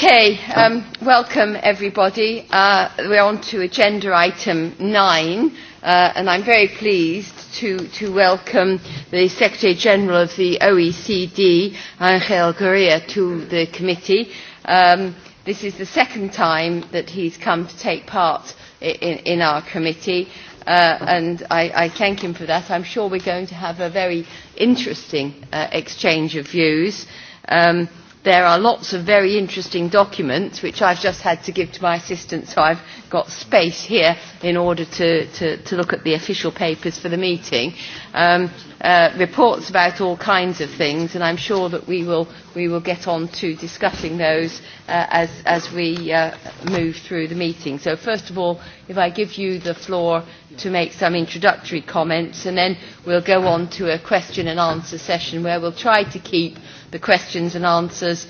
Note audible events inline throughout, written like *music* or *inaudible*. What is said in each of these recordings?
Okay, um, welcome everybody. Uh, we're on to agenda item nine, uh, and I'm very pleased to, to welcome the Secretary General of the OECD, Angel Gurria, to the committee. Um, this is the second time that he's come to take part in, in our committee, uh, and I, I thank him for that. I'm sure we're going to have a very interesting uh, exchange of views. Um, there are lots of very interesting documents which I've just had to give to my assistant so I've got space here in order to, to, to look at the official papers for the meeting. Um, uh, reports about all kinds of things and I'm sure that we will, we will get on to discussing those uh, as, as we uh, move through the meeting. So first of all, if I give you the floor to make some introductory comments and then we'll go on to a question and answer session where we'll try to keep the questions and answers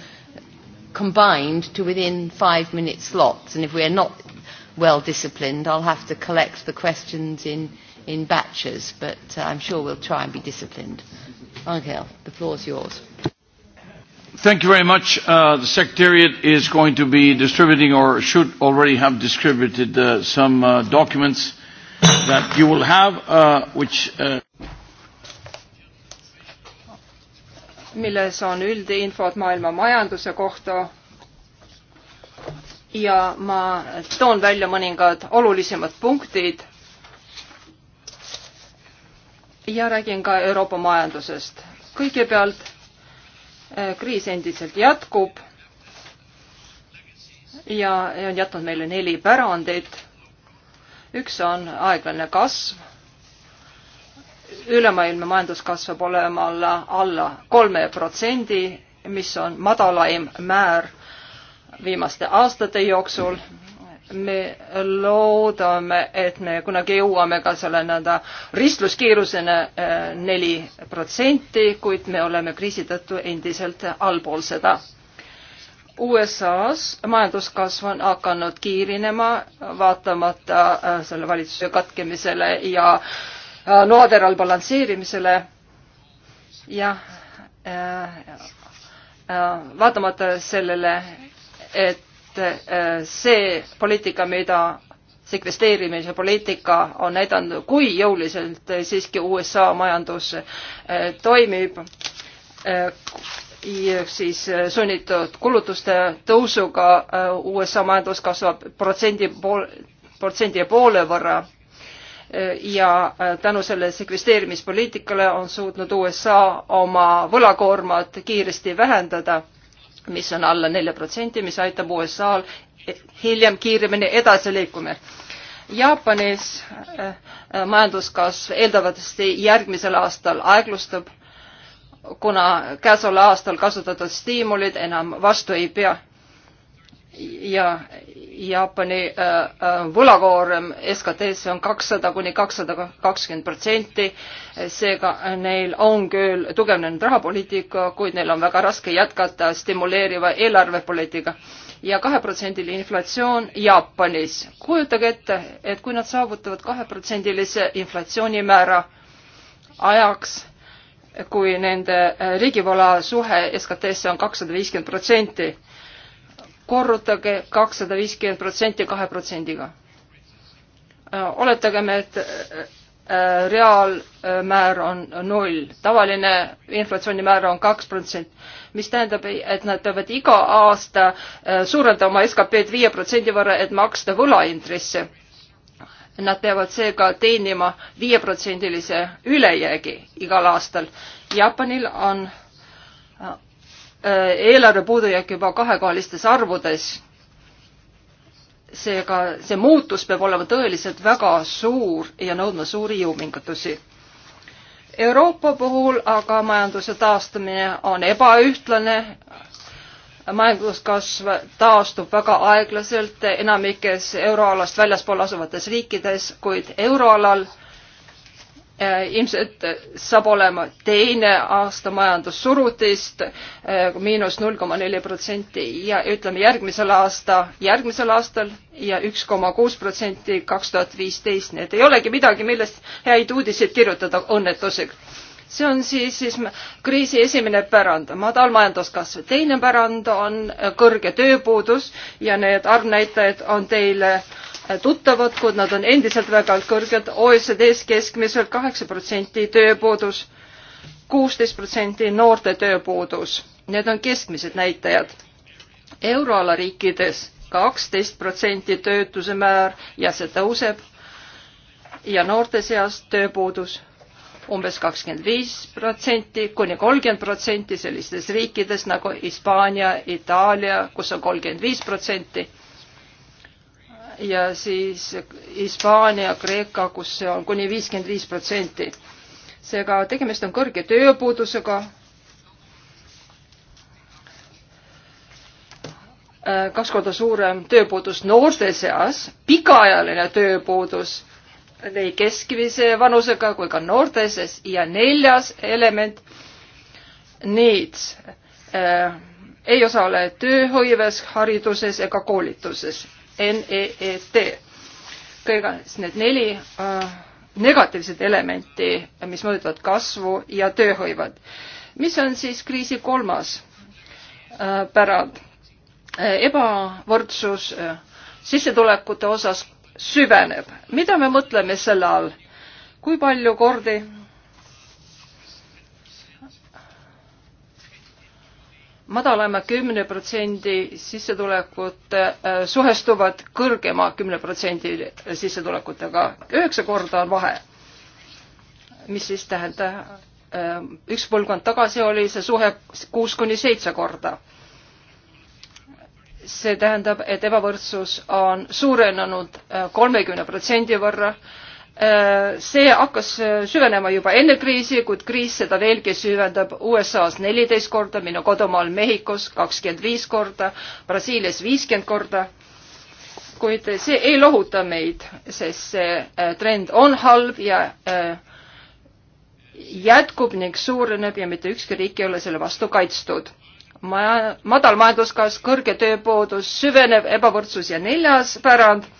combined to within five minute slots. And if we're not well disciplined, I'll have to collect the questions in, in batches, but uh, I'm sure we'll try and be disciplined. Angel, the floor is yours. Thank you very much. Uh, the Secretariat is going to be distributing or should already have distributed uh, some uh, documents that you will have, uh, which uh, milles on üldinfot maailma majanduse kohta. ja ma toon välja mõningad olulisemad punktid. ja räägin ka Euroopa majandusest. kõigepealt eh, kriis endiselt jätkub ja on jätnud meile neli pärandit. üks on aeglane kasv ülemaailmne majanduskasv peab olema alla, alla kolme protsendi, mis on madalaim määr viimaste aastate jooksul. me loodame, et me kunagi jõuame ka selle nii-öelda ristluskiirusena eh, neli protsenti, kuid me oleme kriisi tõttu endiselt allpool seda USA-s majanduskasv on hakanud kiirinema, vaatamata eh, selle valitsuse katkemisele ja äh, Äh, noaderal balansseerimisele ja äh, äh, vaatamata sellele, et see poliitika, mida sekvesteerimise poliitika on näidanud, kui jõuliselt siiski USA majandus toimib, siis sunnitud kulutuste tõusuga USA majandus kasvab protsendi pool, protsendi ja poole võrra ja äh, tänu sellele sekvesteerimispoliitikale on suutnud USA oma võlakoormat kiiresti vähendada, mis on alla nelja protsendi, mis aitab USA-l hiljem kiiremini edasi liikuma. Jaapanis äh, majanduskasv eeldatavasti järgmisel aastal aeglustub, kuna käesoleval aastal kasutatud stiimulid enam vastu ei pea ja Jaapani äh, äh, võlakoorem SKT-sse on kakssada kuni kakssada kakskümmend protsenti. seega neil on küll tugevnenud rahapoliitika, kuid neil on väga raske jätkata stimuleeriva eelarvepoliitika ja kaheprotsendiline inflatsioon Jaapanis. kujutage ette, et kui nad saavutavad kaheprotsendilise inflatsioonimäära ajaks, kui nende riigivõla suhe SKT-sse on kakssada viiskümmend protsenti korrutage kakssada viiskümmend protsenti kahe protsendiga. Äh, oletagem, et äh, äh, reaalmäär on null, tavaline inflatsioonimäär on kaks protsenti, mis tähendab, et nad peavad iga aasta suurendama oma SKP-d viie protsendi võrra, et maksta võlaintresse. Nad peavad seega teenima viieprotsendilise ülejäägi igal aastal. Jaapanil on Äh, eelarve puudujääk juba kahekohalistes arvudes. seega see muutus peab olema tõeliselt väga suur ja nõudma suuri jõupingutusi. Euroopa puhul aga majanduse taastumine on ebaühtlane, majanduskasv taastub väga aeglaselt enamikes euroalast väljaspool asuvates riikides, kuid euroalal äh, Äh, ilmselt äh, saab olema teine aasta majandussurutist äh, miinus null koma neli protsenti ja ütleme järgmisel aasta, järgmisel aastal ja üks koma kuus protsenti kaks tuhat viisteist, nii et ei olegi midagi, millest häid uudiseid kirjutada õnnetusega. see on siis, siis kriisi esimene pärand, madal majanduskasv. teine pärand on kõrge tööpuudus ja need arvnäitajad on teile äh, tuttavad, kuid nad on endiselt väga kõrged. OECD-s keskmiselt kaheksa protsenti tööpuudus, kuusteist protsenti noorte tööpuudus. Need on keskmised näitajad. euroala riikides kaksteist protsenti töötuse määr ja see tõuseb. ja noorte seas tööpuudus umbes kakskümmend viis protsenti kuni kolmkümmend protsenti sellistes riikides nagu Hispaania, Itaalia, kus on kolmkümmend viis protsenti ja siis Hispaania, Kreeka, kus see on kuni viiskümmend viis protsenti. seega tegemist on kõrge tööpuudusega. Äh, kaks korda suurem tööpuudus noorte seas, pikaajaline tööpuudus nii keskmise vanusega kui ka noorte seas ja neljas element, needs äh, ei osale tööhõives, hariduses ega koolituses NEET. kõigest need neli äh, negatiivset elementi, mis mõjutavad kasvu ja tööhõivad. mis on siis kriisi kolmas äh, pärand äh,? ebavõrdsus äh, sissetulekute osas süveneb. mida me mõtleme selle all? kui palju kordi madalama kümne protsendi sissetulekut äh, suhestuvad kõrgema kümne protsendi sissetulekutega. üheksa korda on vahe. mis siis tähendab, äh, üks põlvkond tagasi oli see suhe kuus kuni seitse korda. see tähendab, et ebavõrdsus on suurenenud äh, kolmekümne protsendi võrra Äh, see hakkas äh, süvenema juba enne kriisi, kuid kriis seda veelgi süvendab. USA-s neliteist korda, minu kodumaal Mehhikos kakskümmend viis korda, Brasiilias viiskümmend korda. kuid see ei lohuta meid, sest see äh, trend on halb ja jätkub ning suureneb ja mitte ükski riik ei ole selle vastu kaitstud. maja, madal majanduskasv, kõrge tööpuudus, süvenev ebavõrdsus ja neljas pärand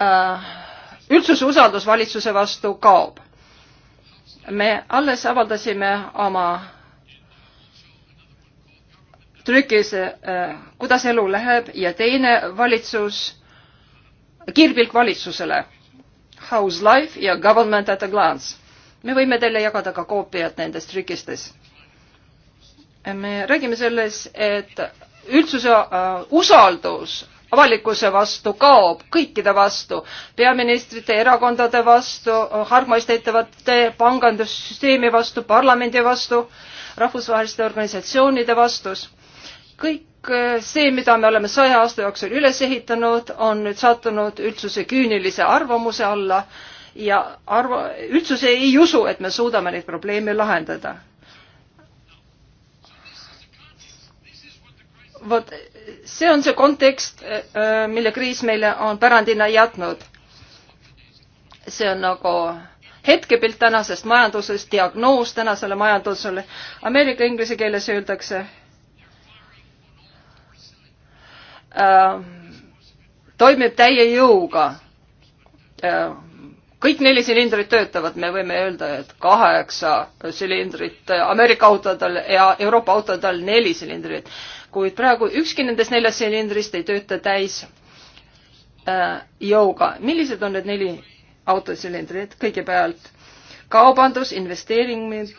Äh, üldsuse usaldus valitsuse vastu kaob. me alles avaldasime oma trükis äh, Kuidas elu läheb ja teine valitsus, kiirpilk valitsusele, How's life ja Government at a glance. me võime teile jagada ka koopiad nendest trükistes. me räägime selles, et üldsuse äh, usaldus avalikkuse vastu kaob, kõikide vastu, peaministrite, erakondade vastu, hargmaiste ettevõtete, pangandussüsteemi vastu, parlamendi vastu, rahvusvaheliste organisatsioonide vastus. kõik eh, see, mida me oleme saja aasta jooksul üles ehitanud, on nüüd sattunud üldsuse küünilise arvamuse alla ja arva, üldsus ei usu, et me suudame neid probleeme lahendada vot see on see kontekst, äh, mille kriis meile on pärandina jätnud. see on nagu hetkepilt tänasest majandusest, diagnoos tänasele majandusele. Ameerika inglise keeles öeldakse äh, toimib täie jõuga äh,. kõik neli silindrit töötavad, me võime öelda, et kaheksa silindrit Ameerika autodel ja Euroopa autodel neli silindrit äh, kuid praegu ükski nendest neljast silindrist ei tööta täis äh, jõuga. millised on need neli autosilindrit? kõigepealt kaubandus, investeeringud.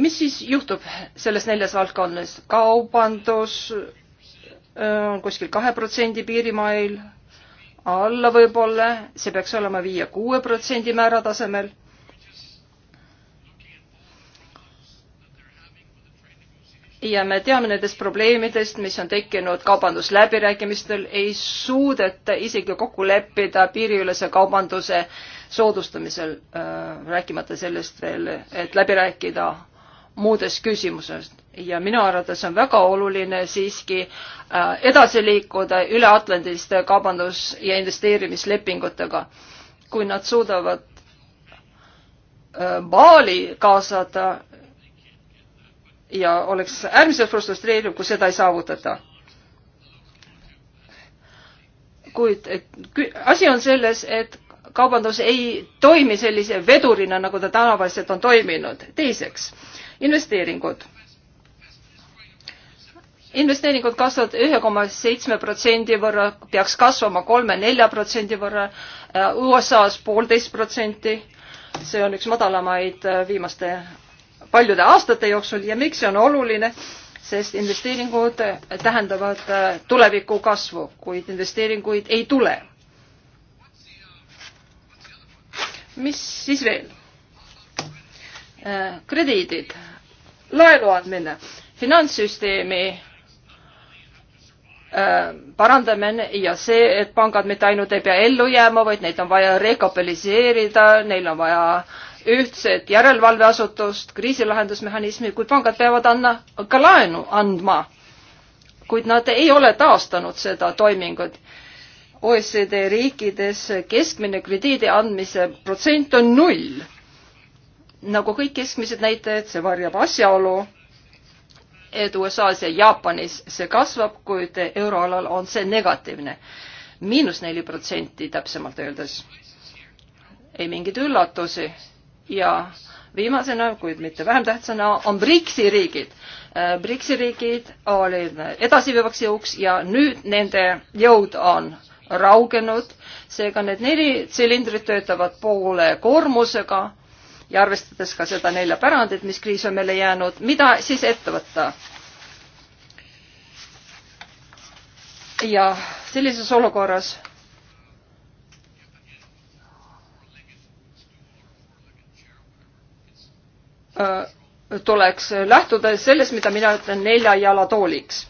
mis siis juhtub selles neljas valdkonnas? kaubandus äh, on kuskil kahe protsendi piirimail, alla võib-olla, see peaks olema viie-kuue protsendi määra tasemel ja me teame nendest probleemidest, mis on tekkinud kaubandusläbirääkimistel, ei suudeta isegi kokku leppida piiriülese kaubanduse soodustamisel, äh, rääkimata sellest veel, et läbi rääkida muudes küsimuses ja minu arvates on väga oluline siiski äh, edasi liikuda üleatlandiliste kaubandus- ja investeerimislepingutega. kui nad suudavad äh, Baali kaasata, ja oleks äärmiselt frustreeriv, kui seda ei saavutata. kuid asi on selles, et kaubandus ei toimi sellise vedurina, nagu ta tänavaselt on toiminud. teiseks, investeeringud. investeeringud kasvavad ühe koma seitsme protsendi võrra, peaks kasvama kolme-nelja protsendi võrra, äh, USA-s poolteist protsenti, see on üks madalamaid äh, viimaste paljude aastate jooksul ja miks see on oluline? sest investeeringud tähendavad äh, tuleviku kasvu, kuid investeeringuid ei tule. mis siis veel? Äh, krediidid, laenu andmine, finantssüsteemi äh, parandamine ja see, et pangad mitte ainult ei pea ellu jääma, vaid neid on vaja rekapitaliseerida, neil on vaja äh, ühtset järelevalveasutust, kriisilahendusmehhanismi, kuid pangad peavad anna, ka laenu andma. kuid nad ei ole taastanud seda toimingut. OECD riikides keskmine krediidi andmise protsent on null. nagu kõik keskmised näitajad, see varjab asjaolu, et USA-s ja Jaapanis see kasvab, kuid euroalal on see negatiivne. miinus neli protsenti täpsemalt öeldes. ei mingeid üllatusi ja viimasena, kuid mitte vähem tähtsana, on BRICS-i riigid. Äh, BRICS-i riigid olid edasiviivaks jõuks ja nüüd nende jõud on raugenud, seega need neli tsilindrit töötavad poole koormusega ja arvestades ka seda nelja pärandit, mis kriis on meile jäänud, mida siis ette võtta? ja sellises olukorras Äh, tuleks lähtuda sellest, mida mina ütlen nelja jala tooliks.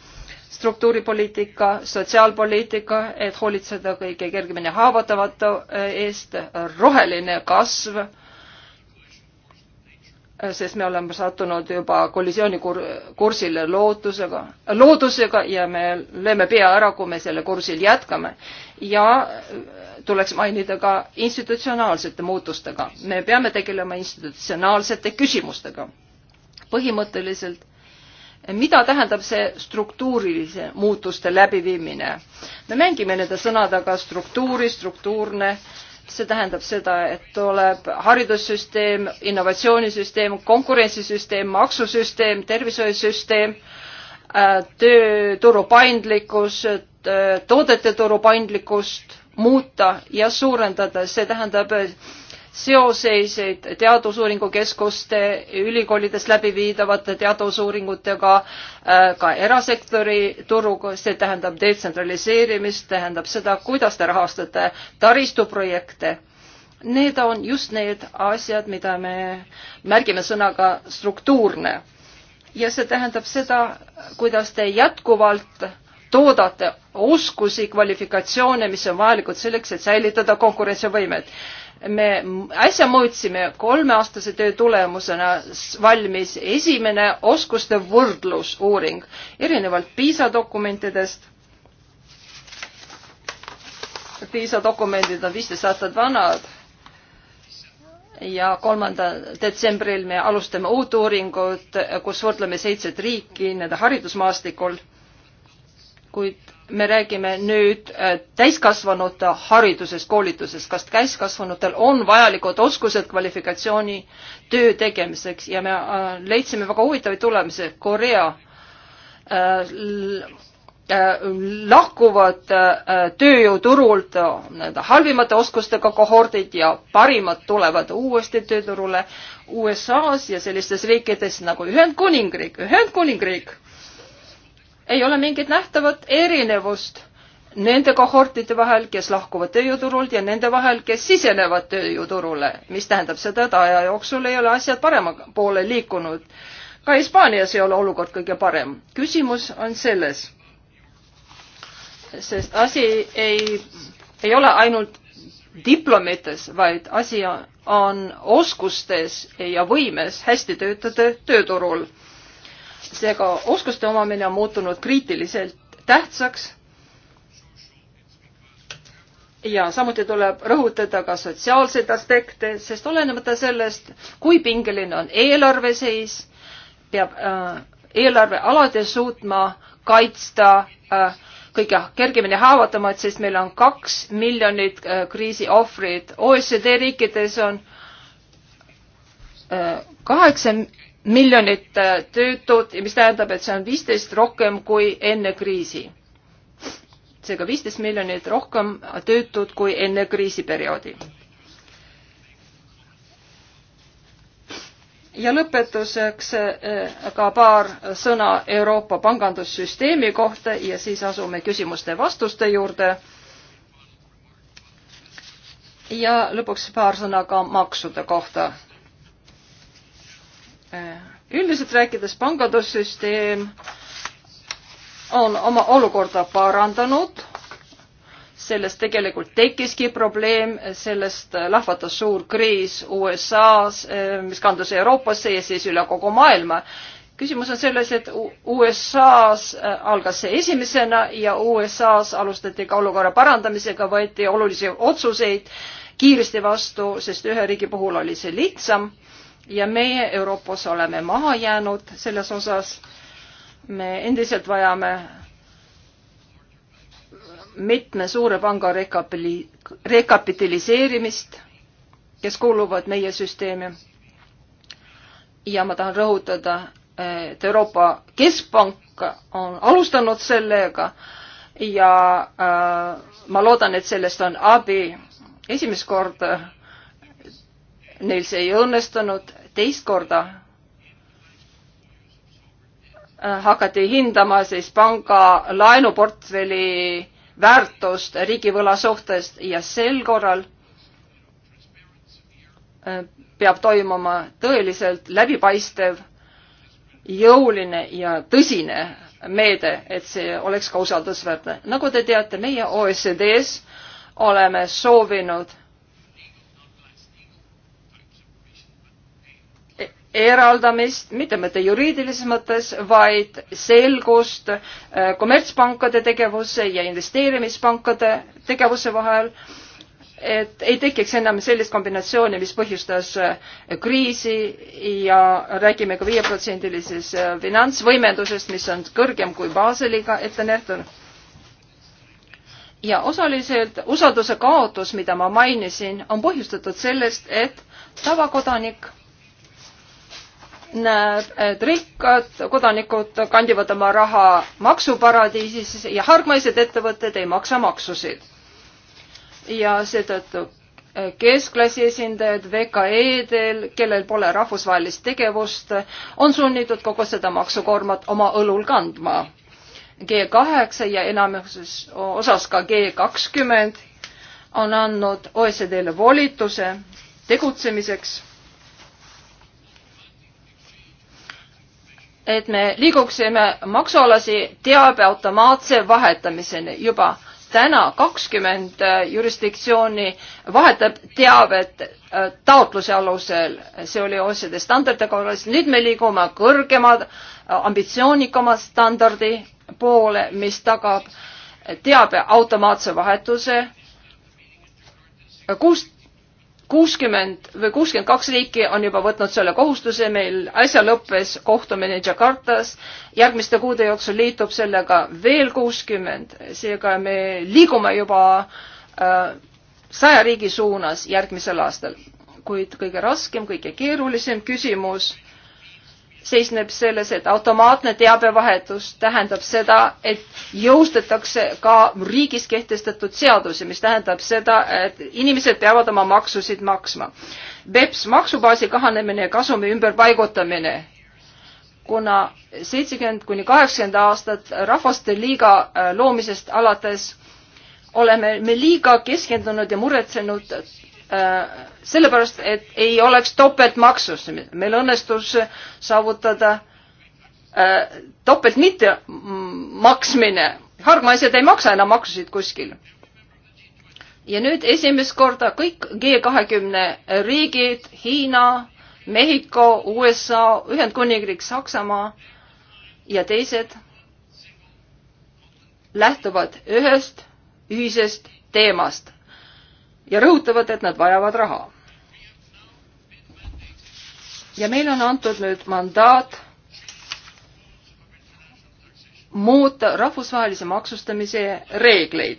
struktuuripoliitika, sotsiaalpoliitika, et hoolitseda kõige kergemini haavatavate äh, eest, roheline kasv sest me oleme sattunud juba kollisioonikursile lootusega, loodusega ja me lööme pea ära, kui me selle kursil jätkame. ja tuleks mainida ka institutsionaalsete muutustega. me peame tegelema institutsionaalsete küsimustega. põhimõtteliselt mida tähendab see struktuurilise muutuste läbiviimine? me mängime nende sõnadega struktuuri, struktuurne äh, see tähendab seda, et tuleb haridussüsteem, innovatsioonisüsteem, konkurentsisüsteem, maksusüsteem, tervishoiusüsteem, äh, tööturu paindlikkus, äh, toodete turu paindlikkust muuta ja suurendada, see tähendab seoseid teadusuuringukeskuste, ülikoolides läbiviidavate teadusuuringutega, äh, ka erasektori turuga, see tähendab detsentraliseerimist, tähendab seda, kuidas te rahastate taristuprojekte. Need on just need asjad, mida me märgime sõnaga struktuurne. ja see tähendab seda, kuidas te jätkuvalt toodate oskusi, kvalifikatsioone, mis on vajalikud selleks, et säilitada konkurentsivõimet me äsja mõõtsime kolmeaastase töö tulemusena valmis esimene oskuste võrdlusuuring, erinevalt PISA dokumentidest. PISA dokumendid on viisteist aastat vanad ja kolmandal detsembril me alustame uut uuringut, kus võrdleme seitset riiki nende haridusmaastikul. kuid me räägime nüüd äh, täiskasvanute haridusest, koolitusest, kas täiskasvanutel on vajalikud oskused kvalifikatsiooni töö tegemiseks ja me äh, leidsime väga huvitavaid tulemusi, Korea äh, lahkuvad tööjõuturult nii-öelda halvimate oskustega kohordid ja parimad tulevad uuesti tööturule USA-s ja sellistes riikides nagu Ühendkuningriik, Ühendkuningriik ei ole mingit nähtavat erinevust nende kohortide vahel, kes lahkuvad tööjõuturult ja nende vahel, kes sisenevad tööjõuturule, mis tähendab seda, et aja jooksul ei ole asjad parema poole liikunud. ka Hispaanias ei ole olukord kõige parem. küsimus on selles, sest asi ei, ei ole ainult diplomites, vaid asi on oskustes ja võimes hästi töötada tööturul seega oskuste omamine on muutunud kriitiliselt tähtsaks. ja samuti tuleb rõhutada ka sotsiaalseid aspekte, sest olenemata sellest, kui pingeline on eelarve seis, peab äh, eelarve alati suutma kaitsta äh, kõige kergemini haavatamaid, sest meil on kaks miljonit äh, kriisiohvrit. OECD riikides on äh, kaheksa äh, miljonit äh, töötut ja mis tähendab, et see on viisteist rohkem kui enne kriisi. seega viisteist miljonit rohkem töötut kui enne kriisiperioodi. ja lõpetuseks äh, ka paar sõna Euroopa pangandussüsteemi kohta ja siis asume küsimuste-vastuste juurde. ja lõpuks paar sõna ka maksude kohta Äh, üldiselt rääkides pangandussüsteem on oma olukorda parandanud, sellest tegelikult tekkiski probleem, sellest lahvatas suur kriis USA-s, äh, mis kandus Euroopasse ja siis üle kogu maailma. küsimus on selles, et USA-s äh, algas see esimesena ja USA-s alustati ka olukorra parandamisega, võeti olulisi otsuseid kiiresti vastu, sest ühe riigi puhul oli see lihtsam ja meie Euroopas oleme maha jäänud selles osas. me endiselt vajame mitme suure panga rekapili-, rekapitaliseerimist, kes kuuluvad meie süsteemi. ja ma tahan rõhutada, et Euroopa Keskpank on alustanud sellega ja äh, ma loodan, et sellest on abi. esimest korda äh, neil see ei õnnestunud, teist korda hakati hindama siis panga laenuportfelli väärtust riigivõla suhtes ja sel korral äh, peab toimuma tõeliselt läbipaistev, jõuline ja tõsine meede, et see oleks ka usaldusväärne. nagu te teate, meie OECD-s oleme soovinud eraldamist, mitte mitte juriidilises mõttes, vaid selgust äh, kommertspankade tegevuse ja investeerimispankade tegevuse vahel, et ei tekiks enam sellist kombinatsiooni, mis põhjustas äh, kriisi ja räägime ka viieprotsendilisest äh, finantsvõimendusest, mis on kõrgem kui Baseliga ette nähtud ja osaliselt usalduse kaotus, mida ma mainisin, on põhjustatud sellest, et tavakodanik näeb, et rikkad kodanikud kandivad oma raha maksuparadiisis ja hargmaised ettevõtted ei maksa maksusid. ja seetõttu eh, keskklassi esindajad VKE-del, kellel pole rahvusvahelist tegevust, on sunnitud kogu seda maksukoormat oma õlul kandma. G kaheksa ja enamuses osas ka G kakskümmend on andnud OECD-le volituse tegutsemiseks et me liiguksime maksualasi teabe automaatse vahetamiseni juba täna kakskümmend äh, jurisdiktsiooni vahetab teavet äh, taotluse alusel, see oli OECD standardi korras, nüüd me liigume kõrgema, äh, ambitsioonikama standardi poole, mis tagab teabe automaatse vahetuse. kuus kuuskümmend või kuuskümmend kaks riiki on juba võtnud selle kohustuse, meil äsja lõppes kohtumine Jakartas, järgmiste kuude jooksul liitub sellega veel kuuskümmend, seega me liigume juba äh, saja riigi suunas järgmisel aastal. kuid kõige raskem, kõige keerulisem küsimus seisneb selles, et automaatne teabevahetus tähendab seda, et jõustatakse ka riigis kehtestatud seadusi, mis tähendab seda, et inimesed peavad oma maksusid maksma. BEPS maksubaasi kahanemine ja kasumi ümberpaigutamine. kuna seitsekümmend kuni kaheksakümmend aastat Rahvaste Liiga äh, loomisest alates oleme me liiga keskendunud ja muretsenud Äh, sellepärast, et ei oleks topeltmaksust. meil õnnestus saavutada äh, topelt mitte maksmine. hargmaised ei maksa enam maksusid kuskil. ja nüüd esimest korda kõik G kahekümne riigid, Hiina, Mehhiko, USA, Ühendkuningriik, Saksamaa ja teised lähtuvad ühest ühisest teemast ja rõhutavad, et nad vajavad raha. ja meile on antud nüüd mandaat muuta rahvusvahelise maksustamise reegleid.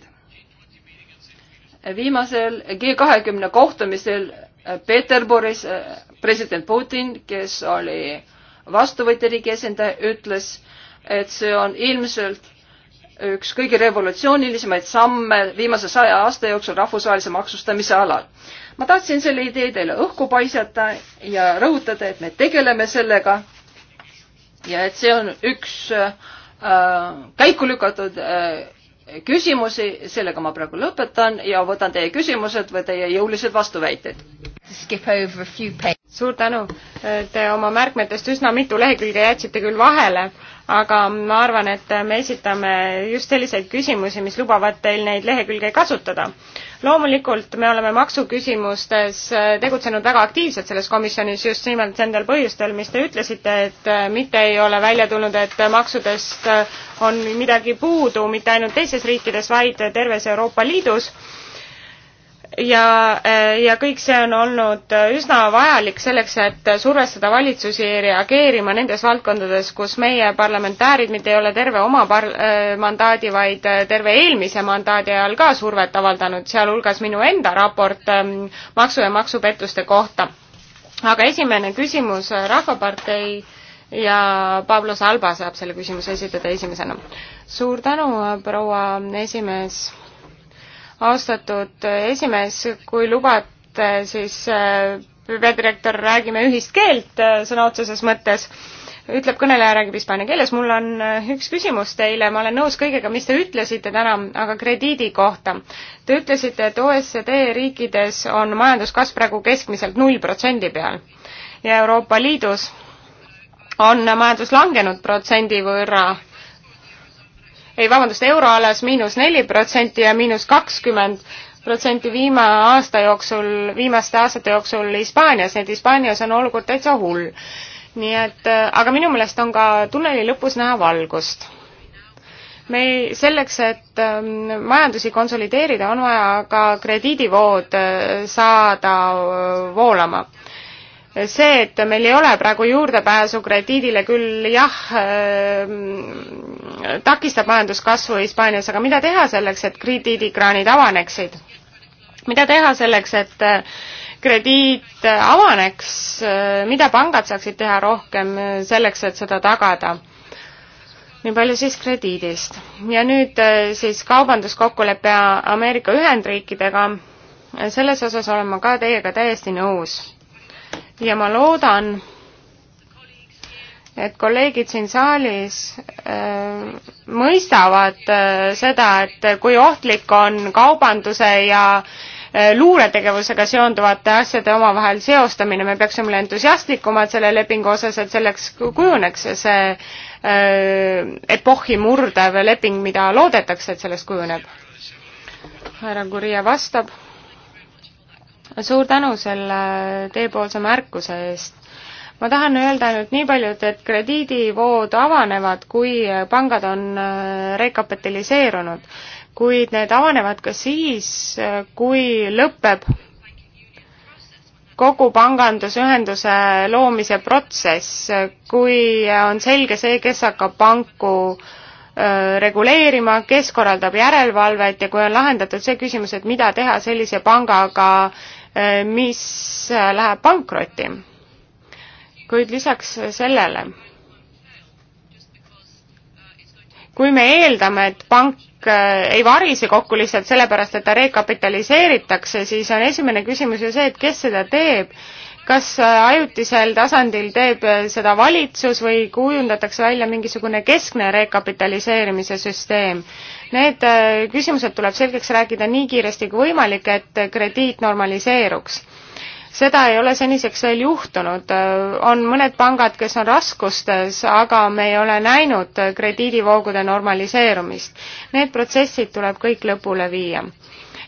viimasel G kahekümne kohtumisel Peterburis eh, president Putin, kes oli vastuvõtjariigi esindaja, ütles, et see on ilmselt üks kõige revolutsioonilisemaid samme viimase saja aasta jooksul rahvusvahelise maksustamise alal. ma tahtsin selle idee teile õhku paisata ja rõhutada, et me tegeleme sellega ja et see on üks äh, käiku lükatud äh, küsimusi, sellega ma praegu lõpetan ja võtan teie küsimused või teie jõulised vastuväited. suur tänu, te oma märkmetest üsna mitu lehekülge jätsite küll vahele, aga ma arvan, et me esitame just selliseid küsimusi, mis lubavad teil neid lehekülge kasutada loomulikult me oleme maksuküsimustes äh, tegutsenud väga aktiivselt selles komisjonis just nimelt nendel põhjustel, mis te ütlesite, et äh, mitte ei ole välja tulnud, et maksudest äh, on midagi puudu mitte ainult teistes riikides, vaid terves Euroopa Liidus ja, eh, ja kõik see on olnud eh, üsna vajalik selleks, et survestada valitsusi reageerima nendes valdkondades, kus meie parlamentäärid mitte ei ole terve oma par-, eh, mandaadi, vaid terve eelmise mandaadi ajal ka survet avaldanud, sealhulgas minu enda raport maksu- ja maksupettuste kohta. aga esimene küsimus Rahvapartei ja Pablo Salba saab selle küsimuse esitada esimesena. suur tänu, proua esimees austatud esimees, kui lubate, siis äh, peadirektor, räägime ühist keelt äh, sõna otseses mõttes, ütleb kõneleja, räägib hispaania keeles, mul on äh, üks küsimus teile, ma olen nõus kõigega, mis te ütlesite täna, aga krediidi kohta. Te ütlesite, et OECD riikides on majanduskasv praegu keskmiselt null protsendi peal ja Euroopa Liidus on majandus langenud protsendi võrra ei vabandust, euroalas miinus neli protsenti ja miinus kakskümmend protsenti viime aasta jooksul, viimaste aastate jooksul Hispaanias, nii et Hispaanias on olukord täitsa hull. nii et, äh, aga minu meelest on ka tunneli lõpus näha valgust. me ei, selleks, et ähm, majandusi konsolideerida, on vaja ka krediidivood äh, saada äh, voolama see, et meil ei ole praegu juurdepääsu krediidile, küll jah äh,, takistab majanduskasvu Hispaanias, aga mida teha selleks, et krediidikraanid avaneksid? mida teha selleks, et eh, krediit avaneks, eh, mida pangad saaksid teha rohkem eh, selleks, et seda tagada? nii palju siis krediidist. ja nüüd siis kaubanduskokkulepe Ameerika Ühendriikidega, selles osas olen ma ka teiega täiesti nõus ja ma loodan, et kolleegid siin saalis äh, mõistavad äh, seda, et kui ohtlik on kaubanduse ja äh, luuretegevusega seonduvate asjade omavahel seostamine, me peaksime olema entusiastlikumad selle lepingu osas, et selleks kujuneks see äh, epohhi murdev leping, mida loodetakse, et sellest kujuneb. härra Gurija vastab suur tänu selle teiepoolse märkuse eest. ma tahan öelda ainult nii palju, et, et krediidivood avanevad, kui pangad on äh, rekapitaliseerunud, kuid need avanevad ka siis, äh, kui lõpeb kogu pangandusühenduse loomise protsess, kui on selge see, kes hakkab panku äh, reguleerima, kes korraldab järelevalvet ja kui on lahendatud see küsimus, et mida teha sellise pangaga, Äh, mis äh, läheb pankrotti. kuid lisaks sellele, kui me eeldame, et pank äh, ei varise kokku lihtsalt sellepärast, et ta rekapitaliseeritakse, siis on esimene küsimus ju see, et kes seda teeb kas ajutisel tasandil teeb seda valitsus või kujundatakse välja mingisugune keskne rekapitaliseerimise süsteem? Need äh, küsimused tuleb selgeks rääkida nii kiiresti kui võimalik, et krediit normaliseeruks seda ei ole seniseks veel juhtunud. Äh, on mõned pangad, kes on raskustes, aga me ei ole näinud krediidivoogude normaliseerumist. Need protsessid tuleb kõik lõpule viia.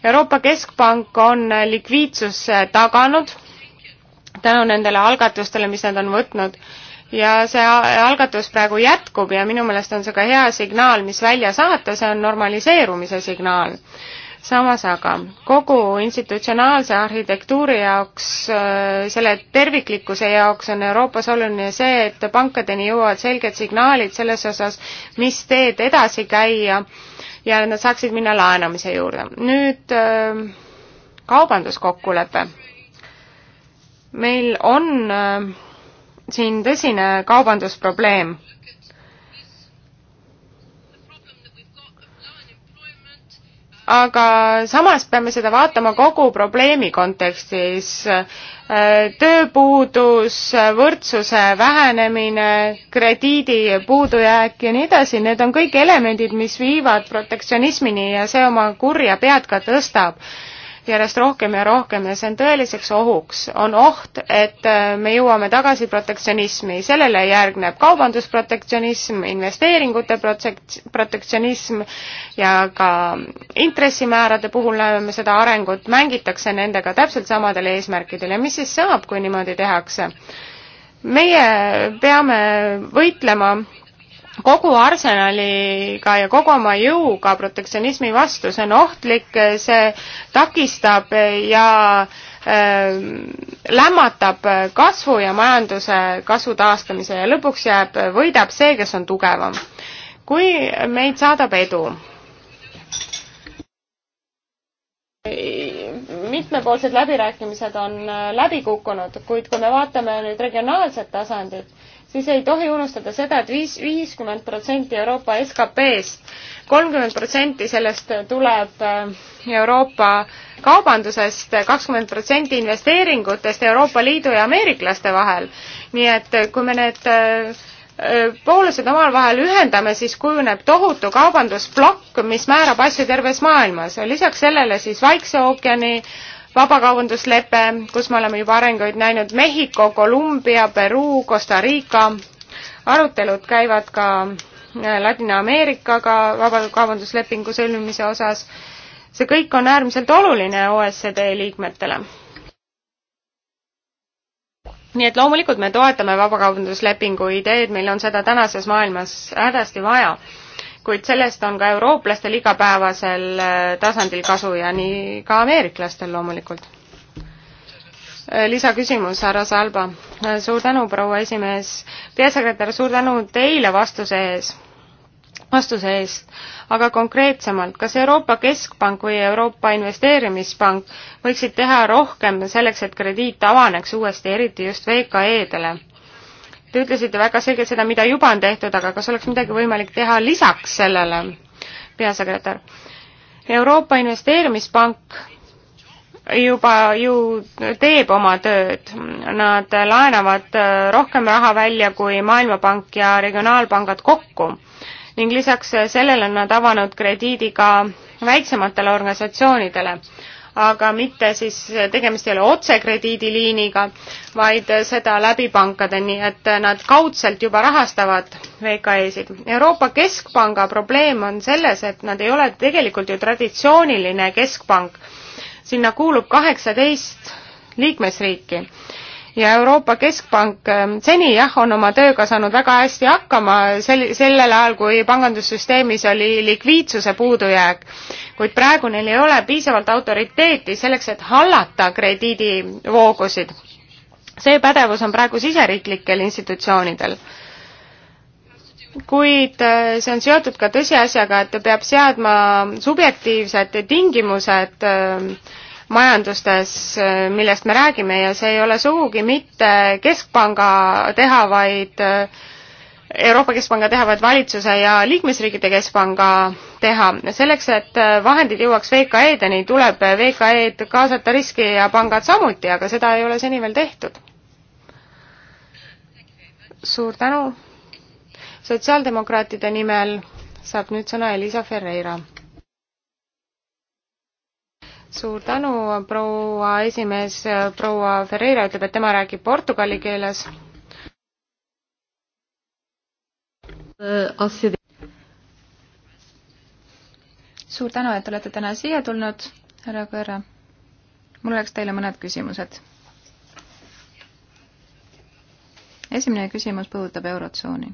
Euroopa Keskpank on likviidsuse taganud tänu nendele algatustele, mis nad on võtnud ja see algatus praegu jätkub ja minu meelest on see ka hea signaal, mis välja saata, see on normaliseerumise signaal. samas aga kogu institutsionaalse arhitektuuri jaoks, äh, selle terviklikkuse jaoks on Euroopas oluline see, et pankadeni jõuavad selged signaalid selles osas, mis teed edasi käia ja nad saaksid minna laenamise juurde. nüüd äh, kaubanduskokkulepe. meil on äh, siin tõsine kaubandusprobleem. aga samas peame seda vaatama kogu probleemi kontekstis. tööpuudus, võrdsuse vähenemine, krediidi puudujääk ja nii edasi, need on kõik elemendid, mis viivad protektsionismini ja see oma kurja pead ka tõstab järjest rohkem ja rohkem ja see on tõeliseks ohuks. on oht, et äh, me jõuame tagasi protektsionismi, sellele järgneb kaubandusprotektsionism, investeeringute protsekt-, protektsionism ja ka intressimäärade puhul näeme äh, me seda arengut, mängitakse nendega täpselt samadel eesmärkidel ja mis siis saab, kui niimoodi tehakse? meie peame võitlema kogu arsenaliga ja kogu oma jõuga protektsionismi vastu, see on ohtlik, see takistab ja äh, lämmatab kasvu ja majanduse kasvu taastamise ja lõpuks jääb, võidab see, kes on tugevam. kui meid saadab edu, mitmepoolsed läbirääkimised on äh, läbi kukkunud, kuid kui me vaatame nüüd regionaalset tasandit, siis ei tohi unustada seda et, et viis, viiskümmend protsenti Euroopa SKP-st, kolmkümmend protsenti sellest tuleb äh, Euroopa kaubandusest, kakskümmend protsenti investeeringutest Euroopa Liidu ja ameeriklaste vahel. nii et äh, kui me need äh, poolused omavahel ühendame, siis kujuneb tohutu kaubandusplokk, mis määrab asju terves maailmas. lisaks sellele siis Vaikse ookeani vabakaubanduslepe, kus me oleme juba arenguid näinud, Mehhiko, Kolumbia, Peruu, Costa Rica, arutelud käivad ka äh, Ladina-Ameerikaga vabakaubanduslepingu sõlmimise osas. see kõik on äärmiselt oluline OSCD liikmetele. nii et loomulikult me toetame vabakaubanduslepingu ideed, meil on seda tänases maailmas hädasti vaja kuid sellest on ka eurooplastel igapäevasel äh, tasandil kasu ja nii ka ameeriklastel loomulikult. Äh, lisaküsimus, härra Salba. Äh, suur tänu, proua esimees. peasekretär, suur tänu teile vastuse ees, vastuse eest. aga konkreetsemalt, kas Euroopa Keskpank või Euroopa Investeerimispank võiksid teha rohkem selleks, et krediit avaneks uuesti, eriti just VKE-dele? Te ütlesite väga selgelt seda, mida juba on tehtud, aga kas oleks midagi võimalik teha lisaks sellele, peasekretär? Euroopa Investeerimispank juba ju teeb oma tööd. Nad laenavad äh, rohkem raha välja kui Maailmapank ja regionaalpangad kokku ning lisaks sellele on nad avanud krediidi ka väiksematele organisatsioonidele aga mitte siis, tegemist ei ole otsekrediidiliiniga, vaid seda läbi pankade, nii et nad kaudselt juba rahastavad VKE-sid. Euroopa Keskpanga probleem on selles, et nad ei ole tegelikult ju traditsiooniline keskpank. sinna kuulub kaheksateist liikmesriiki ja Euroopa Keskpank ähm, seni jah, on oma tööga saanud väga hästi hakkama sel-, sellel ajal, kui pangandussüsteemis oli likviidsuse puudujääk. kuid praegu neil ei ole piisavalt autoriteeti selleks, et hallata krediidivoogusid. see pädevus on praegu siseriiklikel institutsioonidel kuid äh, see on seotud ka tõsiasjaga, et ta peab seadma subjektiivsed tingimused äh, majandustes, äh, millest me räägime ja see ei ole sugugi mitte Keskpanga teha, vaid äh, Euroopa Keskpanga teha, vaid valitsuse ja liikmesriikide keskpanga teha. selleks, et äh, vahendid jõuaks VKE-deni, tuleb VKE-d kaasata riski ja pangad samuti, aga seda ei ole seni veel tehtud. suur tänu. sotsiaaldemokraatide nimel saab nüüd sõna Elisa Ferreira suur tänu, proua esimees, proua Ferreira ütleb, et tema räägib portugali keeles. suur tänu, et olete täna siia tulnud, härra Kõõra. mul oleks teile mõned küsimused. esimene küsimus puudutab Eurotsooni.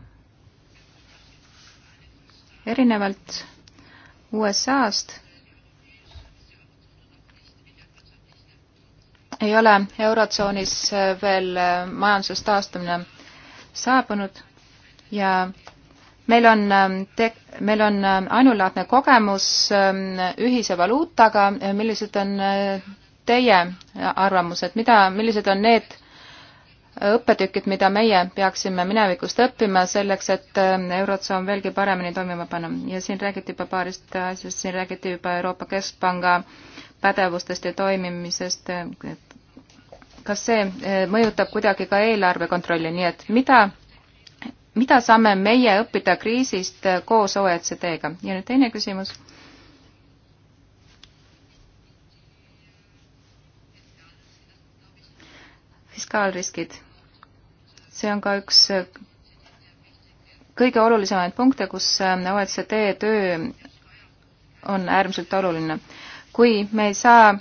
erinevalt USA-st ei ole Eurotsoonis äh, veel äh, majanduses taastumine saabunud ja meil on, ähm, meil on ähm, ainulaadne kogemus ähm, ühise valuutaga, millised on äh, teie arvamused, mida, millised on need õppetükid, mida meie peaksime minevikust õppima selleks, et Eurotsoon veelgi paremini toimima panna. ja siin räägiti juba paarist asjast, siin räägiti juba Euroopa Keskpanga pädevustest ja toimimisest, et kas see eh, mõjutab kuidagi ka eelarvekontrolli, nii et mida, mida saame meie õppida kriisist eh, koos OECD-ga? ja nüüd teine küsimus. fiskaalriskid. see on ka üks eh, kõige olulisemaid punkte, kus OECD töö on äärmiselt oluline. kui me ei saa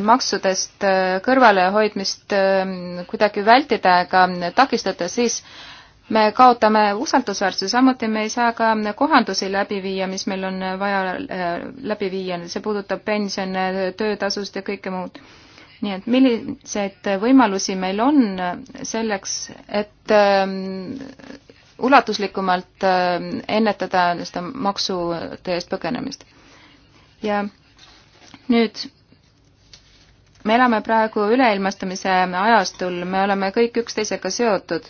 maksudest äh, kõrvalehoidmist äh, kuidagi vältida ega takistada, siis me kaotame usaldusväärsuse, samuti me ei saa ka kohandusi läbi viia, mis meil on vaja äh, läbi viia, see puudutab pensione, töötasust ja kõike muud. nii et milliseid võimalusi meil on selleks, et ulatuslikumalt ennetada seda maksude eest põgenemist? ja nüüd me elame praegu üleilmastumise ajastul, me oleme kõik üksteisega seotud.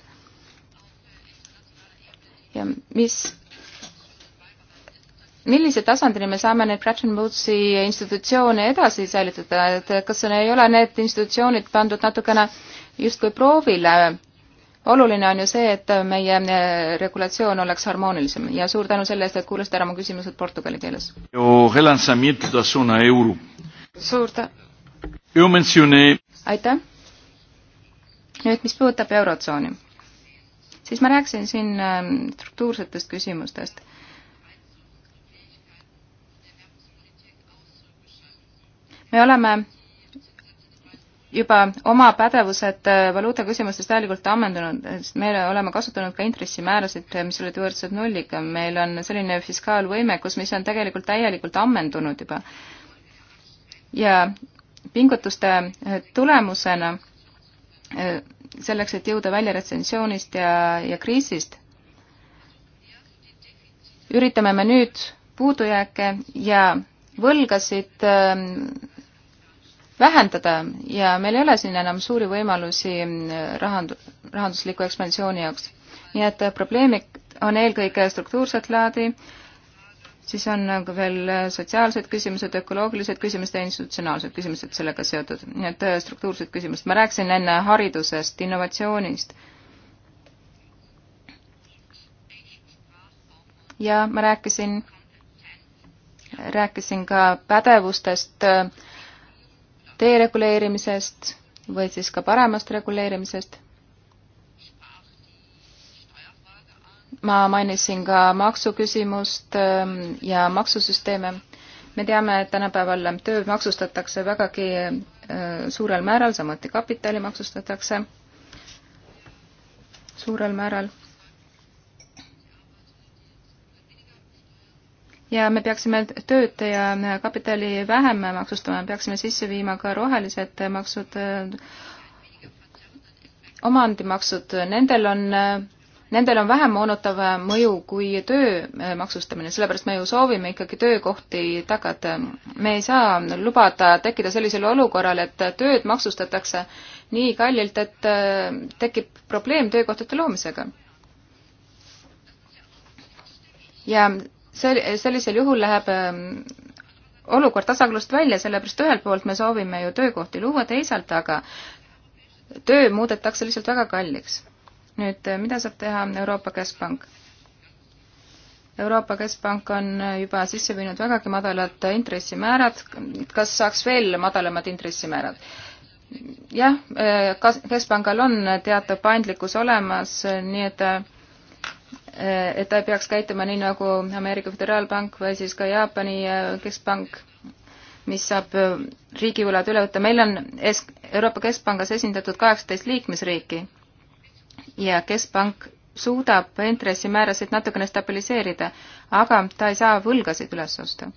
ja mis, millise tasandini me saame neid Bretton Woodsi institutsioone edasi säilitada, et kas ei ole need institutsioonid pandud natukene justkui proovile? oluline on ju see, et meie eh, regulatsioon oleks harmoonilisem ja suur tänu selle eest, et kuulasite ära mu küsimused portugali keeles. suur tänu aitäh. nüüd, mis puudutab Eurotsooni, siis ma rääkisin siin ähm, struktuursetest küsimustest. me oleme juba oma pädevused äh, valuuta küsimustes täielikult ammendunud, sest me oleme kasutanud ka intressimäärasid, äh, mis olid võrdsed nulliga, meil on selline fiskaalvõimekus, mis on tegelikult täielikult ammendunud juba. ja pingutuste äh, tulemusena äh, selleks, et jõuda välja retsensioonist ja, ja kriisist, üritame me nüüd puudujääke ja võlgasid ähm, vähendada ja meil ei ole siin enam suuri võimalusi äh, rahand-, rahandusliku ekspansiooni jaoks. nii et probleemid on eelkõige struktuurset laadi, siis on nagu veel sotsiaalsed küsimused, ökoloogilised küsimused ja institutsionaalsed küsimused sellega seotud, nii et äh, struktuursed küsimused. ma rääkisin enne haridusest, innovatsioonist. ja ma rääkisin, rääkisin ka pädevustest, dereguleerimisest äh, või siis ka paremast reguleerimisest ma mainisin ka maksuküsimust ähm, ja maksusüsteeme. me teame, et tänapäeval töö maksustatakse vägagi äh, suurel määral, samuti kapitali maksustatakse suurel määral. ja me peaksime tööd ja kapitali vähem maksustama, peaksime sisse viima ka rohelised maksud, äh, omandimaksud, nendel on äh, nendel on vähem moonutav äh, mõju kui töö äh, maksustamine, sellepärast me ju soovime ikkagi töökohti tagada. me ei saa lubada tekkida sellisel olukorral, et tööd maksustatakse nii kallilt, et äh, tekib probleem töökohtade loomisega. ja sel-, sellisel juhul läheb olukord tasakaalust välja, sellepärast ühelt poolt me soovime ju töökohti luua, teisalt aga töö muudetakse lihtsalt väga kalliks nüüd, eh, mida saab teha Euroopa Keskpank? Euroopa Keskpank on eh, juba sisse viinud vägagi madalad intressimäärad, kas saaks veel madalamad intressimäärad? jah, eh, kas-, Keskpangal on teatav paindlikkus olemas, nii et et ta ei peaks käituma nii, nagu Ameerika Föderaalpank või siis ka Jaapani keskpank, mis saab riigivõlad üle võtta. meil on es-, Euroopa Keskpangas esindatud kaheksateist liikmesriiki ja keskpank suudab intressimäärasid natukene stabiliseerida, aga ta ei saa võlgasid üles osta.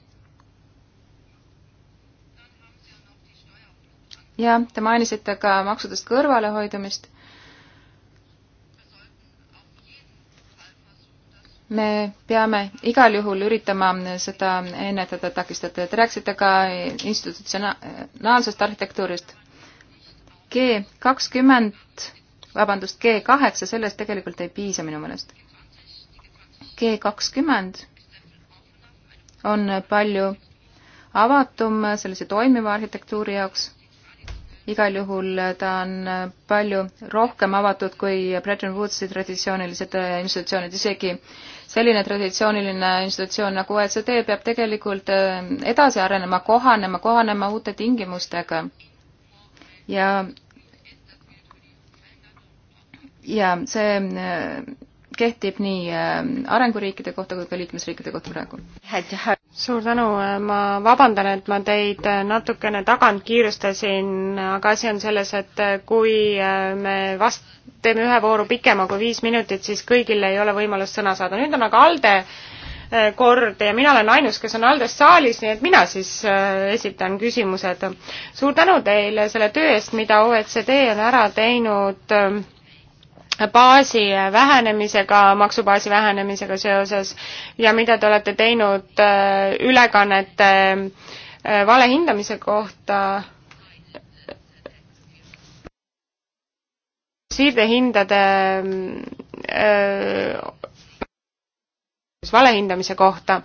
ja te mainisite ka maksudest kõrvalehoidumist. me peame igal juhul üritama seda ennetada, takistada. Te rääkisite ka institutsionaalsest arhitektuurist. G kakskümmend 20 vabandust, G kaheksa, sellest tegelikult ei piisa minu meelest. G kakskümmend on palju avatum sellise toimiva arhitektuuri jaoks. igal juhul ta on palju rohkem avatud kui Bretton Woodsi traditsioonilised institutsioonid, isegi selline traditsiooniline institutsioon nagu OECD peab tegelikult äh, edasi arenema, kohanema, kohanema uute tingimustega. ja ja see äh, kehtib nii äh, arenguriikide kohta kui ka liikmesriikide kohta praegu. suur tänu, ma vabandan, et ma teid natukene tagant kiirustasin, aga asi on selles, et kui äh, me vast-, teeme ühe vooru pikema kui viis minutit, siis kõigil ei ole võimalust sõna saada. nüüd on aga ALDE kord ja mina olen ainus, kes on Aldes saalis, nii et mina siis esitan küsimused. suur tänu teile selle töö eest, mida OECD on ära teinud ähm, baasi vähenemisega, maksubaasi vähenemisega seoses ja mida te olete teinud äh, ülekannete äh, valehindamise kohta, siirdehindade äh, valehindamise kohta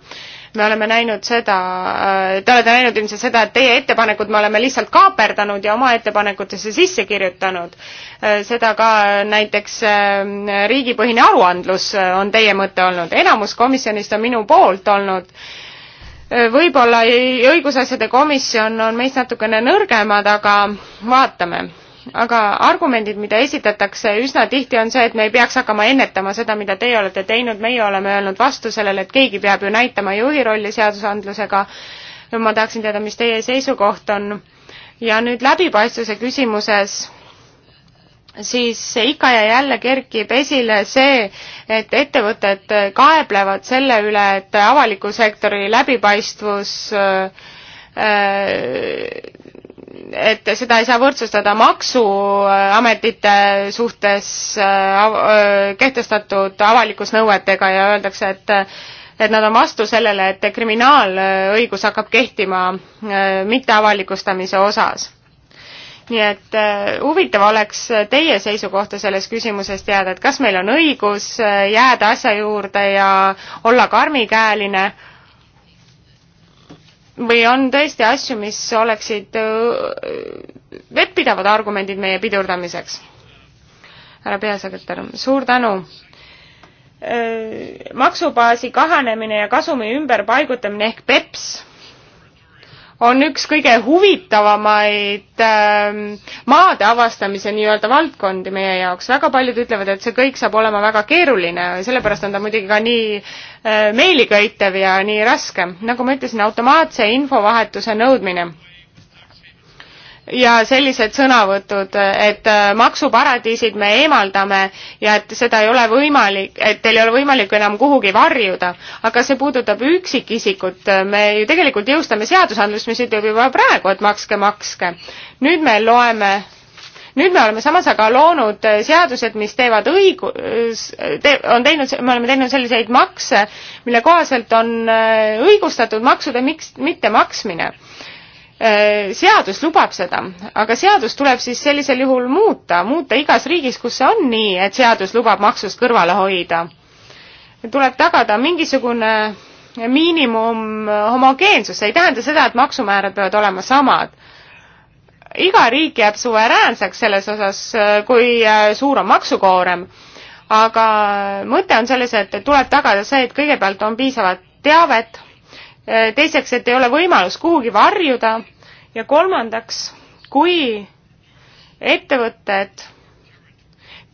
me oleme näinud seda, äh, te olete näinud ilmselt seda, et teie ettepanekud me oleme lihtsalt kaaperdanud ja oma ettepanekutesse sisse kirjutanud. Äh, seda ka näiteks äh, riigipõhine aruandlus on teie mõte olnud, enamus komisjonist on minu poolt olnud võib-olla õigusasjade komisjon on meist natukene nõrgemad, aga vaatame aga argumendid, mida esitatakse üsna tihti, on see, et me ei peaks hakkama ennetama seda, mida teie olete teinud, meie oleme öelnud vastu sellele, et keegi peab ju näitama juhi rolli seadusandlusega. ma tahaksin teada, mis teie seisukoht on. ja nüüd läbipaistvuse küsimuses siis ikka ja jälle kerkib esile see, et ettevõtted kaeblevad selle üle, et avaliku sektori läbipaistvus äh, äh et seda ei saa võrdsustada maksuametite suhtes kehtestatud avalikusnõuetega ja öeldakse, et et nad on vastu sellele, et kriminaalõigus hakkab kehtima mitteavalikustamise osas. nii et huvitav oleks teie seisukohta selles küsimuses teada, et kas meil on õigus jääda asja juurde ja olla karmikäeline või on tõesti asju, mis oleksid vettpidavad äh, argumendid meie pidurdamiseks? härra peasekretär, suur tänu! Äh, maksubaasi kahanemine ja kasumi ümberpaigutamine ehk PEPS on üks kõige huvitavamaid äh, maade avastamise nii-öelda valdkondi meie jaoks. väga paljud ütlevad, et see kõik saab olema väga keeruline ja sellepärast on ta muidugi ka nii äh, meeliköitev ja nii raske. nagu ma ütlesin, automaatse infovahetuse nõudmine ja sellised sõnavõtud, et äh, maksuparadiisid me eemaldame ja et seda ei ole võimalik, et teil ei ole võimalik enam kuhugi varjuda. aga see puudutab üksikisikut, me ju tegelikult jõustame seadusandlust, mis ütleb juba praegu, et makske, makske. nüüd me loeme nüüd me oleme samas aga loonud seadused, mis teevad õigu- te,, on teinud, me oleme teinud selliseid makse, mille kohaselt on äh, õigustatud maksude miks, mitte maksmine Äh, seadus lubab seda, aga seadus tuleb siis sellisel juhul muuta, muuta igas riigis, kus see on nii, et seadus lubab maksust kõrvale hoida. tuleb tagada mingisugune miinimum homogeensus, see ei tähenda seda, et maksumäärad peavad olema samad. iga riik jääb suveräänseks selles osas, kui äh, suur on maksukoorem, aga mõte on selles, et tuleb tagada see, et kõigepealt on piisavat teavet Eh, teiseks, et ei ole võimalus kuhugi varjuda ja kolmandaks, kui ettevõtted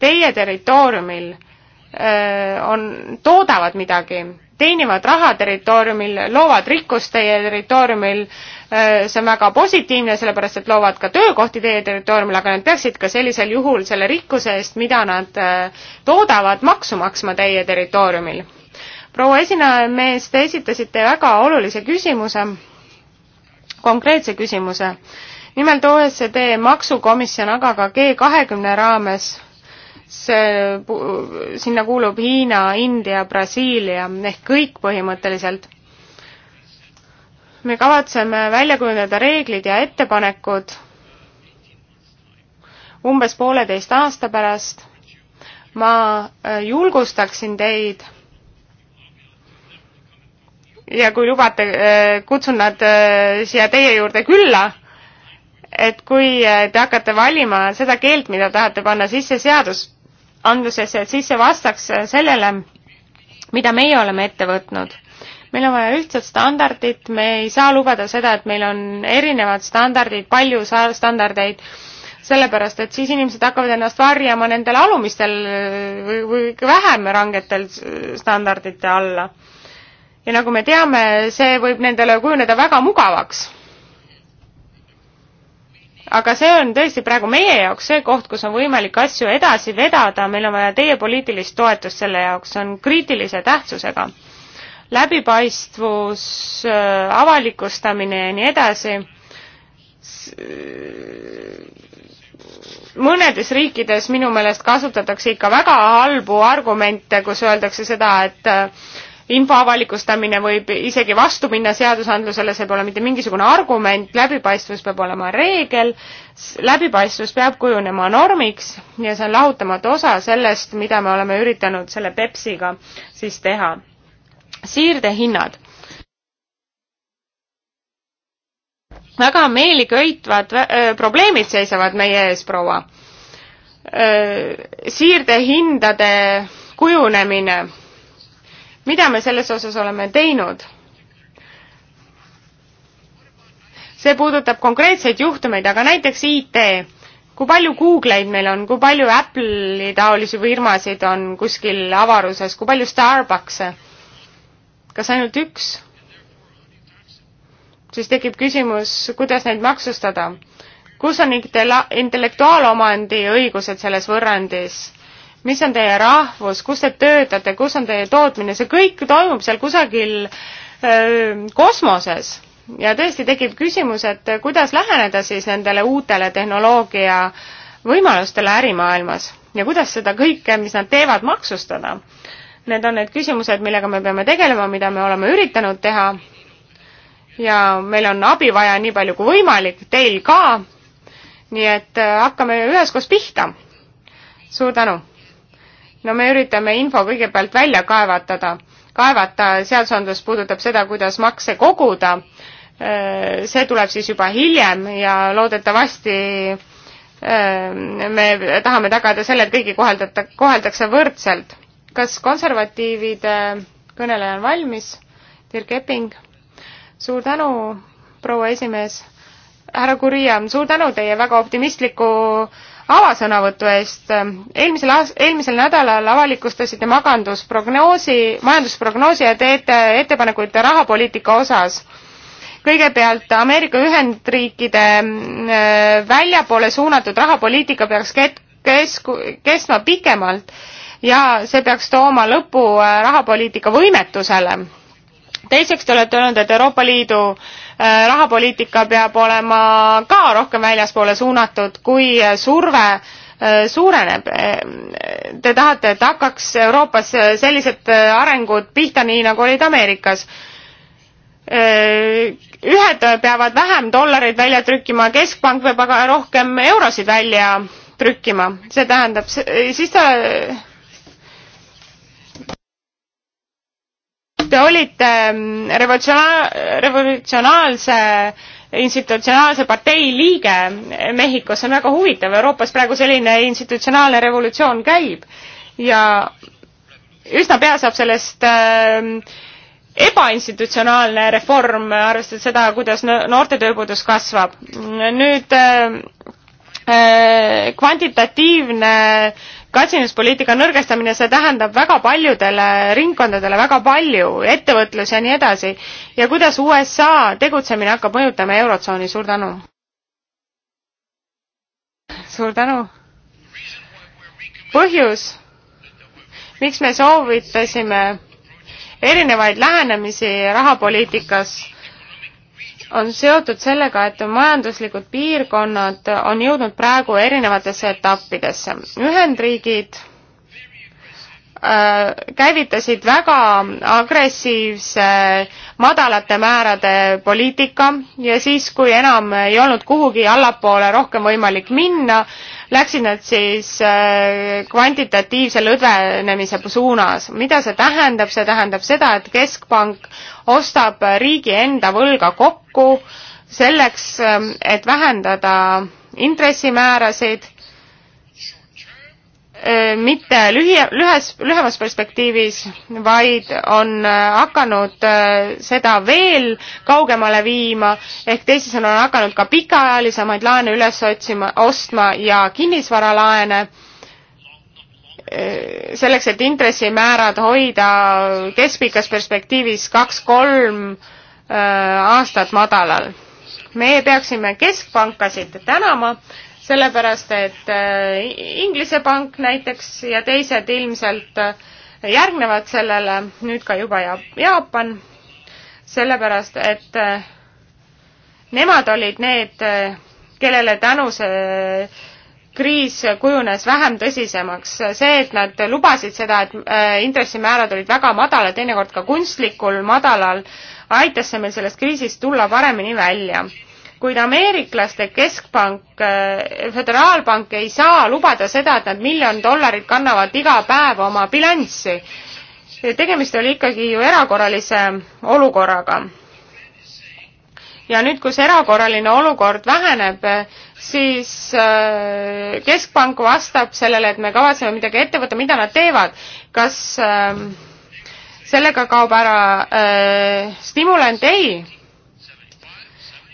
teie territooriumil eh, on, toodavad midagi, teenivad raha territooriumil, loovad rikkust teie territooriumil, eh, see on väga positiivne, sellepärast et loovad ka töökohti teie territooriumil, aga nad peaksid ka sellisel juhul selle rikkuse eest, mida nad toodavad, maksu maksma teie territooriumil proua esinejamees, te esitasite väga olulise küsimuse, konkreetse küsimuse. nimelt OECD maksukomisjon, aga ka G kahekümne raames see, sinna kuulub Hiina, India, Brasiilia ehk kõik põhimõtteliselt. me kavatseme välja kujundada reeglid ja ettepanekud umbes pooleteist aasta pärast. ma äh, julgustaksin teid ja kui lubate, äh, kutsun nad äh, siia teie juurde külla, et kui äh, te hakkate valima seda keelt, mida tahate panna sisse seadusandlusesse, et siis see vastaks sellele, mida meie oleme ette võtnud. meil on vaja ühtset standardit, me ei saa lubada seda, et meil on erinevad standardid, palju standardeid, sellepärast et siis inimesed hakkavad ennast varjama nendel alumistel või, või vähem rangetel standardite alla ja nagu me teame, see võib nendele kujuneda väga mugavaks. aga see on tõesti praegu meie jaoks see koht, kus on võimalik asju edasi vedada, meil on vaja teie poliitilist toetust selle jaoks, see on kriitilise tähtsusega. läbipaistvus, avalikustamine ja nii edasi, mõnedes riikides minu meelest kasutatakse ikka väga halbu argumente, kus öeldakse seda, et info avalikustamine võib isegi vastu minna seadusandlusele, see pole mitte mingisugune argument, läbipaistvus peab olema reegel, läbipaistvus peab kujunema normiks ja see on lahutamatu osa sellest, mida me oleme üritanud selle Pepsiga siis teha. siirdehinnad väga meeliköitvad probleemid seisavad meie ees, proua. siirdehindade kujunemine mida me selles osas oleme teinud? see puudutab konkreetseid juhtumeid, aga näiteks IT. kui palju Google'id meil on, kui palju Apple'i taolisi firmasid on kuskil avaruses, kui palju Starbucks'e? kas ainult üks? siis tekib küsimus, kuidas neid maksustada. kus on intellektuaalomandi õigused selles võrrandis? mis on teie rahvus, kus te töötate, kus on teie tootmine, see kõik toimub seal kusagil öö, kosmoses ja tõesti tekib küsimus, et kuidas läheneda siis nendele uutele tehnoloogia võimalustele ärimaailmas ja kuidas seda kõike, mis nad teevad, maksustada. Need on need küsimused, millega me peame tegelema, mida me oleme üritanud teha ja meil on abi vaja nii palju kui võimalik, teil ka, nii et äh, hakkame üheskoos pihta. suur tänu! no me üritame info kõigepealt välja kaevatada, kaevata, seadusandlus puudutab seda, kuidas makse koguda, äh, see tuleb siis juba hiljem ja loodetavasti äh, me tahame tagada selle, et kõigi koheldata, koheldakse võrdselt. kas konservatiivide kõneleja on valmis? Dirk Epping. suur tänu, proua esimees. härra Kuria, suur tänu teie väga optimistliku äh, avasõnavõtu eest. eelmisel aas-, eelmisel nädalal avalikustasite magandusprognoosi, majandusprognoosi ja teete ettepanekuid rahapoliitika osas. kõigepealt Ameerika Ühendriikide mm, väljapoole suunatud rahapoliitika peaks ket-, kes-, kestma pikemalt ja see peaks tooma lõpu äh, rahapoliitika võimetusele. teiseks te olete öelnud, et Euroopa Liidu äh, Äh, rahapoliitika peab olema ka rohkem väljaspoole suunatud, kui surve äh, suureneb. Äh, te tahate, et hakkaks Euroopas sellised arengud pihta, nii nagu olid Ameerikas ühed peavad vähem dollareid välja trükkima, keskpank peab aga rohkem eurosid välja trükkima, see tähendab, siis ta te olite mm, revolutsionaal-, revolutsionaalse institutsionaalse partei liige Mehhikos, see on väga huvitav, Euroopas praegu selline institutsionaalne revolutsioon käib ja üsna pea saab sellest äh, ebainstitutsionaalne reform, arvestades seda, kuidas noorte tööpuudus kasvab. nüüd äh, äh kvantitatiivne äh, kasinuspoliitika nõrgestamine, see tähendab väga paljudele ringkondadele väga palju, ettevõtlus ja nii edasi. ja kuidas USA tegutsemine hakkab mõjutama Eurotsooni, suur tänu! suur tänu! põhjus, miks me soovitasime erinevaid lähenemisi rahapoliitikas on seotud sellega, et majanduslikud piirkonnad on jõudnud praegu erinevatesse etappidesse. Ühendriigid äh, käivitasid väga agressiivse madalate määrade poliitika ja siis, kui enam ei olnud kuhugi allapoole rohkem võimalik minna, läksid nad siis äh, kvantitatiivse lõdvenemise suunas. mida see tähendab, see tähendab seda, et keskpank ostab riigi enda võlga kokku selleks, ähm, et vähendada intressimäärasid Äh, mitte lühi-, lühes, lühemas perspektiivis, vaid on äh, hakanud äh, seda veel kaugemale viima, ehk teisisõnu on hakanud ka pikaajalisemaid laene üles otsima, ostma ja kinnisvaralaene, selleks, et intressimäärad hoida keskpikas perspektiivis kaks-kolm aastat madalal. meie peaksime keskpankasid tänama sellepärast et äh, Inglise Pank näiteks ja teised ilmselt äh, järgnevad sellele, nüüd ka juba Jaapan, sellepärast et äh, nemad olid need, kellele tänu see kriis kujunes vähem tõsisemaks. see, et nad lubasid seda, et intressimäärad olid väga madalad, teinekord ka kunstlikul madalal, aitas see meil sellest kriisist tulla paremini välja kuid ameeriklaste keskpank, eh, föderaalpank ei saa lubada seda, et nad miljon dollarit kannavad iga päev oma bilanssi. tegemist oli ikkagi ju erakorralise olukorraga. ja nüüd, kus erakorraline olukord väheneb, siis eh, keskpank vastab sellele, et me kavatseme midagi ette võtta, mida nad teevad, kas eh, sellega kaob ära stimulant, ei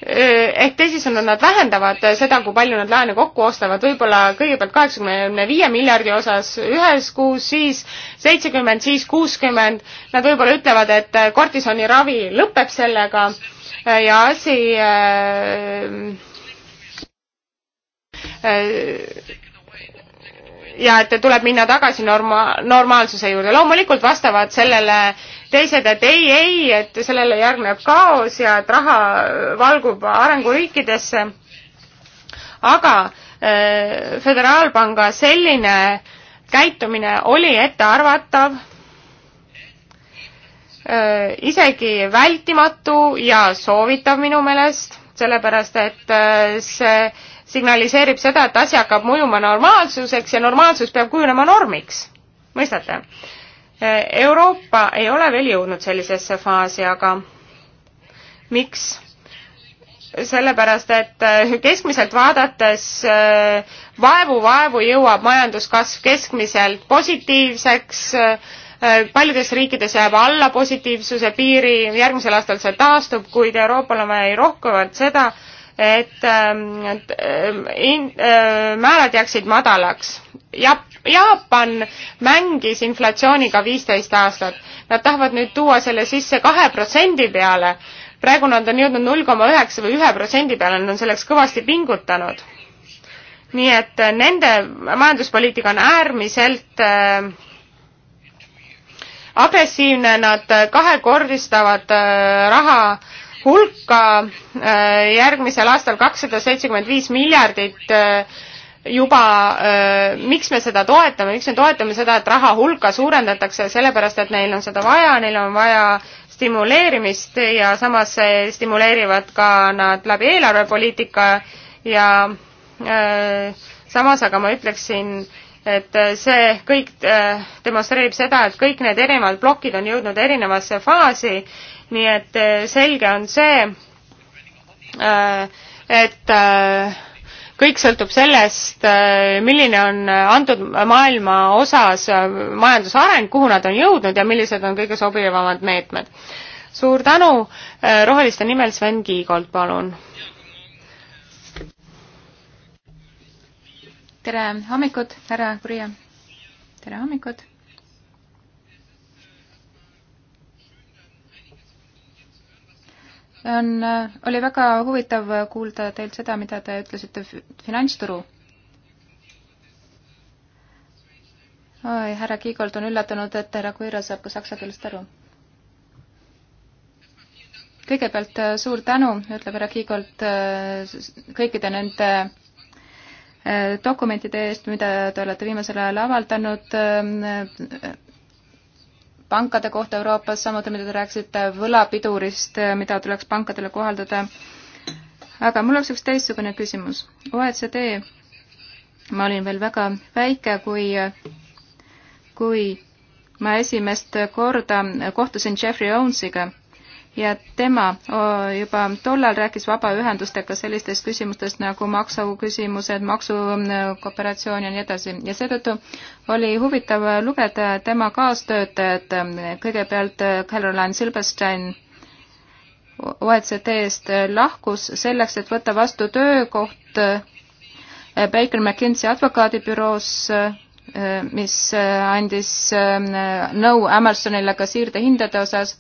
ehk teisisõnu, nad vähendavad seda, kui palju nad laene kokku ostavad, võib-olla kõigepealt kaheksakümne viie miljardi osas ühes kuus, siis seitsekümmend, siis kuuskümmend, nad võib-olla ütlevad, et kortisoni ravi lõpeb sellega ja asi äh, äh, ja et tuleb minna tagasi norma-, normaalsuse juurde. loomulikult vastavad sellele teised, et ei, ei, et sellele järgneb kaos ja et raha valgub arenguriikidesse. aga äh, Föderaalpanga selline käitumine oli ettearvatav äh,, isegi vältimatu ja soovitav minu meelest, sellepärast et äh, see signaliseerib seda, et asi hakkab mõjuma normaalsuseks ja normaalsus peab kujunema normiks. mõistate? Euroopa ei ole veel jõudnud sellisesse faasi, aga miks? sellepärast, et eh, keskmiselt vaadates vaevu-vaevu eh, jõuab majanduskasv keskmiselt positiivseks, eh, paljudes riikides jääb alla positiivsuse piiri, järgmisel aastal see taastub, kuid Euroopal on vaja rohkemalt seda, Ähm, et ähm, in, äh, määrad jääksid madalaks. Jap-, Jaapan mängis inflatsiooniga viisteist aastat. Nad tahavad nüüd tuua selle sisse kahe protsendi peale. praegu nad on jõudnud null koma üheksa või ühe protsendi peale, nad on selleks kõvasti pingutanud. nii et äh, nende majanduspoliitika on äärmiselt äh, agressiivne, nad äh, kahekordistavad äh, raha äh, hulka äh, järgmisel aastal kakssada seitsekümmend viis miljardit äh, juba, äh, miks me seda toetame, miks me toetame seda, et raha hulka suurendatakse, sellepärast et neil on seda vaja, neil on vaja stimuleerimist ja samas stimuleerivad ka nad läbi eelarvepoliitika ja samas aga ma ütleksin, et äh, see kõik äh, demonstreerib seda, et kõik need erinevad plokid on jõudnud erinevasse faasi, nii et äh, selge on see, et kõik sõltub sellest, milline on antud maailma osas majandusareng, kuhu nad on jõudnud ja millised on kõige sobivamad meetmed. suur tänu, Roheliste nimel Sven Kiigolt, palun! tere hommikut, härra Kurje. tere hommikut. on, äh, oli väga huvitav kuulda teilt seda, mida te ütlesite finantsturu oi, härra Kiigold on üllatunud, et härra Kuira saab ka saksa keelest aru. kõigepealt äh, suur tänu, ütleb härra Kiigold äh, kõikide nende Äh, dokumentide eest, mida te olete viimasel ajal avaldanud äh, pankade kohta Euroopas, samuti mida te rääkisite võlapidurist, äh, mida tuleks pankadele kohaldada. aga mul oleks üks teistsugune küsimus. OECD, ma olin veel väga väike, kui, kui ma esimest korda kohtusin Jeffrey Owensiga ja tema juba tollal rääkis vabaühendustega sellistest küsimustest nagu maksuküsimused, maksukooperatsioon ja nii edasi ja seetõttu oli huvitav lugeda tema kaastöötajad, kõigepealt Caroline Silberstein OECD-st lahkus selleks, et võtta vastu töökoht Baker McKinsey advokaadibüroos, mis andis äh, nõu Amazonile ka siirdehindade osas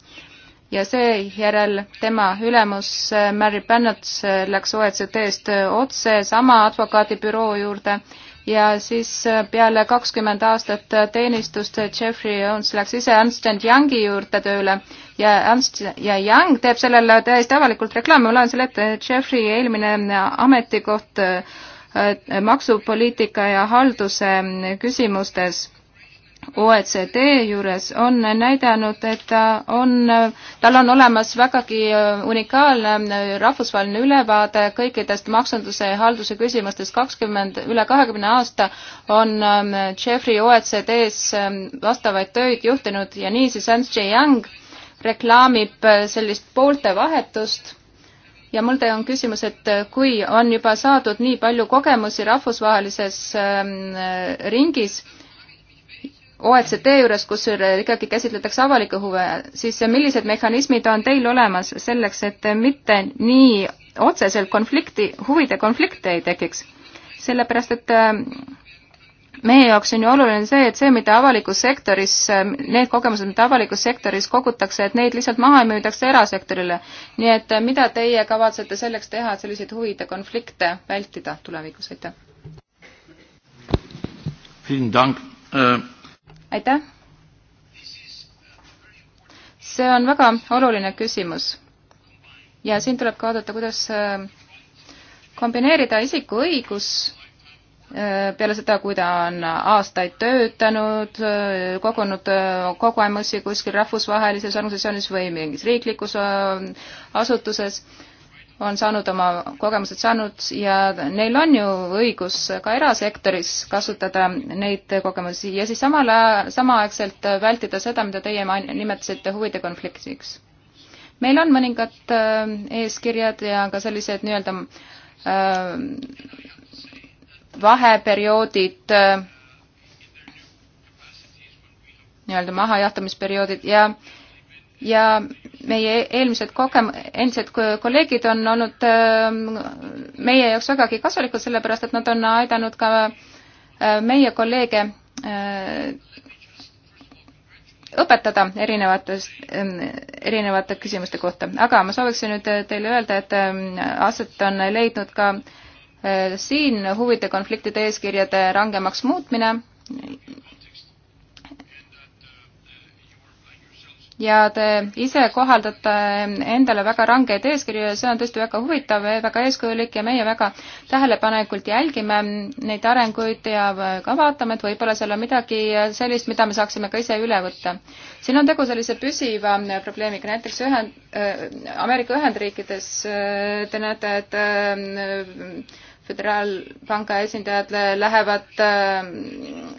ja seejärel tema ülemus äh, Mary Bennett äh, läks OECD-st äh, otse sama advokaadibüroo juurde ja siis peale kakskümmend aastat teenistust Jeffrey Jones läks ise Ernst and Youngi juurde tööle ja Ernst ja Young teeb sellele täiesti avalikult reklaami, ma loen selle ette, Jeffrey eelmine ametikoht maksupoliitika ja halduse küsimustes OECD juures on näidanud, et ta on, tal on olemas vägagi äh, unikaalne äh, rahvusvaheline ülevaade kõikidest maksunduse ja halduse küsimustest. kakskümmend, üle kahekümne aasta on ähm, Jeffrey OECD-s ähm, vastavaid töid juhtinud ja niisiis Ernst J Young reklaamib äh, sellist poolte vahetust ja mul teil on küsimus, et kui on juba saadud nii palju kogemusi rahvusvahelises ähm, ringis, OECD juures, kus ikkagi käsitletakse avalikke huve, siis millised mehhanismid on teil olemas selleks, et mitte nii otseselt konflikti, huvide konflikte ei tekiks? sellepärast, et äh, meie jaoks on ju oluline see, et see, mida avalikus sektoris, äh, need kogemused, mida avalikus sektoris kogutakse, et neid lihtsalt maha ei müüdakse erasektorile. nii et äh, mida teie kavatsete selleks teha, et selliseid huvide konflikte vältida tulevikus, aitäh? aitäh! see on väga oluline küsimus ja siin tuleb ka vaadata, kuidas äh, kombineerida isiku õigus äh, peale seda, kui ta on aastaid töötanud, äh, kogunud kogemusi kuskil rahvusvahelises organisatsioonis või mingis riiklikus asutuses on saanud oma kogemused saanud ja neil on ju õigus ka erasektoris kasutada neid kogemusi ja siis samal ajal, samaaegselt vältida seda, mida teie nimetasite huvide konfliktiks. meil on mõningad äh, eeskirjad ja ka sellised nii-öelda äh, vaheperioodid, äh, nii-öelda mahajahtamisperioodid ja äh, ja meie eelmised kogem-, endised kolleegid on olnud ähm, meie jaoks vägagi kasulikud, sellepärast et nad on aidanud ka äh, meie kolleege äh, õpetada erinevatest, ähm, erinevate küsimuste kohta. aga ma sooviksin nüüd teile öelda, et ähm, aset on leidnud ka äh, siin huvide konfliktide eeskirjade rangemaks muutmine ja te ise kohaldate endale väga rangeid eeskirju ja see on tõesti väga huvitav ja väga eeskujulik ja meie väga tähelepanelikult jälgime neid arenguid ja ka vaatame, et võib-olla seal on midagi sellist, mida me saaksime ka ise üle võtta. siin on tegu sellise püsiva probleemiga, näiteks ühend- äh,, Ameerika Ühendriikides äh, te näete, et äh, föderaalpanga esindajad lähevad äh,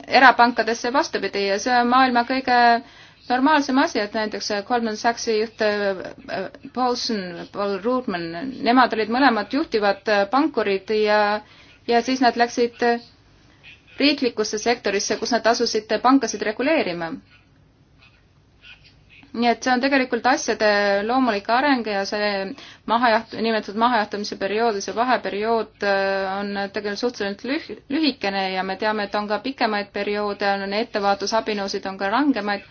erapankadesse vastupidi ja see on maailma kõige äh, normaalsem asi, et näiteks äh, Goldman Sachsi juht äh, äh, Paulson, Paul Rudman, nemad olid mõlemad juhtivad pankurid ja, ja siis nad läksid riiklikusse sektorisse, kus nad asusid pankasid reguleerima. nii et see on tegelikult asjade loomulik areng ja see mahajaht-, nimetatud mahajahtumise periood ja see vaheperiood on tegelikult suhteliselt lüh-, lühikene ja me teame, et on ka pikemaid perioode, on ettevaatusabinõusid, on ka rangemaid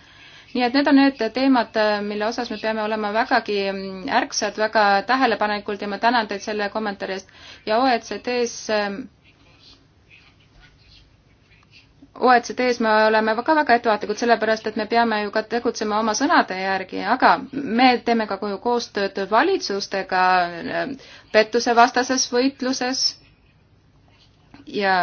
nii et need on need teemad, mille osas me peame olema vägagi ärksad, väga tähelepanelikult ja ma tänan teid selle kommentaari eest. ja OECD-s OECD-s me oleme ka väga ettevaatlikud, sellepärast et me peame ju ka tegutsema oma sõnade järgi, aga me teeme ka koju koostööd valitsustega pettusevastases võitluses ja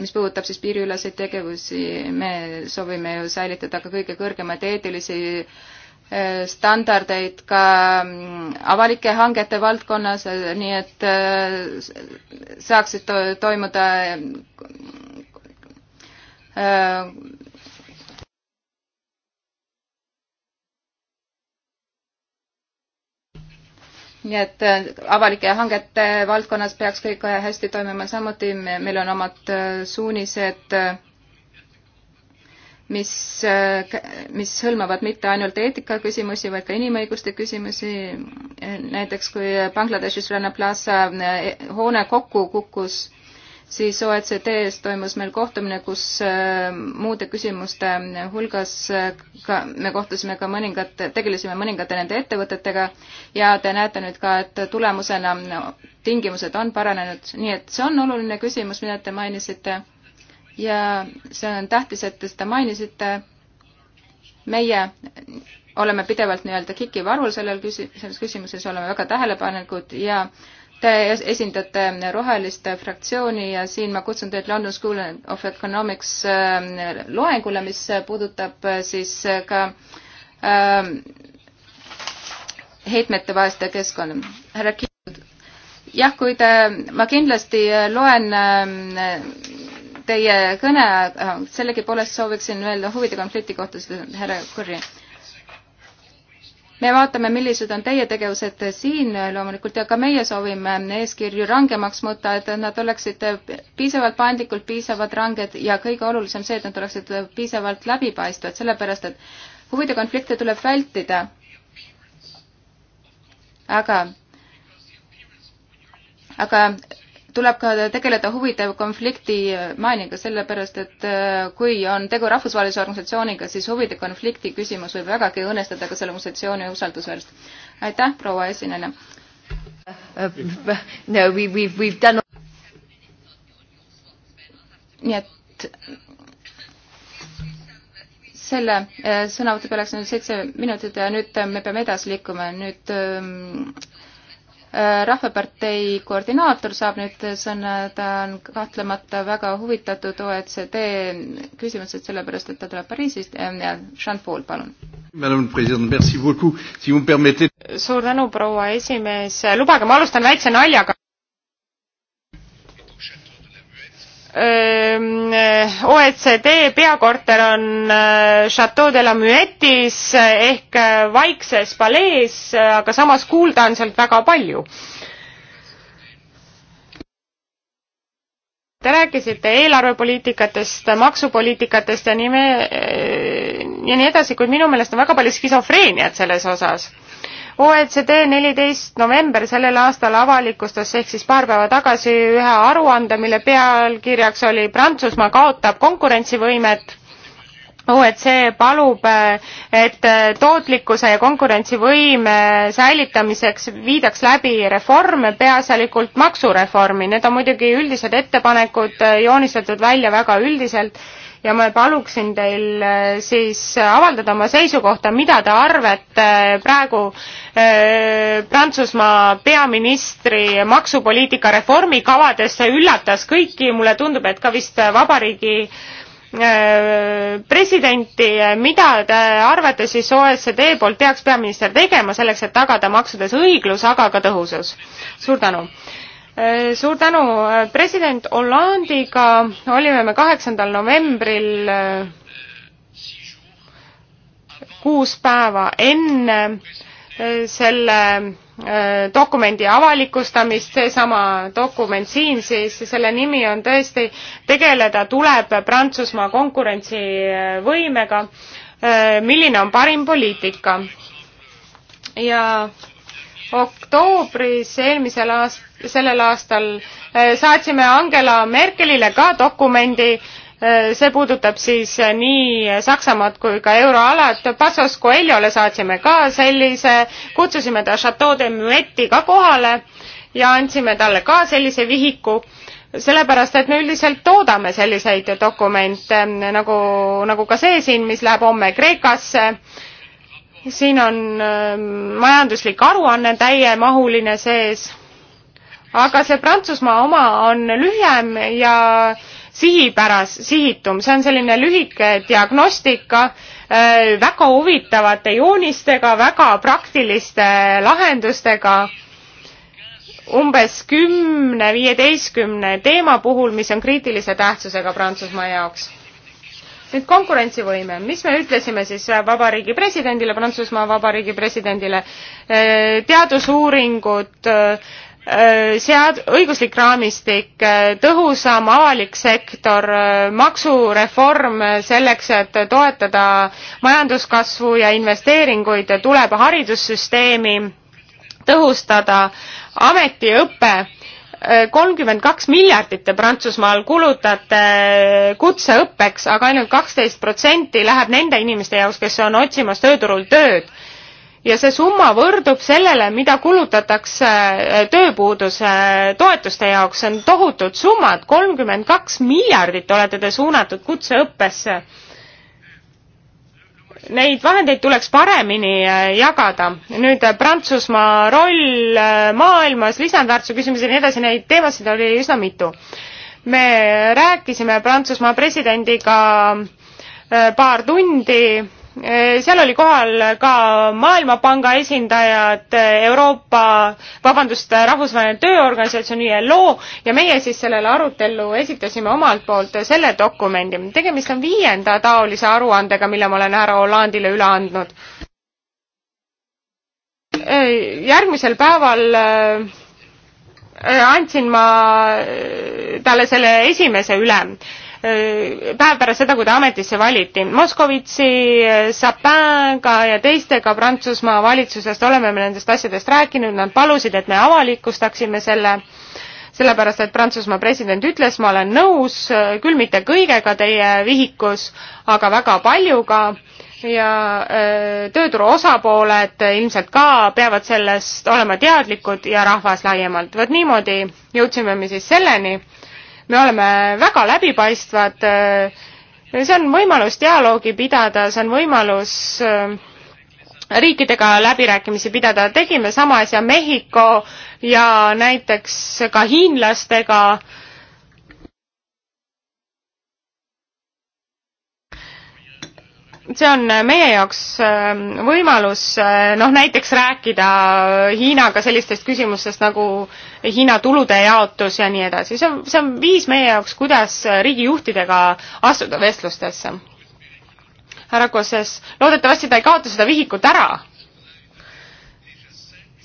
mis puudutab siis piiriüleseid tegevusi, me soovime ju säilitada ka kõige kõrgemaid eetilisi äh, standardeid ka mm, avalike hangete valdkonnas, äh, nii et äh, saaksid to toimuda nii et äh, avalike hangete valdkonnas peaks kõik äh, hästi toimima, samuti meil on omad äh, suunised, mis, mis hõlmavad mitte ainult eetikaküsimusi, vaid ka inimõiguste küsimusi. näiteks kui Bangladeshis Rana Plaza e-, hoone kokku kukkus, siis OECD-s toimus meil kohtumine, kus äh, muude küsimuste hulgas äh, ka me kohtusime ka mõningate, tegelesime mõningate nende ettevõtetega ja te näete nüüd ka, et tulemusena tingimused on paranenud, nii et see on oluline küsimus, mida te mainisite. ja see on tähtis, et te seda mainisite. meie oleme pidevalt nii-öelda KIK-i varul sellel küsi-, selles küsimuses, oleme väga tähelepanelikud ja äh, Te esindate Roheliste fraktsiooni ja siin ma kutsun teid London School of Economics ähm, loengule, mis puudutab äh, siis äh, ka ähm, heitmete vaeste keskkonna. härra Kiud, jah, kui te, ma kindlasti äh, loen ähm, teie kõne, sellegipoolest sooviksin öelda huvide konflikti kohta, härra Kurri me vaatame, millised on teie tegevused siin loomulikult ja ka meie soovime eeskirju rangemaks muuta, et nad oleksid piisavalt paindlikud, piisavalt ranged ja kõige olulisem see, et nad oleksid piisavalt läbipaistvad, sellepärast et huvide konflikte tuleb vältida. aga, aga tuleb ka tegeleda huvide konflikti mainiga, sellepärast et äh, kui on tegu rahvusvahelise organisatsiooniga, siis huvide konflikti küsimus võib vägagi õõnestada ka selle organisatsiooni usaldusväärsust. aitäh, proua esineja! No, we, we, we've done... nii et selle äh, sõnavõtu peale läks nüüd seitse minutit ja nüüd äh, me peame edasi liikuma, nüüd ähm, Äh, Rahvapartei koordinaator saab nüüd sõna, ta on kahtlemata väga huvitatud OECD küsimusest, sellepärast et ta tuleb Pariisist. Jean-Paul, palun. suur tänu, proua esimees, lubage, ma alustan väikse naljaga OECD peakorter on Chateau de la Muetis ehk vaikses palees, aga samas kuulda on sealt väga palju. Te rääkisite eelarvepoliitikatest, maksupoliitikatest ja nii me ja nii edasi, kuid minu meelest on väga palju skisofreeniat selles osas OECD neliteist november sellel aastal avalikustas ehk siis paar päeva tagasi ühe aruande, mille pealkirjaks oli Prantsusmaa kaotab konkurentsivõimet. OECD palub, et tootlikkuse ja konkurentsivõime säilitamiseks viidaks läbi reforme, peaasjalikult maksureformi. Need on muidugi üldised ettepanekud, joonistatud välja väga üldiselt ja ma paluksin teil äh, siis avaldada oma seisukohta, mida te arvate äh, praegu äh, Prantsusmaa peaministri maksupoliitika reformikavadesse üllatas kõiki, mulle tundub, et ka vist vabariigi presidenti, mida te arvate siis OECD poolt peaks peaminister tegema selleks, et tagada maksudes õiglus, aga ka tõhusus? suur tänu! Eh, suur tänu, eh, president Hollandiga olime me kaheksandal novembril eh, kuus päeva enne selle dokumendi avalikustamist, seesama dokument siin siis, selle nimi on tõesti Tegeleda tuleb Prantsusmaa konkurentsivõimega, milline on parim poliitika. ja oktoobris eelmisel aast-, sellel aastal äh, saatsime Angela Merkelile ka dokumendi, äh, see puudutab siis äh, nii Saksamaad kui ka euroalad, Passos Coelhole saatsime ka sellise, kutsusime ta Chateau de Muetti ka kohale ja andsime talle ka sellise vihiku, sellepärast et me üldiselt toodame selliseid dokumente nagu, nagu ka see siin, mis läheb homme Kreekasse äh, siin on ähm, majanduslik aruanne täiemahuline sees, aga see Prantsusmaa oma on lühem ja sihipäras, sihitum, see on selline lühike diagnostika äh, väga huvitavate joonistega, väga praktiliste lahendustega umbes kümne, viieteistkümne teema puhul, mis on kriitilise tähtsusega Prantsusmaa jaoks nüüd konkurentsivõime, mis me ütlesime siis äh, Vabariigi Presidendile, Prantsusmaa Vabariigi Presidendile, äh, teadusuuringud, äh, sead-, õiguslik raamistik, tõhusam avalik sektor, maksureform selleks, et toetada majanduskasvu ja investeeringuid, tuleb haridussüsteemi tõhustada, ametiõpe kolmkümmend kaks miljardit te Prantsusmaal kulutate kutseõppeks, aga ainult kaksteist protsenti läheb nende inimeste jaoks, kes on otsimas tööturul tööd. ja see summa võrdub sellele, mida kulutatakse äh, tööpuuduse äh, toetuste jaoks, see on tohutud summad, kolmkümmend kaks miljardit olete te suunatud kutseõppesse neid vahendeid tuleks paremini äh, jagada. nüüd äh, Prantsusmaa roll äh, maailmas, lisandväärtuse küsimus ja nii edasi, neid teemasid oli üsna mitu. me rääkisime Prantsusmaa presidendiga paar tundi Eh, seal oli kohal ka Maailmapanga esindajad, eh, Euroopa, vabandust, Rahvusvaheline Tööorganisatsioon ILO ja meie siis sellele arutellu esitasime omalt poolt selle dokumendi. tegemist on viienda taolise aruandega, mille ma olen härra Hollandile üle andnud. Eh, järgmisel päeval andsin ma talle selle esimese üle Äh, päev pärast seda, kui ta ametisse valiti. Moskovitši, äh, Sapinga ja teistega Prantsusmaa valitsusest oleme me nendest asjadest rääkinud, nad palusid, et me avalikustaksime selle sellepärast, et Prantsusmaa president ütles, ma olen nõus, äh, küll mitte kõigega teie vihikus, aga väga paljuga ja öö, tööturu osapooled ilmselt ka peavad sellest olema teadlikud ja rahvas laiemalt. vot niimoodi jõudsime me siis selleni, me oleme väga läbipaistvad, äh, see on võimalus dialoogi pidada, see on võimalus äh, riikidega läbirääkimisi pidada, tegime sama asja Mehhiko ja näiteks ka hiinlastega äh, see on äh, meie jaoks ähm, võimalus äh, noh, näiteks rääkida äh, Hiinaga sellistest küsimustest nagu Hiina tulude jaotus ja nii edasi. see on, see on viis meie jaoks, kuidas riigijuhtidega astuda vestlustesse. härra Koses, loodetavasti ta ei kaota seda vihikut ära.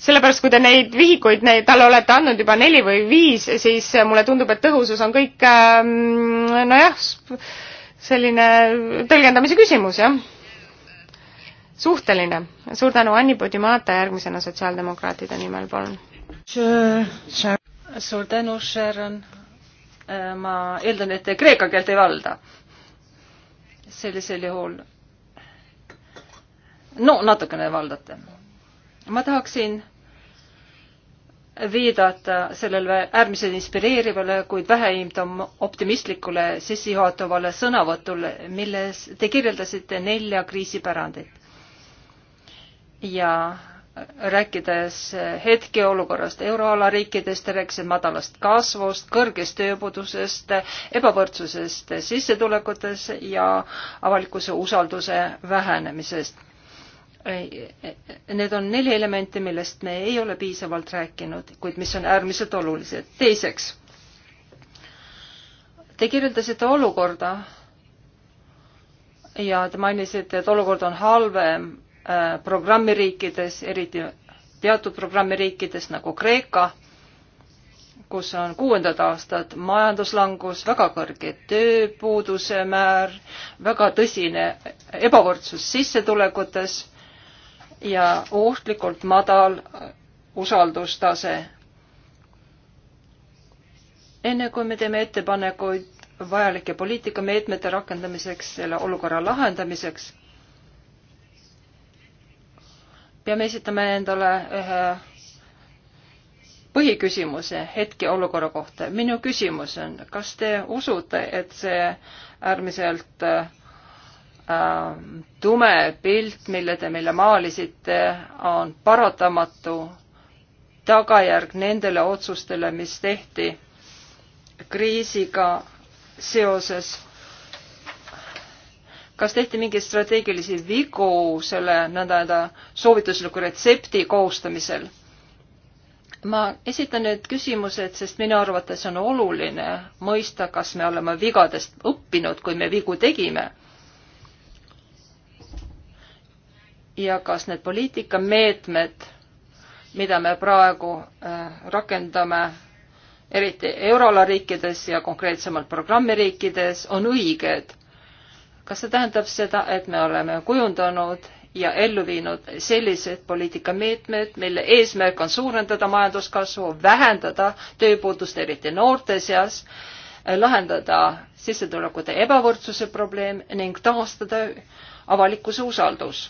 sellepärast, kui te neid vihikuid neid, talle olete andnud juba neli või viis, siis mulle tundub, et tõhusus on kõik ähm, nojah, selline tõlgendamise küsimus, jah. suhteline. suur tänu, Anni Podimata järgmisena sotsiaaldemokraatide nimel, palun. suur tänu, Sharon. Äh, ma eeldan, et te kreeka keelt ei valda. sellisel juhul. no natukene valdate. ma tahaksin viidata sellele äärmiselt inspireerivale, kuid väheimdom optimistlikule sissejuhatavale sõnavõtule, milles te kirjeldasite nelja kriisipärandit. ja rääkides hetkeolukorrast euroala riikidest, rääkisin madalast kasvust, kõrgest tööpuudusest, ebavõrdsusest sissetulekutes ja avalikkuse usalduse vähenemisest Need on neli elementi, millest me ei ole piisavalt rääkinud, kuid mis on äärmiselt olulised. teiseks, te kirjeldasite olukorda ja te mainisite, et olukord on halvem äh, programmiriikides, eriti teatud programmiriikides nagu Kreeka, kus on kuuendat aastat majanduslangus, väga kõrge tööpuuduse määr, väga tõsine ebavõrdsus sissetulekutes ja ohtlikult madal usaldustase. enne kui me teeme ettepanekuid vajalike poliitikameetmete rakendamiseks, selle olukorra lahendamiseks, peame esitama endale ühe põhiküsimuse hetkeolukorra kohta. minu küsimus on, kas te usute, et see äärmiselt äh, Äh, tume pilt, mille te meile maalisite, on paratamatu tagajärg nendele otsustele, mis tehti kriisiga seoses. kas tehti mingeid strateegilisi vigu selle nõnda-öelda soovitusliku retsepti koostamisel? ma esitan need küsimused, sest minu arvates on oluline mõista, kas me oleme vigadest õppinud, kui me vigu tegime ja kas need poliitikameetmed, mida me praegu äh, rakendame, eriti euroala riikides ja konkreetsemalt programmiriikides, on õiged. kas see tähendab seda, et me oleme kujundanud ja ellu viinud sellised poliitikameetmed, mille eesmärk on suurendada majanduskasvu, vähendada tööpuudust, eriti noorte seas, lahendada sissetulekute ebavõrdsuse probleem ning taastada avalikkuse usaldus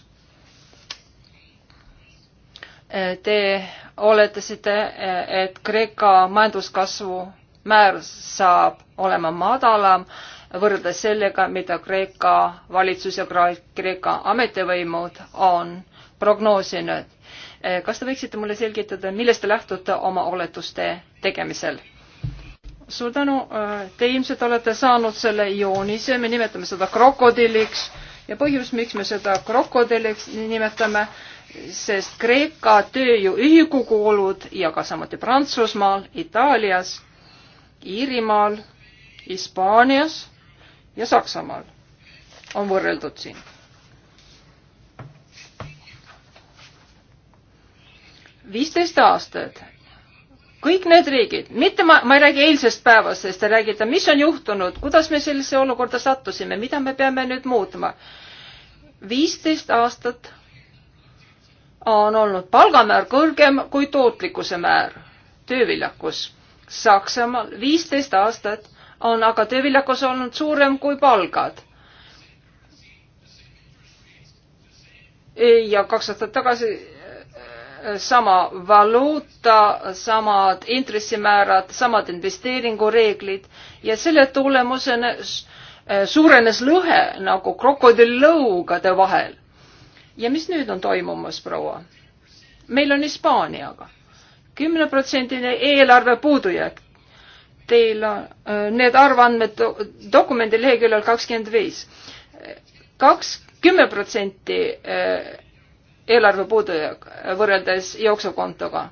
Te oletasite, et Kreeka majanduskasvu määr saab olema madalam võrreldes sellega, mida Kreeka valitsus ja Kreeka ametivõimud on prognoosinud. kas te võiksite mulle selgitada, millest te lähtute oma oletuste tegemisel? suur tänu, te ilmselt olete saanud selle joonise, me nimetame seda krokodilliks ja põhjus, miks me seda krokodilliks nimetame, sest Kreeka tööjõu ühikukulud ja ka samuti Prantsusmaal, Itaalias, Iirimaal, Hispaanias ja Saksamaal on võrreldud siin. viisteist aastat kõik need riigid, mitte ma, ma ei räägi eilsest päevast, sest te räägite, mis on juhtunud, kuidas me sellisesse olukorda sattusime, mida me peame nüüd muutma. viisteist aastat on olnud palgamäär kõrgem kui tootlikkuse määr, tööviljakus. Saksamaal viisteist aastat on aga tööviljakus olnud suurem kui palgad. ja kaks aastat tagasi äh, sama valuuta, samad intressimäärad, samad investeeringureeglid ja selle tulemusena äh, suurenes lõhe nagu krokodillõugade vahel ja mis nüüd on toimumas, proua? meil on Hispaaniaga kümneprotsendine eelarve puudujääk. Teil on äh, need arvandmed dokumendi leheküljel kakskümmend viis. kaks, kümme protsenti äh, eelarve puudujääk äh, võrreldes jooksukontoga.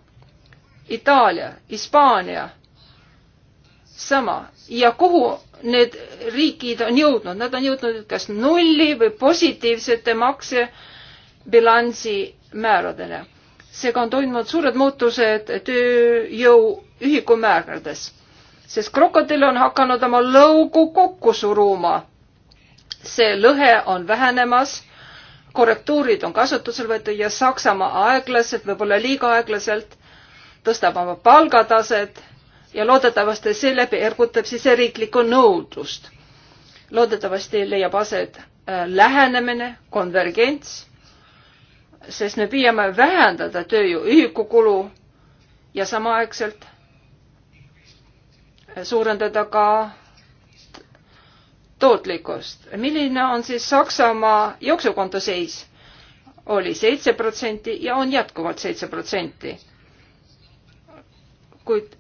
Itaalia, Hispaania, sama. ja kuhu need riigid on jõudnud, nad on jõudnud kas nulli või positiivsete makse äh, bilansi määradele. seega on toimunud suured muutused tööjõu ühikumäärades, sest krokodill on hakanud oma lõugu kokku suruma. see lõhe on vähenemas, korrektuurid on kasutusele võetud ja Saksamaa aeglaselt, võib-olla liiga aeglaselt tõstab oma palgataset ja loodetavasti seeläbi ergutab siseriiklikku nõudlust. loodetavasti leiab aset äh, lähenemine, konvergents sest me püüame vähendada tööjõu ühikukulu ja samaaegselt suurendada ka tootlikkust. milline on siis Saksamaa jooksukonto seis? oli seitse protsenti ja on jätkuvalt seitse protsenti. kuid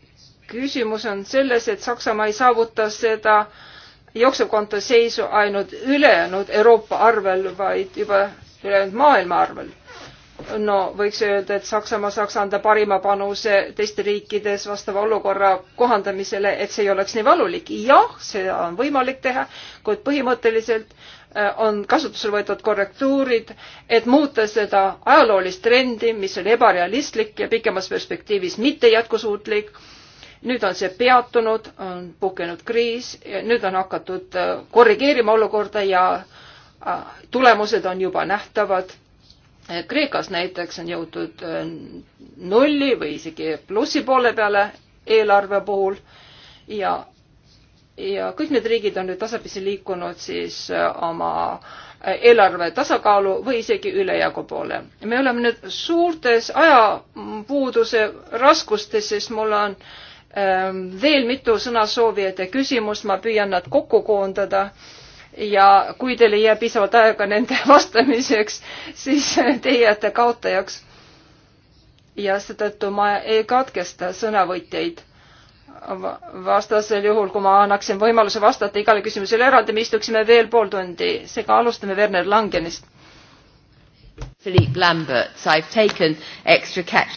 küsimus on selles, et Saksamaa ei saavuta seda jooksukonto seisu ainult ülejäänud Euroopa arvel, vaid juba ülejäänud maailma arvel no võiks öelda, et Saksamaa saaks anda parima panuse teiste riikides vastava olukorra kohandamisele, et see ei oleks nii valulik. jah, seda on võimalik teha, kuid põhimõtteliselt äh, on kasutusele võetud korrektuurid, et muuta seda ajaloolist trendi, mis oli ebarealistlik ja pikemas perspektiivis mitte jätkusuutlik. nüüd on see peatunud, on puhkenud kriis, nüüd on hakatud äh, korrigeerima olukorda ja äh, tulemused on juba nähtavad Kreekas näiteks on jõutud äh, nulli või isegi plussi poole peale eelarve puhul ja, ja kõik need riigid on nüüd tasapisi liikunud siis äh, oma äh, eelarve tasakaalu või isegi ülejäägu poole. me oleme nüüd suurtes ajapuuduse raskustes, sest mul on ähm, veel mitu sõnasoovijate küsimust, ma püüan nad kokku koondada äh, ja kui teil ei jää piisavalt aega nende *laughs* vastamiseks, siis teie jääte kaotajaks. ja seetõttu ma ei katkesta sõnavõtjaid vastasel juhul, kui ma annaksin võimaluse vastata igale küsimusele eraldi, me istuksime veel pool tundi, seega alustame Werner Langenist. Philippe Lambert, I have taken extra catch.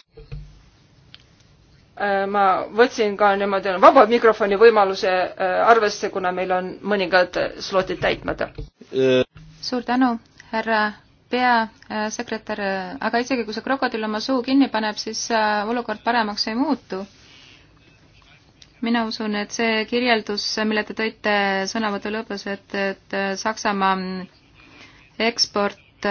Äh, ma võtsin ka niimoodi vaba mikrofoni võimaluse äh, arvesse, kuna meil on mõningad äh, slotid täitmata. suur tänu, härra peasekretär, aga isegi kui see krokodill oma suu kinni paneb, siis olukord paremaks ei muutu. mina usun, et see kirjeldus, mille te tõite sõnavõtu lõpus, et, et Saksamaa eksport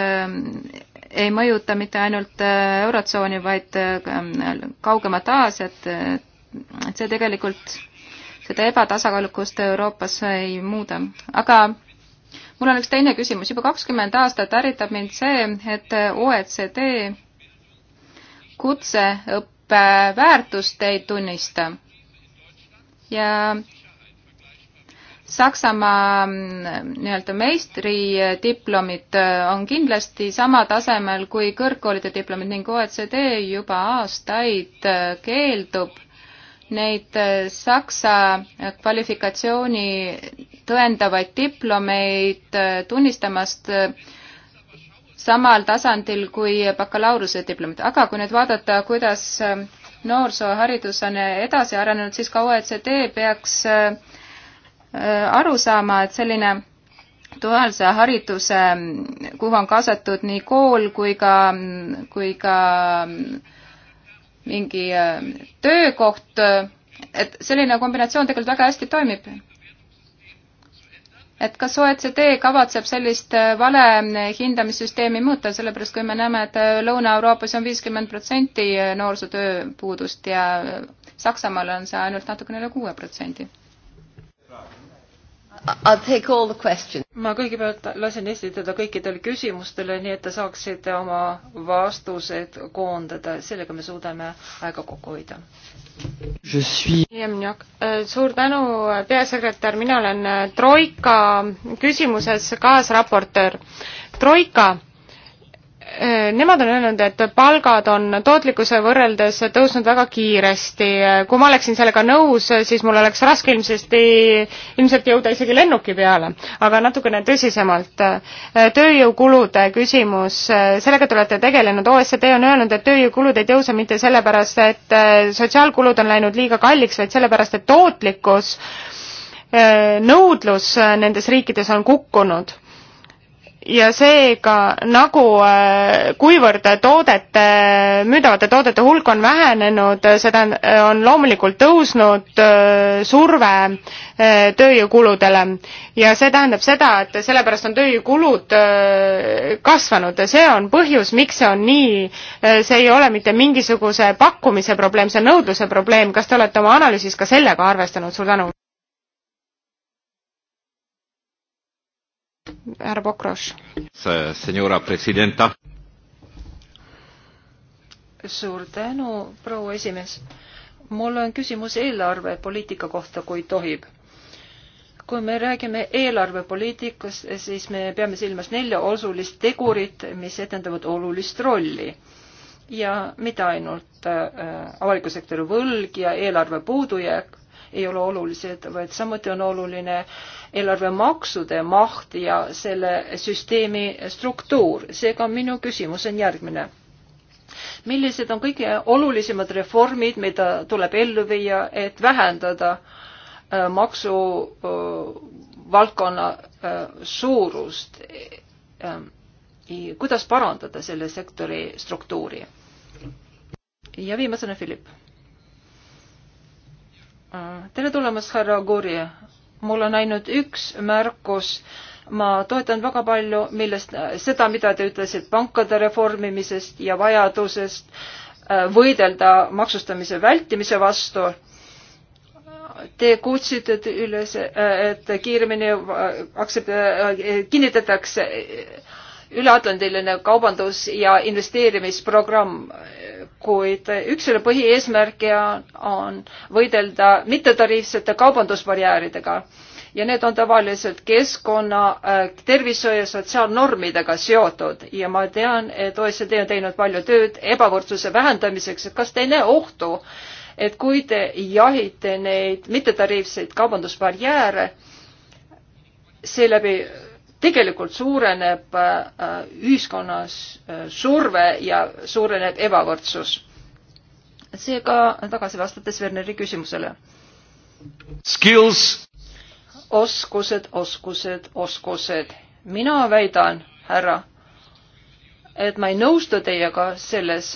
ei mõjuta mitte ainult äh, Eurotsooni, vaid äh, kaugemat Aasiat, äh, et see tegelikult seda ebatasakaalukust Euroopas ei muuda. aga mul on üks teine küsimus, juba kakskümmend aastat ärritab mind see, et OECD kutseõppe väärtust ei tunnista ja Saksamaa mm, nii-öelda meistridiplomid äh, äh, on kindlasti sama tasemel kui kõrgkoolide diplomid ning OECD juba aastaid äh, keeldub neid Saksa kvalifikatsiooni tõendavaid diplomeid tunnistamast samal tasandil kui bakalaureuse diplomid. aga kui nüüd vaadata, kuidas noorsooharidus on edasi arenenud, siis ka OECD peaks äh, Äh, aru saama, et selline duaalse hariduse, mm, kuhu on kaasatud nii kool kui ka, mm, kui ka mm, mingi äh, töökoht, et selline kombinatsioon tegelikult väga hästi toimib. et kas OECD kavatseb sellist äh, vale hindamissüsteemi muuta, sellepärast kui me näeme, et Lõuna-Euroopas on viiskümmend protsenti noorsootööpuudust ja Saksamaal on see ainult natukene üle kuue protsendi I'll take all the questions. ma kõigepealt lasen esitada kõikidele küsimustele, nii et te saaksite oma vastused koondada, sellega me suudame aega kokku hoida. Suis... Äh, suur tänu, äh, peasekretär, mina olen äh, Troika küsimuses kaasraportöör. troika Äh, nemad on öelnud, et palgad on tootlikkuse võrreldes tõusnud väga kiiresti. kui ma oleksin sellega nõus, siis mul oleks raske ilmsesti, ilmselt jõuda isegi lennuki peale. aga natukene tõsisemalt, äh, tööjõukulude küsimus, äh, sellega te olete tegelenud, OSCD on öelnud, et tööjõukulud ei tõuse mitte sellepärast, et sotsiaalkulud on läinud liiga kalliks, vaid sellepärast, et tootlikkus, nõudlus nendes riikides on kukkunud ja seega nagu äh, kuivõrd toodete, müüdavate toodete hulk on vähenenud, äh, seda äh, on loomulikult tõusnud surve tööjõukuludele ja see tähendab seda, et sellepärast on tööjõukulud kasvanud ja see on põhjus, miks see on nii. see ei ole mitte mingisuguse pakkumise probleem, see on nõudluse probleem. kas te olete oma analüüsis ka sellega arvestanud? suur tänu! härra Pokroš. suur tänu, proua esimees. mul on küsimus eelarvepoliitika kohta, kui tohib kui me räägime eelarvepoliitikast, siis me peame silmas nelja osulist tegurit, mis etendavad olulist rolli. ja mitte ainult äh, avaliku sektori võlg ja eelarve puudujääk, ei ole olulised, vaid samuti on oluline eelarvemaksude maht ja selle süsteemi struktuur. seega minu küsimus on järgmine millised on kõige olulisemad reformid, mida tuleb ellu viia, et vähendada äh, maksuvaldkonna äh, äh, suurust? Ähm, kuidas parandada selle sektori struktuuri? ja viimasena Philipp Äh, tere tulemast, härra Gurje. mul on ainult üks märkus. ma toetan väga palju, millest, äh, seda, mida te ütlesite pankade reformimisest ja vajadusest äh, võidelda maksustamise vältimise vastu Te kutsite üles, et kiiremini aktsepte-, kinnitatakse üleatlandiline kaubandus- ja investeerimisprogramm, kuid üks selle põhieesmärke on, on võidelda mittetariifsete kaubandusbarjääridega ja need on tavaliselt keskkonna, äh, tervishoiu ja sotsiaalnormidega seotud ja ma tean, et OECD on teinud palju tööd ebavõrdsuse vähendamiseks, et kas te ei näe ohtu, et kui te jahite neid mittetariifseid kaubandusbarjääre, seeläbi tegelikult suureneb äh, ühiskonnas äh, surve ja suureneb ebavõrdsus. seega tagasi vastates Werneri küsimusele. Skills. oskused, oskused, oskused. mina väidan, härra, et ma ei nõustu teiega selles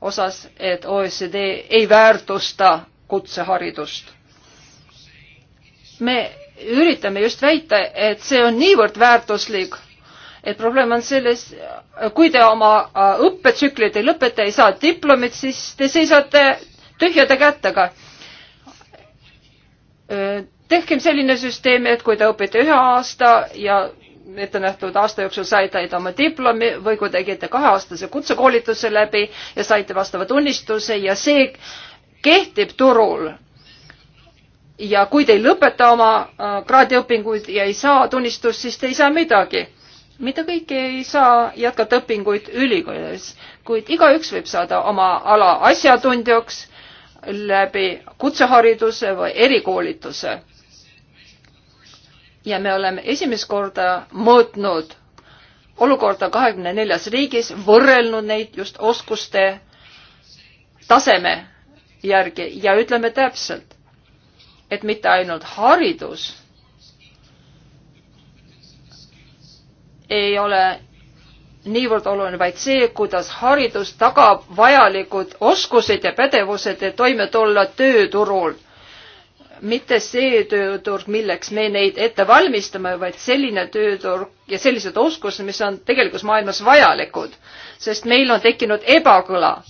osas, et OECD ei väärtusta kutseharidust. me üritame just väita, et see on niivõrd väärtuslik, et probleem on selles, kui te oma äh, õppetsüklit ei lõpeta, ei saa diplomit, siis te seisate tühjade kätega. Äh, tehkem selline süsteem, et kui te õpite ühe aasta ja ette nähtud aasta jooksul saite oma diplomi või kui tegite kaheaastase kutsekoolituse läbi ja saite vastava tunnistuse ja see kehtib turul ja kui te ei lõpeta oma äh, kraadiõpinguid ja ei saa tunnistust, siis te ei saa midagi. mitte kõik ei saa jätkata õpinguid ülikoolis, kuid igaüks võib saada oma ala asjatundjaks läbi kutsehariduse või erikoolituse. ja me oleme esimest korda mõõtnud olukorda kahekümne neljas riigis, võrrelnud neid just oskuste taseme järgi ja ütleme täpselt et mitte ainult haridus ei ole niivõrd oluline, vaid see, kuidas haridus tagab vajalikud oskused ja pädevused, et toime tulla tööturul. mitte see tööturg, milleks me neid ette valmistame, vaid selline tööturg ja sellised oskused, mis on tegelikus maailmas vajalikud, sest meil on tekkinud ebakõla.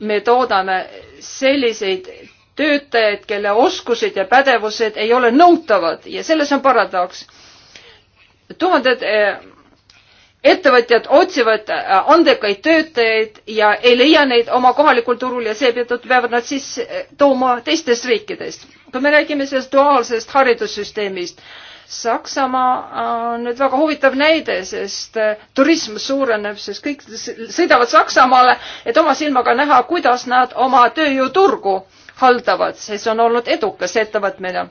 me toodame selliseid töötajaid, kelle oskused ja pädevused ei ole nõutavad ja selles on paradoks. tuhanded eh, ettevõtjad otsivad eh, andekaid töötajaid ja ei leia neid oma kohalikul turul ja seetõttu peavad nad siis eh, tooma teistest riikidest. kui me räägime sellest duaalsest haridussüsteemist, Saksamaa on nüüd väga huvitav näide, sest turism suureneb, sest kõik sõidavad Saksamaale, et oma silmaga näha, kuidas nad oma tööjõuturgu haldavad, siis on olnud edukas ettevõtmine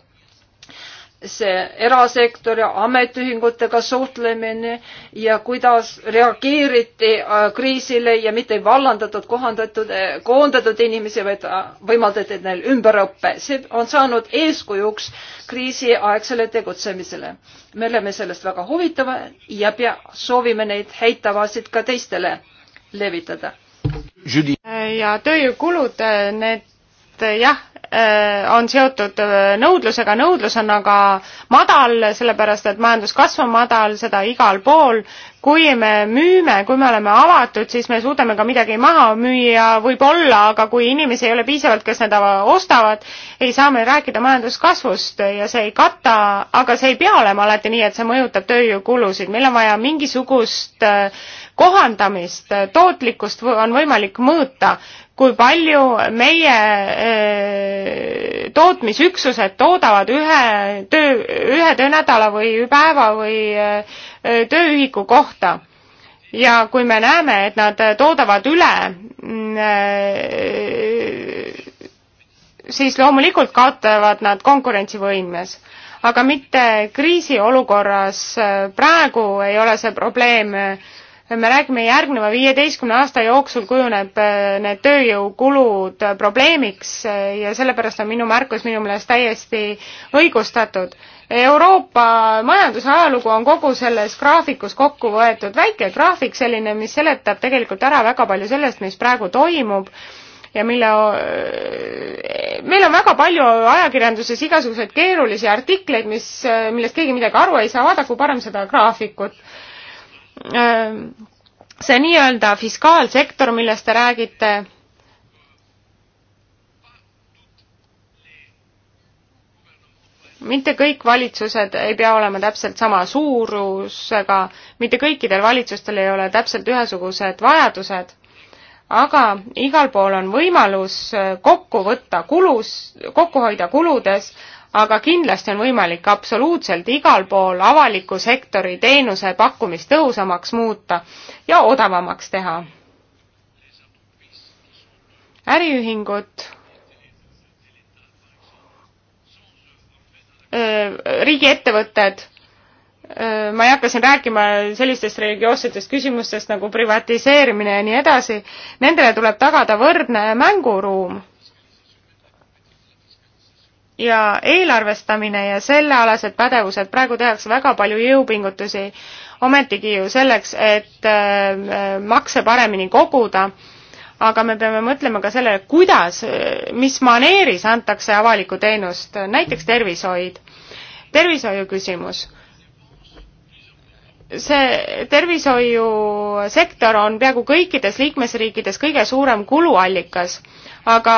see erasektori ametiühingutega suhtlemine ja kuidas reageeriti äh, kriisile ja mitte ei vallandatud, kohandatud, äh, koondatud inimesi, vaid äh, võimaldati neil ümberõppe. see on saanud eeskujuks kriisiaegsele tegutsemisele. me oleme sellest väga huvitavad ja pea, soovime neid häid tavasid ka teistele levitada. ja tööjõukulud, need Eh, jah, eh, on seotud eh, nõudlusega, nõudlus on aga madal, sellepärast et majanduskasv on madal, seda igal pool. kui me müüme, kui me oleme avatud, siis me suudame ka midagi maha müüa, võib-olla, aga kui inimesi ei ole piisavalt, kes seda ostavad, ei saa me rääkida majanduskasvust ja see ei kata, aga see ei pea olema alati nii, et see mõjutab tööjõukulusid, meil on vaja mingisugust kohandamist, tootlikkust on võimalik mõõta kui palju meie öö, äh, tootmisüksused toodavad ühe töö, ühe töönädala või päeva või öö, äh, tööühiku kohta. ja kui me näeme, et nad toodavad üle öö, mm, äh, siis loomulikult kaotavad nad konkurentsivõimes. aga mitte kriisiolukorras, praegu ei ole see probleem öö, me räägime järgneva viieteistkümne aasta jooksul kujuneb äh, need tööjõukulud äh, probleemiks äh, ja sellepärast on minu märkus minu meelest täiesti õigustatud. Euroopa majandusajalugu on kogu selles graafikus kokku võetud, väike graafik selline, mis seletab tegelikult ära väga palju sellest, mis praegu toimub ja mille, meil on väga palju ajakirjanduses igasuguseid keerulisi artikleid, mis, millest keegi midagi aru ei saa, vaadaku parem seda graafikut Äh, see nii-öelda fiskaalsektor, millest te räägite, mitte kõik valitsused ei pea olema täpselt sama suurusega, mitte kõikidel valitsustel ei ole täpselt ühesugused vajadused, aga igal pool on võimalus kokku võtta kulus, kokku hoida kuludes, aga kindlasti on võimalik absoluutselt igal pool avaliku sektori teenuse pakkumist tõhusamaks muuta ja odavamaks teha. äriühingud riigiettevõtted, ma ei hakka siin rääkima sellistest religioossetest küsimustest nagu privatiseerimine ja nii edasi, nendele tuleb tagada võrdne mänguruum ja eelarvestamine ja sellealased pädevused, praegu tehakse väga palju jõupingutusi ometigi ju selleks, et äh, makse paremini koguda, aga me peame mõtlema ka sellele, kuidas, mis maneeris antakse avalikku teenust, näiteks tervishoid, tervishoiu küsimus see tervishoiusektor on peaaegu kõikides liikmesriikides kõige suurem kuluallikas aga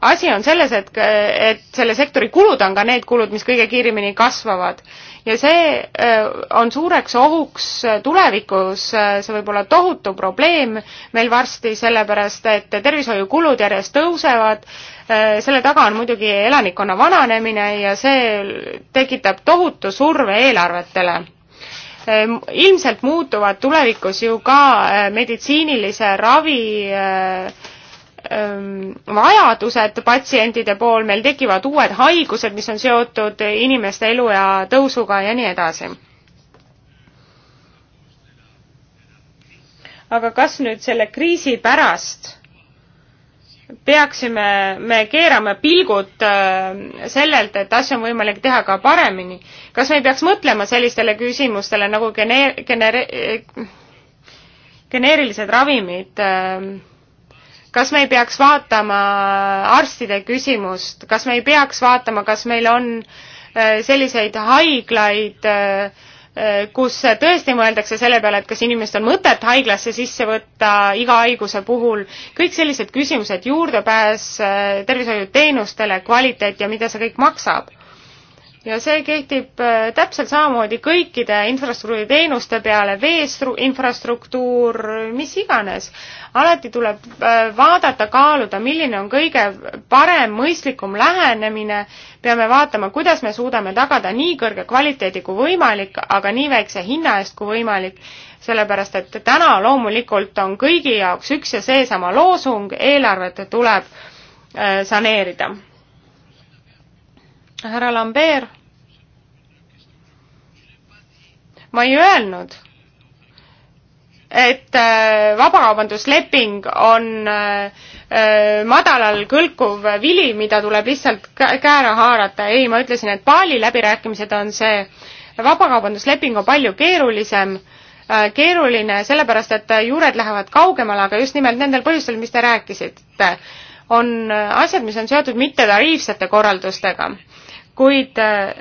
asi on selles, et, et selle sektori kulud on ka need kulud, mis kõige kiiremini kasvavad. ja see äh, on suureks ohuks äh, tulevikus, äh, see võib olla tohutu probleem meil varsti, sellepärast et tervishoiukulud järjest tõusevad, selle taga on muidugi elanikkonna vananemine ja see tekitab tohutu surve eelarvetele ilmselt muutuvad tulevikus ju ka meditsiinilise ravi äh, vajadused patsientide pool, meil tekivad uued haigused, mis on seotud inimeste eluea tõusuga ja nii edasi. aga kas nüüd selle kriisi pärast peaksime me keerama pilgud sellelt, et asju on võimalik teha ka paremini. kas me ei peaks mõtlema sellistele küsimustele nagu geneer-, geneer-, geneerilised ravimid äh,, kas me ei peaks vaatama arstide küsimust, kas me ei peaks vaatama, kas meil on äh, selliseid haiglaid, äh, äh, kus tõesti mõeldakse selle peale, et kas inimest on mõtet haiglasse sisse võtta iga haiguse puhul, kõik sellised küsimused, juurdepääs tervishoiuteenustele, kvaliteet ja mida see kõik maksab ja see kehtib äh, täpselt samamoodi kõikide infrastruktuuriteenuste peale, veestru-, infrastruktuur, mis iganes. alati tuleb äh, vaadata, kaaluda, milline on kõige parem, mõistlikum lähenemine, peame vaatama, kuidas me suudame tagada nii kõrge kvaliteedi kui võimalik, aga nii väikse hinna eest kui võimalik, sellepärast et täna loomulikult on kõigi jaoks üks ja seesama loosung, eelarvet tuleb äh, saneerida härra Lambert, ma ei öelnud, et äh, vabakaubandusleping on äh, äh, madalal kõlkuv vili, mida tuleb lihtsalt kääre haarata. ei, ma ütlesin, et Bali läbirääkimised on see, vabakaubandusleping on palju keerulisem, keeruline sellepärast, et juured lähevad kaugemale, aga just nimelt nendel põhjustel, mis te rääkisite, on asjad, mis on seotud mittetariifsete korraldustega kuid äh,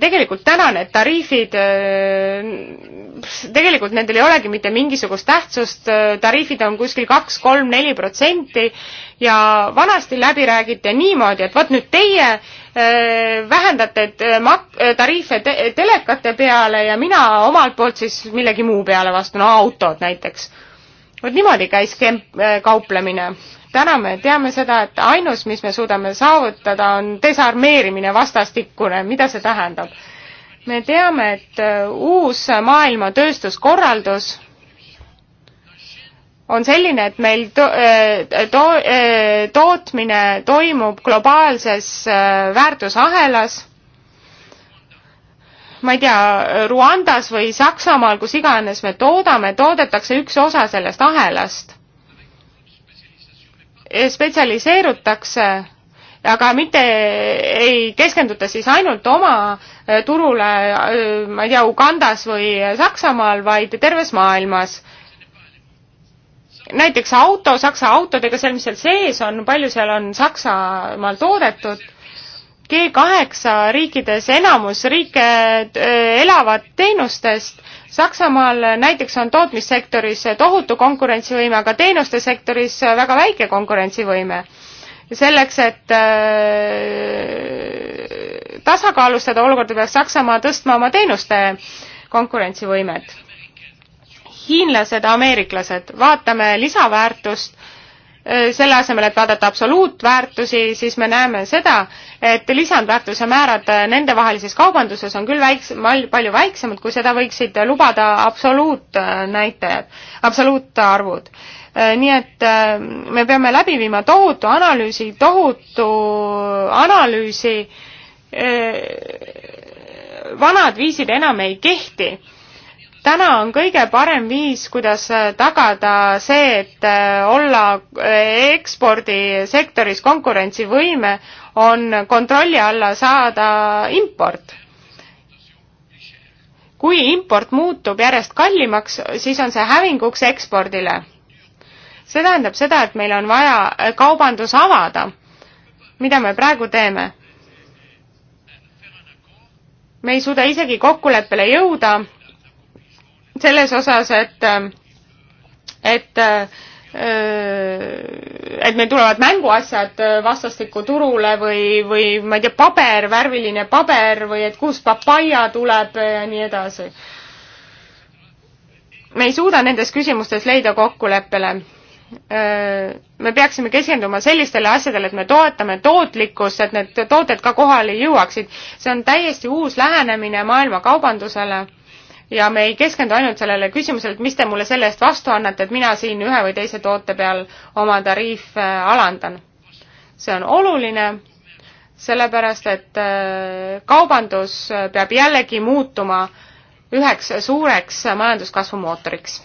tegelikult täna need tariifid, äh, tegelikult nendel ei olegi mitte mingisugust tähtsust, äh, tariifid on kuskil kaks, kolm, neli protsenti ja vanasti läbi räägiti niimoodi, et vot nüüd teie vähendate mak-, tariife te telekate peale ja mina omalt poolt siis millegi muu peale vastu, no autod näiteks vot niimoodi käis kemp-, äh, kauplemine. täna me teame seda, et ainus, mis me suudame saavutada, on desarmeerimine vastastikune, mida see tähendab? me teame, et äh, uus maailma tööstuskorraldus on selline, et meil to-, äh, to-, tootmine toimub globaalses väärtusahelas ma ei tea, Ruandas või Saksamaal, kus iganes me toodame, toodetakse üks osa sellest ahelast. spetsialiseerutakse, aga mitte ei keskenduta siis ainult oma äh, turule, äh, ma ei tea, Ugandas või Saksamaal, vaid terves maailmas näiteks auto, Saksa autodega, seal, mis seal sees on, palju seal on Saksamaal toodetud G kaheksa riikides enamus riike äh, elavad teenustest. Saksamaal näiteks on tootmissektoris tohutu konkurentsivõime, aga teenuste sektoris väga väike konkurentsivõime. selleks, et äh, tasakaalustada olukorda, peaks Saksamaa tõstma oma teenuste konkurentsivõimet. hiinlased, ameeriklased, vaatame lisaväärtust Äh, selle asemel, et vaadata absoluutväärtusi, siis me näeme seda, et lisandväärtuse määrad äh, nendevahelises kaubanduses on küll väiks-, palju väiksemad, kui seda võiksid äh, lubada absoluutnäitajad, absoluutarvud nii et me peame läbi viima tohutu analüüsi, tohutu analüüsi, vanad viisid enam ei kehti täna on kõige parem viis, kuidas äh, tagada see, et äh, olla äh, ekspordisektoris konkurentsivõime, on kontrolli alla saada import. kui import muutub järjest kallimaks, siis on see hävinguks ekspordile. see tähendab seda, et meil on vaja kaubandus avada, mida me praegu teeme. me ei suuda isegi kokkuleppele jõuda selles osas, et, et et meil tulevad mänguasjad vastastikku turule või, või ma ei tea, paber, värviline paber või et kust papaia tuleb ja nii edasi. me ei suuda nendes küsimustes leida kokkuleppele. me peaksime keskenduma sellistele asjadele, et me toetame tootlikkust, et need tooted ka kohale jõuaksid. see on täiesti uus lähenemine maailma kaubandusele ja me ei keskendu ainult sellele küsimusele, et mis te mulle selle eest vastu annate, et mina siin ühe või teise toote peal oma tariife äh, alandan. see on oluline, sellepärast et äh, kaubandus äh, peab jällegi muutuma üheks suureks majanduskasvu mootoriks.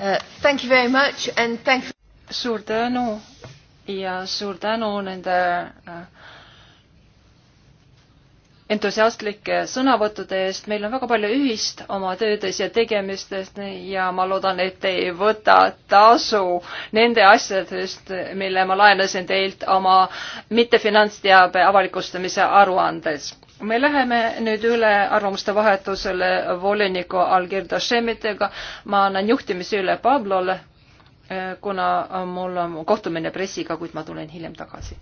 Uh, thank you very much and thank you. suur tänu ja suur tänu nende uh, entusiastlike sõnavõttude eest, meil on väga palju ühist oma töödes ja tegemistes ja ma loodan, et te ei võta tasu nende asjadest, mille ma laenasin teilt oma mittefinantsteabe avalikustamise aruandes. me läheme nüüd üle arvamuste vahetusele voliniku Algir Dashemitega, ma annan juhtimise üle Pablole, eh, kuna mul on kohtumine pressiga, kuid ma tulen hiljem tagasi.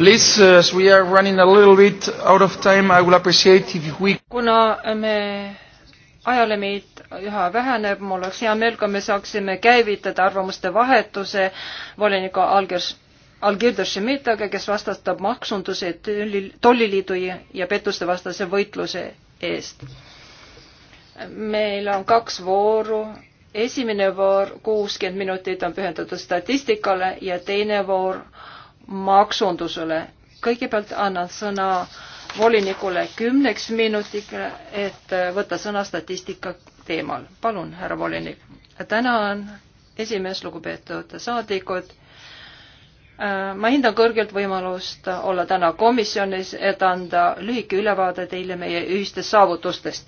Please, uh, as we are running a little bit out of time, I will appreciate if we kuna me ajalimiit üha väheneb, mul oleks hea meel, kui me saaksime käivitada arvamuste vahetuse voliniku Algers, Algirdo Šemitaga, kes vastutab maksunduse, tolliliidu ja pettuste vastase võitluse eest. meil on kaks vooru esimene voor kuuskümmend minutit on pühendatud statistikale ja teine voor maksundusele. kõigepealt annan sõna volinikule kümneks minutiks, et võtta sõna statistika teemal. palun, härra volinik. tänan, esimees, lugupeetud saadikud ma hindan kõrgelt võimalust olla täna komisjonis, et anda lühike ülevaade teile meie ühistest saavutustest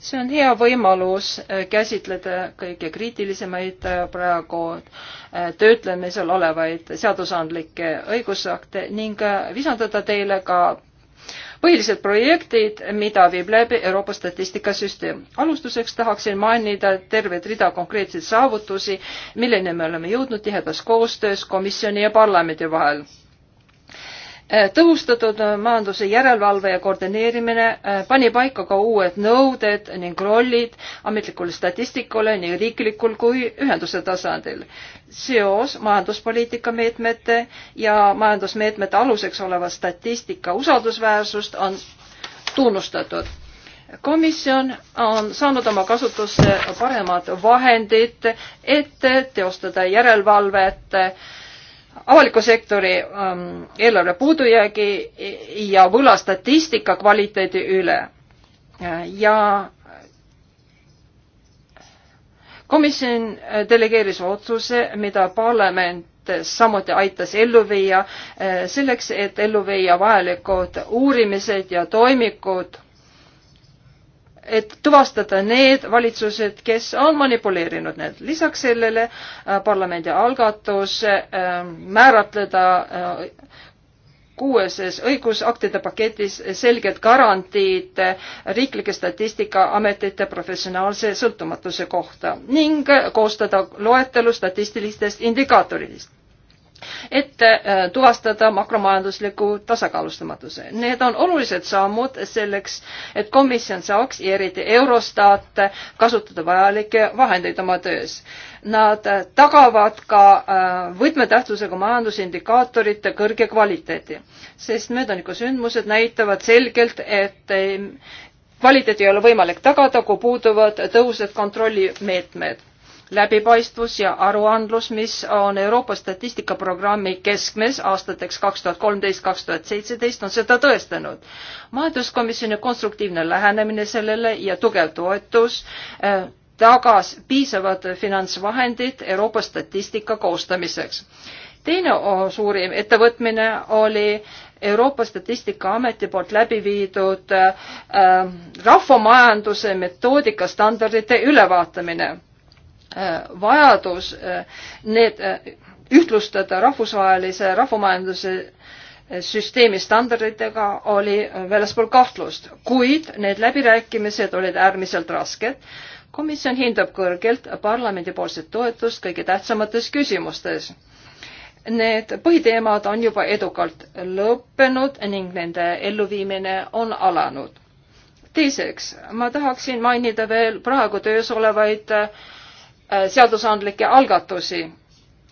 see on hea võimalus äh, käsitleda kõige kriitilisemaid äh, praegu äh, töötlemisel olevaid seadusandlikke õigusakte ning visandada teile ka põhilised projektid, mida viib läbi Euroopa statistikasüsteem. alustuseks tahaksin mainida tervet rida konkreetseid saavutusi, milleni me oleme jõudnud tihedas koostöös komisjoni ja parlamendi vahel Äh, tõhustatud äh, majanduse järelevalve ja koordineerimine äh, pani paika ka uued nõuded ning rollid ametlikule statistikule nii riiklikul kui ühenduse tasandil. seos majanduspoliitika meetmete ja majandusmeetmete aluseks oleva statistika usaldusväärsust on tunnustatud. komisjon on saanud oma kasutusse paremad vahendid, et teostada järelevalvet äh, avaliku sektori ähm, eelarve puudujäägi ja võlastatistika kvaliteedi üle. ja komisjon delegeeris otsuse, mida parlament samuti aitas ellu viia äh, selleks, et ellu viia vajalikud uurimised ja toimikud et tuvastada need valitsused, kes on manipuleerinud need. lisaks sellele äh, parlamendi algatus äh, määratleda äh, kuueses õigusaktide paketis selged garantiid riiklike statistikaametite professionaalse sõltumatuse kohta ning koostada loetelu statistilistest indikaatoritest et äh, tuvastada makromajandusliku tasakaalustamatuse. Need on olulised sammud selleks, et komisjon saaks ja eriti Eurostat kasutada vajalikke vahendeid oma töös. Nad äh, tagavad ka äh, võtmetähtsusega majandusindikaatorite kõrge kvaliteedi, sest möödaniku sündmused näitavad selgelt, et kvaliteedi ei ole võimalik tagada, kui puuduvad tõhusad kontrollimeetmed läbipaistvus ja aruandlus, mis on Euroopa statistikaprogrammi keskmes aastateks kaks tuhat kolmteist, kaks tuhat seitseteist, on seda tõestanud. majanduskomisjoni konstruktiivne lähenemine sellele ja tugev toetus äh, tagas piisavad finantsvahendid Euroopa statistika koostamiseks. teine suurim ettevõtmine oli Euroopa Statistikaameti poolt läbi viidud äh, äh, rahvamajanduse metoodika standardite ülevaatamine Äh, vajadus äh, need äh, ühtlustada rahvusvahelise rahvamajanduse süsteemi standarditega oli väljaspool kahtlust, kuid need läbirääkimised olid äärmiselt rasked. komisjon hindab kõrgelt parlamendipoolset toetust kõige tähtsamates küsimustes. Need põhiteemad on juba edukalt lõppenud ning nende elluviimine on alanud. teiseks, ma tahaksin mainida veel praegu töös olevaid äh, Äh, seadusandlikke algatusi.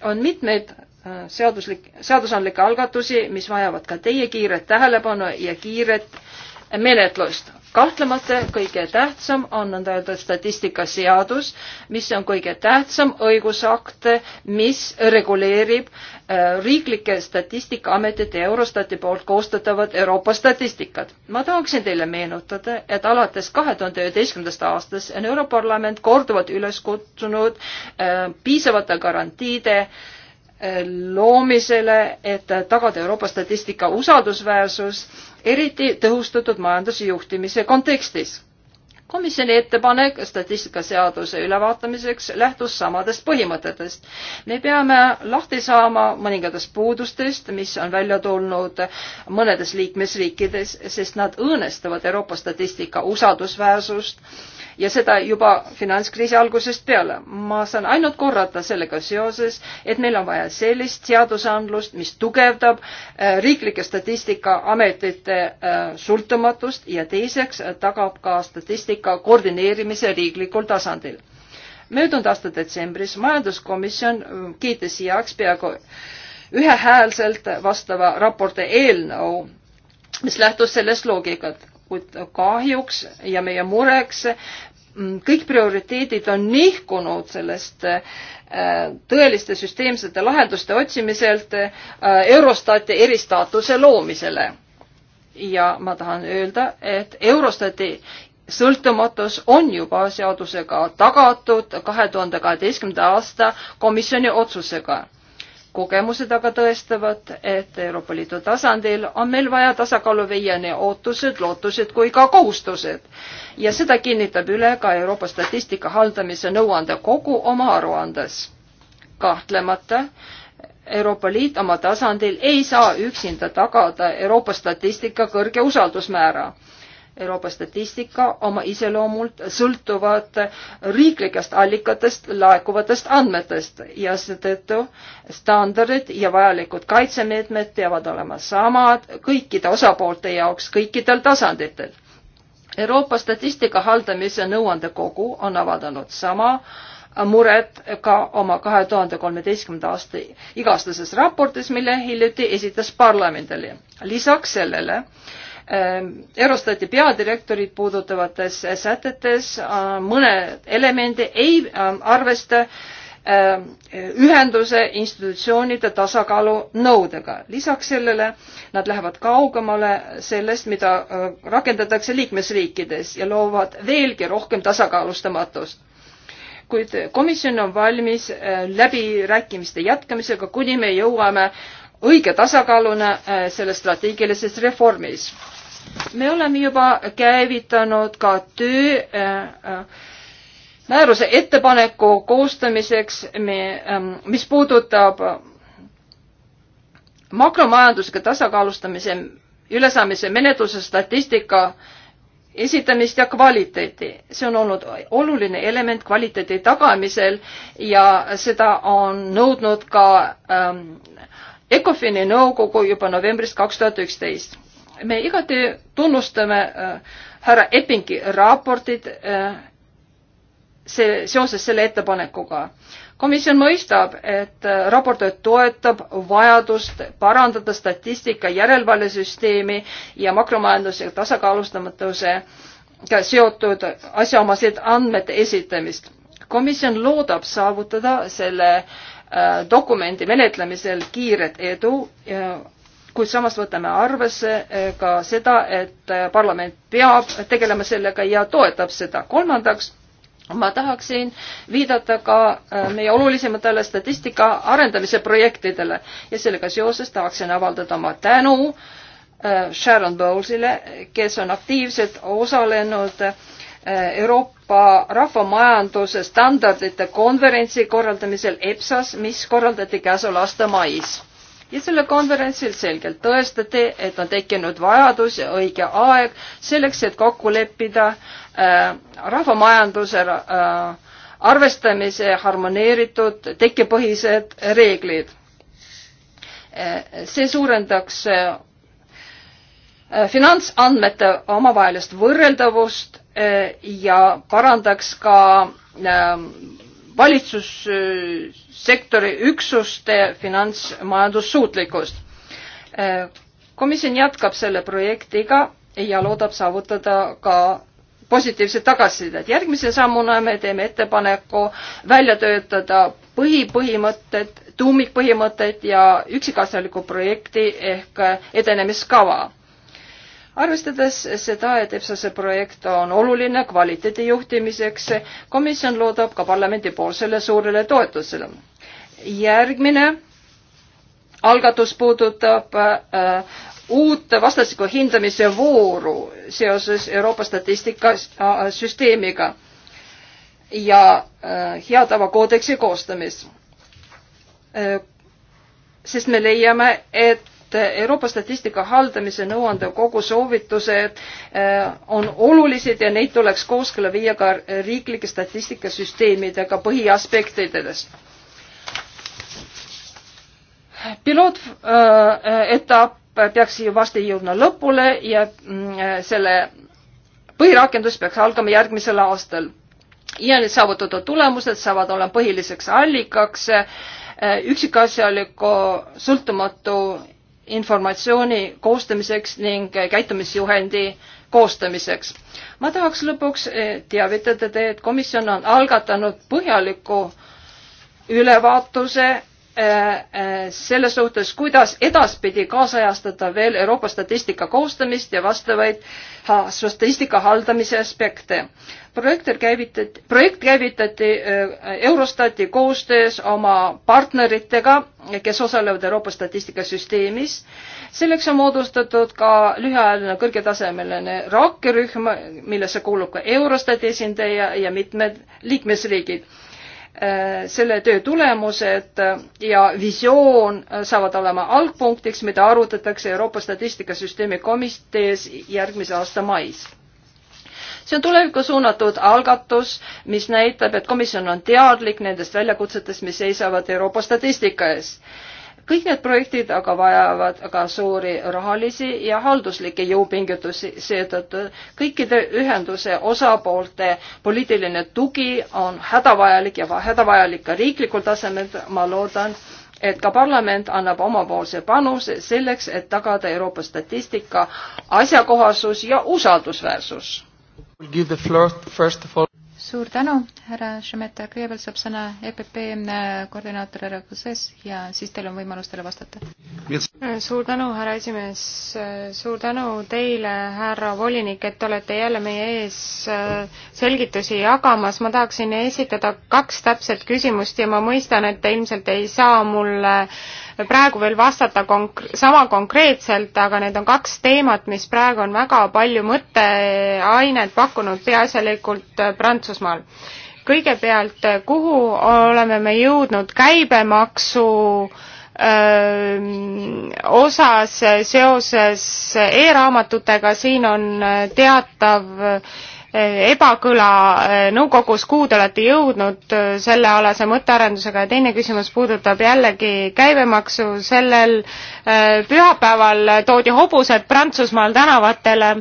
on mitmeid äh, seaduslik, seadusandlikke algatusi, mis vajavad ka teie kiiret tähelepanu ja kiiret menetlust kahtlemata kõige tähtsam on nõnda öelda statistikaseadus, mis on kõige tähtsam õigusakt, mis reguleerib äh, riiklike statistikaametite ja Eurostati poolt koostatavat Euroopa statistikat. ma tahaksin teile meenutada, et alates kahe tuhande üheteistkümnendast aastast on Europarlament korduvalt üles kutsunud äh, piisavate garantiide äh, loomisele, et tagada Euroopa statistika usaldusväärsus, eriti tõhustatud majandusjuhtimise kontekstis. komisjoni ettepanek statistikaseaduse ülevaatamiseks lähtus samadest põhimõtetest. me peame lahti saama mõningatest puudustest, mis on välja tulnud mõnedes liikmesriikides, sest nad õõnestavad Euroopa statistika usaldusväärsust ja seda juba finantskriisi algusest peale. ma saan ainult korrata sellega seoses, et meil on vaja sellist seadusandlust, mis tugevdab äh, riiklike statistikaametite äh, sõltumatust ja teiseks äh, tagab ka statistika koordineerimise riiklikul tasandil. möödunud aasta detsembris majanduskomisjon kiitis heaks peaaegu ühehäälselt vastava raporti eelnõu, mis lähtus sellest loogikat, kuid kahjuks ja meie mureks Mm, kõik prioriteedid on nihkunud sellest äh, tõeliste süsteemsete lahenduste otsimiselt äh, Eurostati eristaatuse loomisele. ja ma tahan öelda, et Eurostati sõltumatus on juba seadusega tagatud kahe tuhande kaheteistkümnenda aasta komisjoni otsusega kogemused aga tõestavad, et Euroopa Liidu tasandil on meil vaja tasakaalu viia nii ootused, lootused kui ka kohustused. ja seda kinnitab üle ka Euroopa statistika haldamise nõuandekogu oma aruandes. kahtlemata Euroopa Liit oma tasandil ei saa üksinda tagada Euroopa statistika kõrge usaldusmäära Euroopa statistika oma iseloomult sõltuvad riiklikest allikatest laekuvatest andmetest ja seetõttu standardid ja vajalikud kaitsemeetmed peavad olema samad kõikide osapoolte jaoks kõikidel tasanditel. Euroopa statistika haldamise nõuandekogu on avaldanud sama muret ka oma kahe tuhande kolmeteistkümnenda aasta iga-aastases raportis, mille hiljuti esitas parlamendile. lisaks sellele Ähm, Eurostati peadirektorit puudutavates sätetes äh, mõne elemendi ei ähm, arvesta ähm, ühenduse institutsioonide tasakaalu nõudega. lisaks sellele nad lähevad kaugemale sellest, mida äh, rakendatakse liikmesriikides ja loovad veelgi rohkem tasakaalustamatust. kuid komisjon on valmis äh, läbirääkimiste jätkamisega, kuni me jõuame õige tasakaaluna selles strateegilises reformis me oleme juba käivitanud ka töö äh, äh, määruse ettepaneku koostamiseks, ähm, mis puudutab äh, makromajandusega tasakaalustamise ülesaamise menetluse statistika esitamist ja kvaliteeti. see on olnud oluline element kvaliteedi tagamisel ja seda on nõudnud ka ähm, ECOFIN-i nõukogu juba novembrist kaks tuhat üksteist me igati tunnustame äh, härra Eppingi raportit äh, see, seoses selle ettepanekuga. komisjon mõistab, et äh, raportöör toetab vajadust parandada statistika järelevalvesüsteemi ja makromajandusega tasakaalustamatuse seotud asjaomaseid andmete esitamist. komisjon loodab saavutada selle dokumendi menetlemisel kiiret edu ja kuid samas võtame arvesse eh, ka seda, et eh, parlament peab tegelema sellega ja toetab seda. kolmandaks, ma tahaksin viidata ka eh, meie olulisematele statistika arendamise projektidele ja sellega seoses tahaksin avaldada oma tänu Sharon Bowlesile, kes on aktiivselt osalenud Euroopa rahvamajanduse standardite konverentsi korraldamisel EPSAS, mis korraldati käesoleva aasta mais ja selle konverentsil selgelt tõestati, et on tekkinud vajadus ja õige aeg selleks, et kokku leppida äh, rahvamajanduse äh, arvestamise harmoneeritud tekkepõhised reeglid. Äh, see suurendaks äh, finantsandmete omavahelist võrreldavust äh, ja parandaks ka valitsussektori üksuste finantsmajandussuutlikkust. komisjon jätkab selle projektiga ja loodab saavutada ka positiivset tagasisidet. järgmise sammuna me teeme ettepaneku välja töötada põhipõhimõtted, tuumikpõhimõtted ja üksikasjaliku projekti ehk edenemiskava arvestades seda, et EPSA-se projekt on oluline kvaliteedi juhtimiseks, komisjon loodab ka parlamendipoolsele suurele toetusele. järgmine algatus puudutab äh, uut vastastikku hindamise vooru seoses Euroopa statistikasüsteemiga ja äh, hea tava koodeksi koostamist äh,. sest me leiame, et Euroopa statistika haldamise nõuandev kogu soovitused äh, on olulised ja neid tuleks kooskõlla viia ka riiklike statistikasüsteemidega põhiaspektides pilootetapp äh, peaks ju varsti jõudma lõpule ja mm, äh, selle põhirakendus peaks algama järgmisel aastal. ja need saavutatud tulemused saavad olema põhiliseks allikaks üksikasjaliku sõltumatu informatsiooni koostamiseks ning käitumisjuhendi koostamiseks. ma tahaks lõpuks eh, teavitada teid, et komisjon on algatanud põhjaliku ülevaatuse Äh, äh, selles suhtes, kuidas edaspidi kaasajastada veel Euroopa statistika koostamist ja vastavaid statistika haldamise aspekte. projektor käivitati, projekt käivitati äh, Eurostati koostöös oma partneritega, kes osalevad Euroopa statistikasüsteemis. selleks on moodustatud ka lühiajaline kõrgetasemeline rakkerühm, millesse kuulub ka Eurostati esindaja ja mitmed liikmesriigid Äh, selle töö tulemused ja visioon äh, saavad olema algpunktiks, mida arutatakse Euroopa statistikasüsteemi komitees järgmise aasta mais. see on tulevikku suunatud algatus, mis näitab, et komisjon on teadlik nendest väljakutsetest, mis seisavad Euroopa statistika ees kõik need projektid aga vajavad väga suuri rahalisi ja halduslikke jõupingutusi, seetõttu kõikide ühenduse osapoolte poliitiline tugi on hädavajalik ja hädavajalik ka riiklikul tasemel, ma loodan, et ka parlament annab omapoolse panuse selleks, et tagada Euroopa statistika asjakohasus ja usaldusväärsus suur tänu, härra Šemeta, kõigepealt saab sõna EPP äh, koordinaator härra Kuses ja siis teil on võimalus talle vastata. Äh, suur tänu, härra esimees, äh, suur tänu teile, härra volinik, et olete jälle meie ees selgitusi jagamas. ma tahaksin esitada kaks täpset küsimust ja ma mõistan, et te ilmselt ei saa mulle äh, praegu veel vastata konk-, sama konkreetselt, aga need on kaks teemat, mis praegu on väga palju mõtteainet pakkunud peaasjalikult äh, Prantsusmaal. kõigepealt, äh, kuhu oleme me jõudnud käibemaksu öö, äh, osas seoses e-raamatutega, siin on teatav öö, ebakõla eh, nõukogus, kuhu te olete jõudnud eh, sellealase mõttearendusega ja teine küsimus puudutab jällegi käibemaksu, sellel eh, pühapäeval toodi hobused Prantsusmaal tänavatele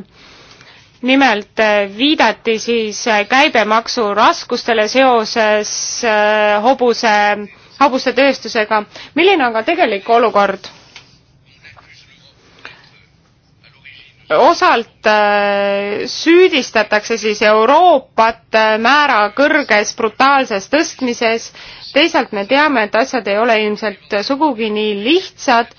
nimelt viidati siis käibemaksu raskustele seoses hobuse, hobuste tööstusega. milline on ka tegelik olukord? osalt äh, süüdistatakse siis Euroopat äh, määra kõrges brutaalses tõstmises, teisalt me teame, et asjad ei ole ilmselt sugugi nii lihtsad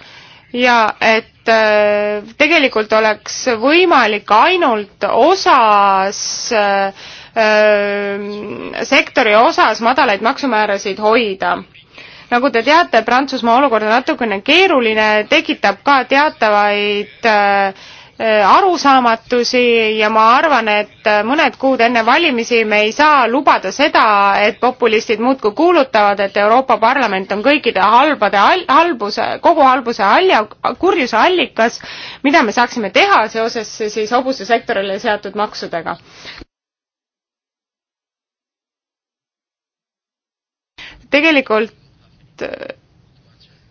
ja et äh, tegelikult oleks võimalik ainult osas sektori osas madalaid maksumäärasid hoida nagu te teate, Prantsusmaa olukord on natukene keeruline, tekitab ka teatavaid äh, Äh, arusaamatusi ja ma arvan, et äh, mõned kuud enne valimisi me ei saa lubada seda, et populistid muudkui kuulutavad, et Euroopa Parlament on kõikide halbade, halbuse, kogu halbuse alja, kurjuse allikas, mida me saaksime teha seoses siis hobusesektorile seatud maksudega. tegelikult äh,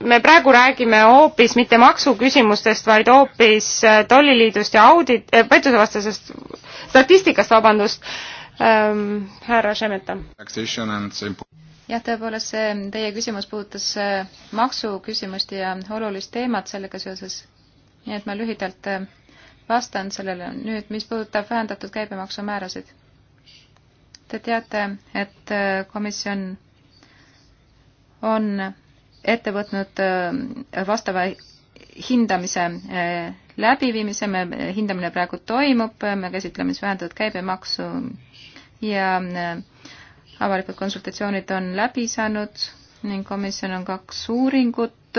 me praegu räägime hoopis mitte maksuküsimustest, vaid hoopis äh, tolliliidust ja audit äh,, pettusevastasest statistikast, vabandust ähm,, härra Šemeta. jah, tõepoolest see teie küsimus puudutas äh, maksuküsimust ja olulist teemat sellega seoses. nii et ma lühidalt äh, vastan sellele nüüd, mis puudutab vähendatud käibemaksumäärasid. Te teate, et komisjon on ette võtnud äh, vastava hindamise äh, läbiviimise, me, hindamine praegu toimub, me käsitleme siis vähendatud käibemaksu ja äh, avalikud konsultatsioonid on läbi saanud ning komisjon on kaks uuringut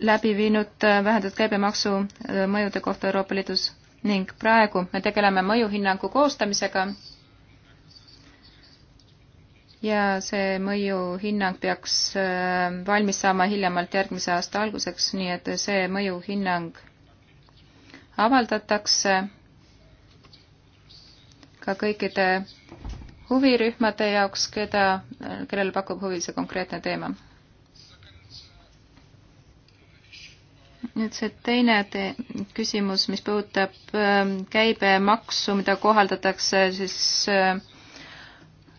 läbi viinud vähendatud käibemaksu mõjude kohta Euroopa Liidus ning praegu me tegeleme mõjuhinnangu koostamisega ja see mõjuhinnang peaks äh, valmis saama hiljemalt järgmise aasta alguseks, nii et see mõjuhinnang avaldatakse ka kõikide huvirühmade jaoks, keda, kellele pakub huvi see konkreetne teema. nüüd see teine te küsimus, mis puudutab ähm, käibemaksu, mida kohaldatakse siis äh,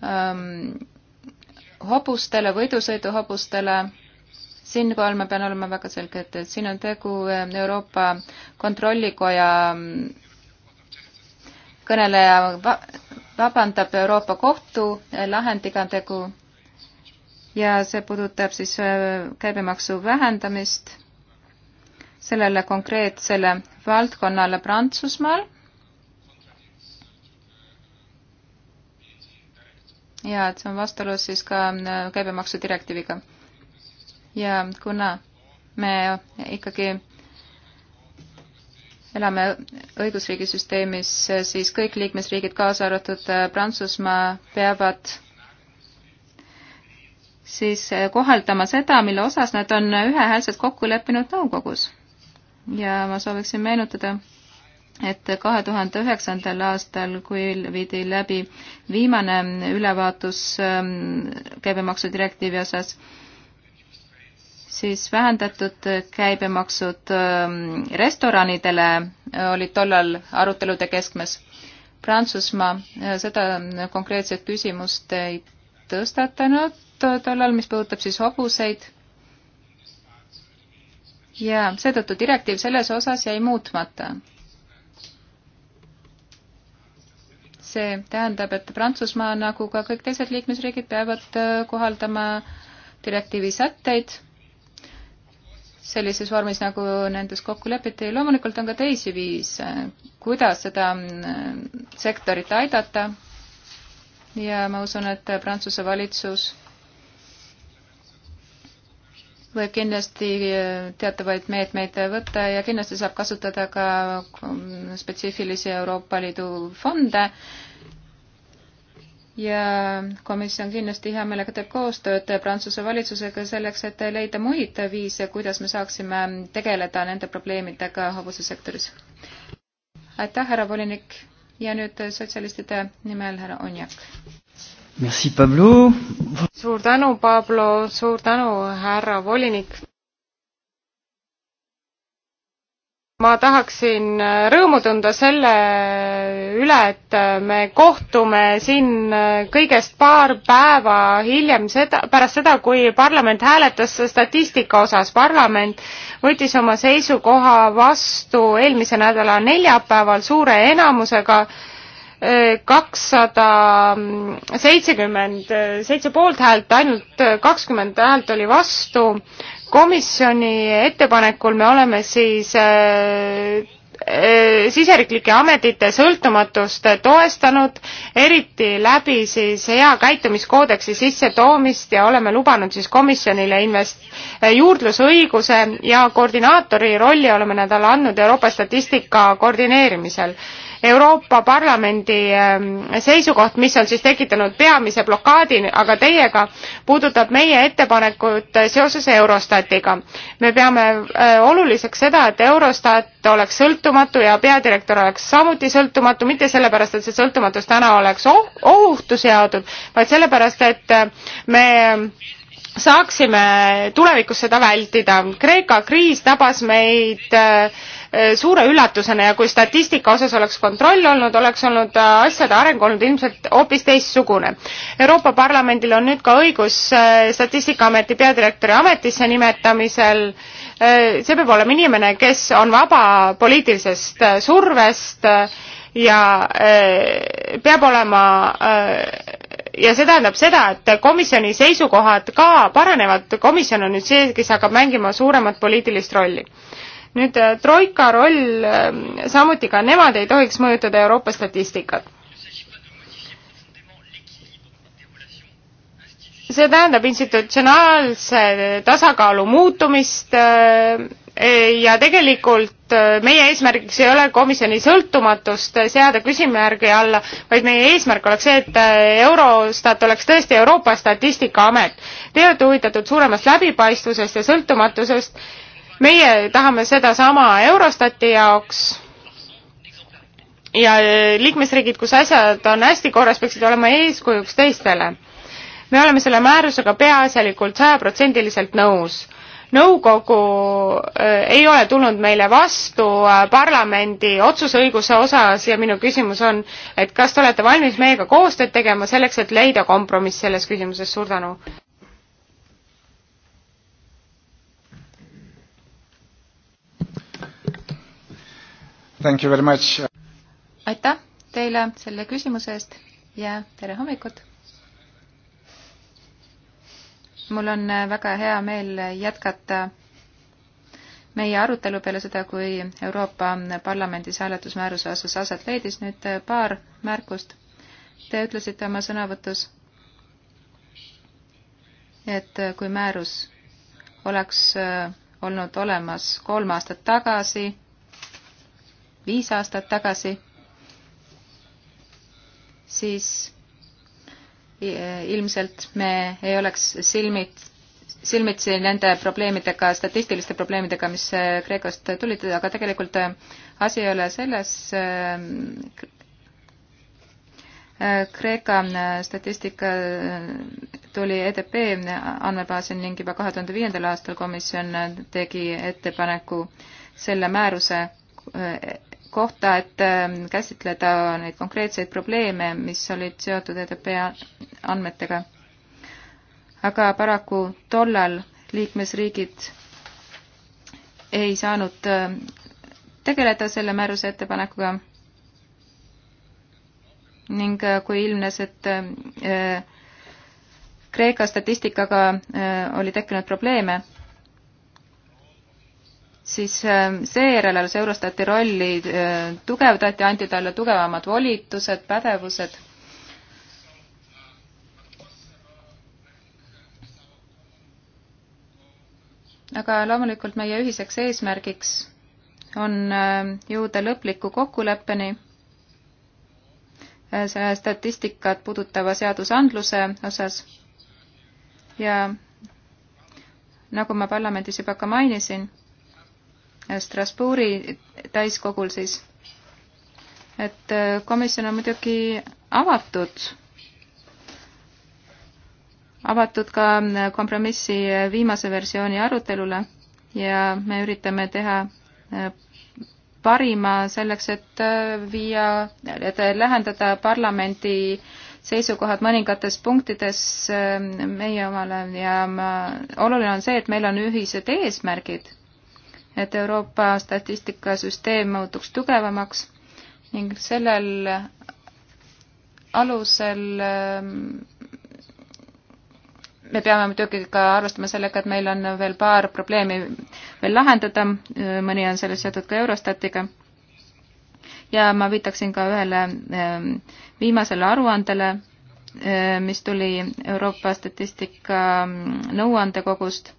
ähm, hobustele, võidusõiduhobustele, siinkohal ma pean olema väga selge, et, et siin on tegu eh, Euroopa Kontrollikoja mm, kõneleja va vabandab Euroopa Kohtu eh, lahendiga tegu ja see puudutab siis eh, käibemaksu vähendamist sellele konkreetsele valdkonnale Prantsusmaal ja et see on vastuolus siis ka äh, käibemaksu direktiiviga. ja kuna me ikkagi elame õigusriigi süsteemis, äh, siis kõik liikmesriigid, kaasa arvatud äh, Prantsusmaa, peavad siis kohaldama seda, mille osas nad on ühehäälselt kokku leppinud nõukogus. ja ma sooviksin meenutada, et kahe tuhande üheksandal aastal, kui viidi läbi viimane ülevaatus ähm, käibemaksudirektiivi osas, siis vähendatud käibemaksud ähm, restoranidele olid tollal arutelude keskmes. Prantsusmaa äh, seda konkreetset küsimust ei tõstatanud tollal, mis puudutab siis hobuseid. ja seetõttu direktiiv selles osas jäi muutmata see tähendab, et Prantsusmaa nagu ka kõik teised liikmesriigid peavad äh, kohaldama direktiivi sätteid sellises vormis, nagu nendes kokku lepiti. loomulikult on ka teisi viise, kuidas seda äh, sektorit aidata ja ma usun, et Prantsuse valitsus võib kindlasti äh, teatavaid meetmeid võtta ja kindlasti saab kasutada ka mm, spetsiifilisi Euroopa Liidu fonde. ja komisjon kindlasti hea meelega teeb koostööd Prantsuse valitsusega selleks, et leida muid viise, kuidas me saaksime tegeleda nende probleemidega hobusesektoris. aitäh, härra volinik ja nüüd sotsialistide nimel härra Onjak. Merci, Pablo. suur tänu, Pablo, suur tänu, härra volinik. ma tahaksin rõõmu tunda selle üle, et me kohtume siin kõigest paar päeva hiljem seda, pärast seda, kui parlament hääletas statistika osas. parlament võttis oma seisukoha vastu eelmise nädala neljapäeval suure enamusega kakssada seitsekümmend seitse poolthäält, ainult kakskümmend häält oli vastu. komisjoni ettepanekul me oleme siis eh, eh, siseriiklike ametite sõltumatust toestanud, eriti läbi siis hea käitumiskoodeksi sissetoomist ja oleme lubanud siis komisjonile invest-, eh, juurdlusõiguse ja koordinaatori rolli oleme nad alla andnud Euroopa statistika koordineerimisel Euroopa Parlamendi ähm, seisukoht, mis on siis tekitanud peamise blokaadi, aga teiega, puudutab meie ettepanekut seoses Eurostatiga. me peame äh, oluliseks seda, et Eurostat oleks sõltumatu ja peadirektor oleks samuti sõltumatu, mitte sellepärast, et see sõltumatus täna oleks oh-, ohutu seatud, vaid sellepärast, et äh, me saaksime tulevikus seda vältida. Kreeka kriis tabas meid äh, Äh, suure üllatusena ja kui statistika osas oleks kontroll olnud, oleks olnud äh, asjade areng olnud ilmselt hoopis teistsugune. Euroopa Parlamendil on nüüd ka õigus äh, Statistikaameti peadirektori ametisse nimetamisel. see peab olema inimene, kes on vaba poliitilisest survest ja peab olema ja see tähendab seda, et komisjoni seisukohad ka paranevad, komisjon on nüüd see, kes hakkab mängima suuremat poliitilist rolli nüüd äh, troika roll, äh, samuti ka nemad ei tohiks mõjutada Euroopa statistikat. see tähendab institutsionaalse tasakaalu muutumist äh, ja tegelikult meie eesmärgiks ei ole komisjoni sõltumatust seada küsimärgi alla, vaid meie eesmärk oleks see, et Eurostat oleks tõesti Euroopa Statistikaamet. Te olete huvitatud suuremast läbipaistvusest ja sõltumatusest meie tahame sedasama Eurostati jaoks ja liikmesriigid, kus asjad on hästi korras, peaksid olema eeskujuks teistele. me oleme selle määrusega peaasjalikult sajaprotsendiliselt nõus. nõukogu äh, ei ole tulnud meile vastu äh, parlamendi otsusõiguse osas ja minu küsimus on, et kas te olete valmis meiega koostööd tegema selleks, et leida kompromiss selles küsimuses, suur tänu. Thank you very much. aitäh teile selle küsimuse eest ja tere hommikut! mul on väga hea meel jätkata meie arutelu peale seda, kui Euroopa Parlamendis hääletusmääruse osas aset leidis. nüüd paar märkust. Te ütlesite oma sõnavõtus, et kui määrus oleks olnud olemas kolm aastat tagasi, viis aastat tagasi, siis eh, ilmselt me ei oleks silmid, silmitsi nende probleemidega, statistiliste probleemidega, mis eh, Kreekost tulid, aga tegelikult eh, asi ei ole selles, Kreeka statistika tuli EDP andmebaasil ning juba kahe tuhande viiendal aastal komisjon tegi ettepaneku selle määruse kohta, et ähm, käsitleda neid konkreetseid probleeme, mis olid seotud EDP andmetega. aga paraku tollal liikmesriigid ei saanud ähm, tegeleda selle määruse ettepanekuga ning äh, kui ilmnes, et ähm, äh, Kreeka statistikaga äh, oli tekkinud probleeme, siis ähm, seejärel alles Eurostati rolli äh, tugevdati, anti talle tugevamad volitused, pädevused. aga loomulikult meie ühiseks eesmärgiks on äh, jõuda lõpliku kokkuleppeni äh, selle statistikat puudutava seadusandluse osas ja nagu ma parlamendis juba ka mainisin Strasbourgi täiskogul siis, et äh, komisjon on muidugi avatud, avatud ka äh, kompromissi äh, viimase versiooni arutelule ja me üritame teha parima selleks, et viia, et lähendada parlamendi seisukohad mõningates punktides meie omale ja ma, oluline on see, et meil on ühised eesmärgid et Euroopa statistikasüsteem muutuks tugevamaks ning sellel alusel ähm, me peame muidugi ka arvestama sellega, et meil on veel paar probleemi veel lahendada, äh, mõni on selles seotud ka Eurostatiga. ja ma viitaksin ka ühele ähm, viimasele aruandele, äh, mis tuli Euroopa statistika ähm, nõuandekogust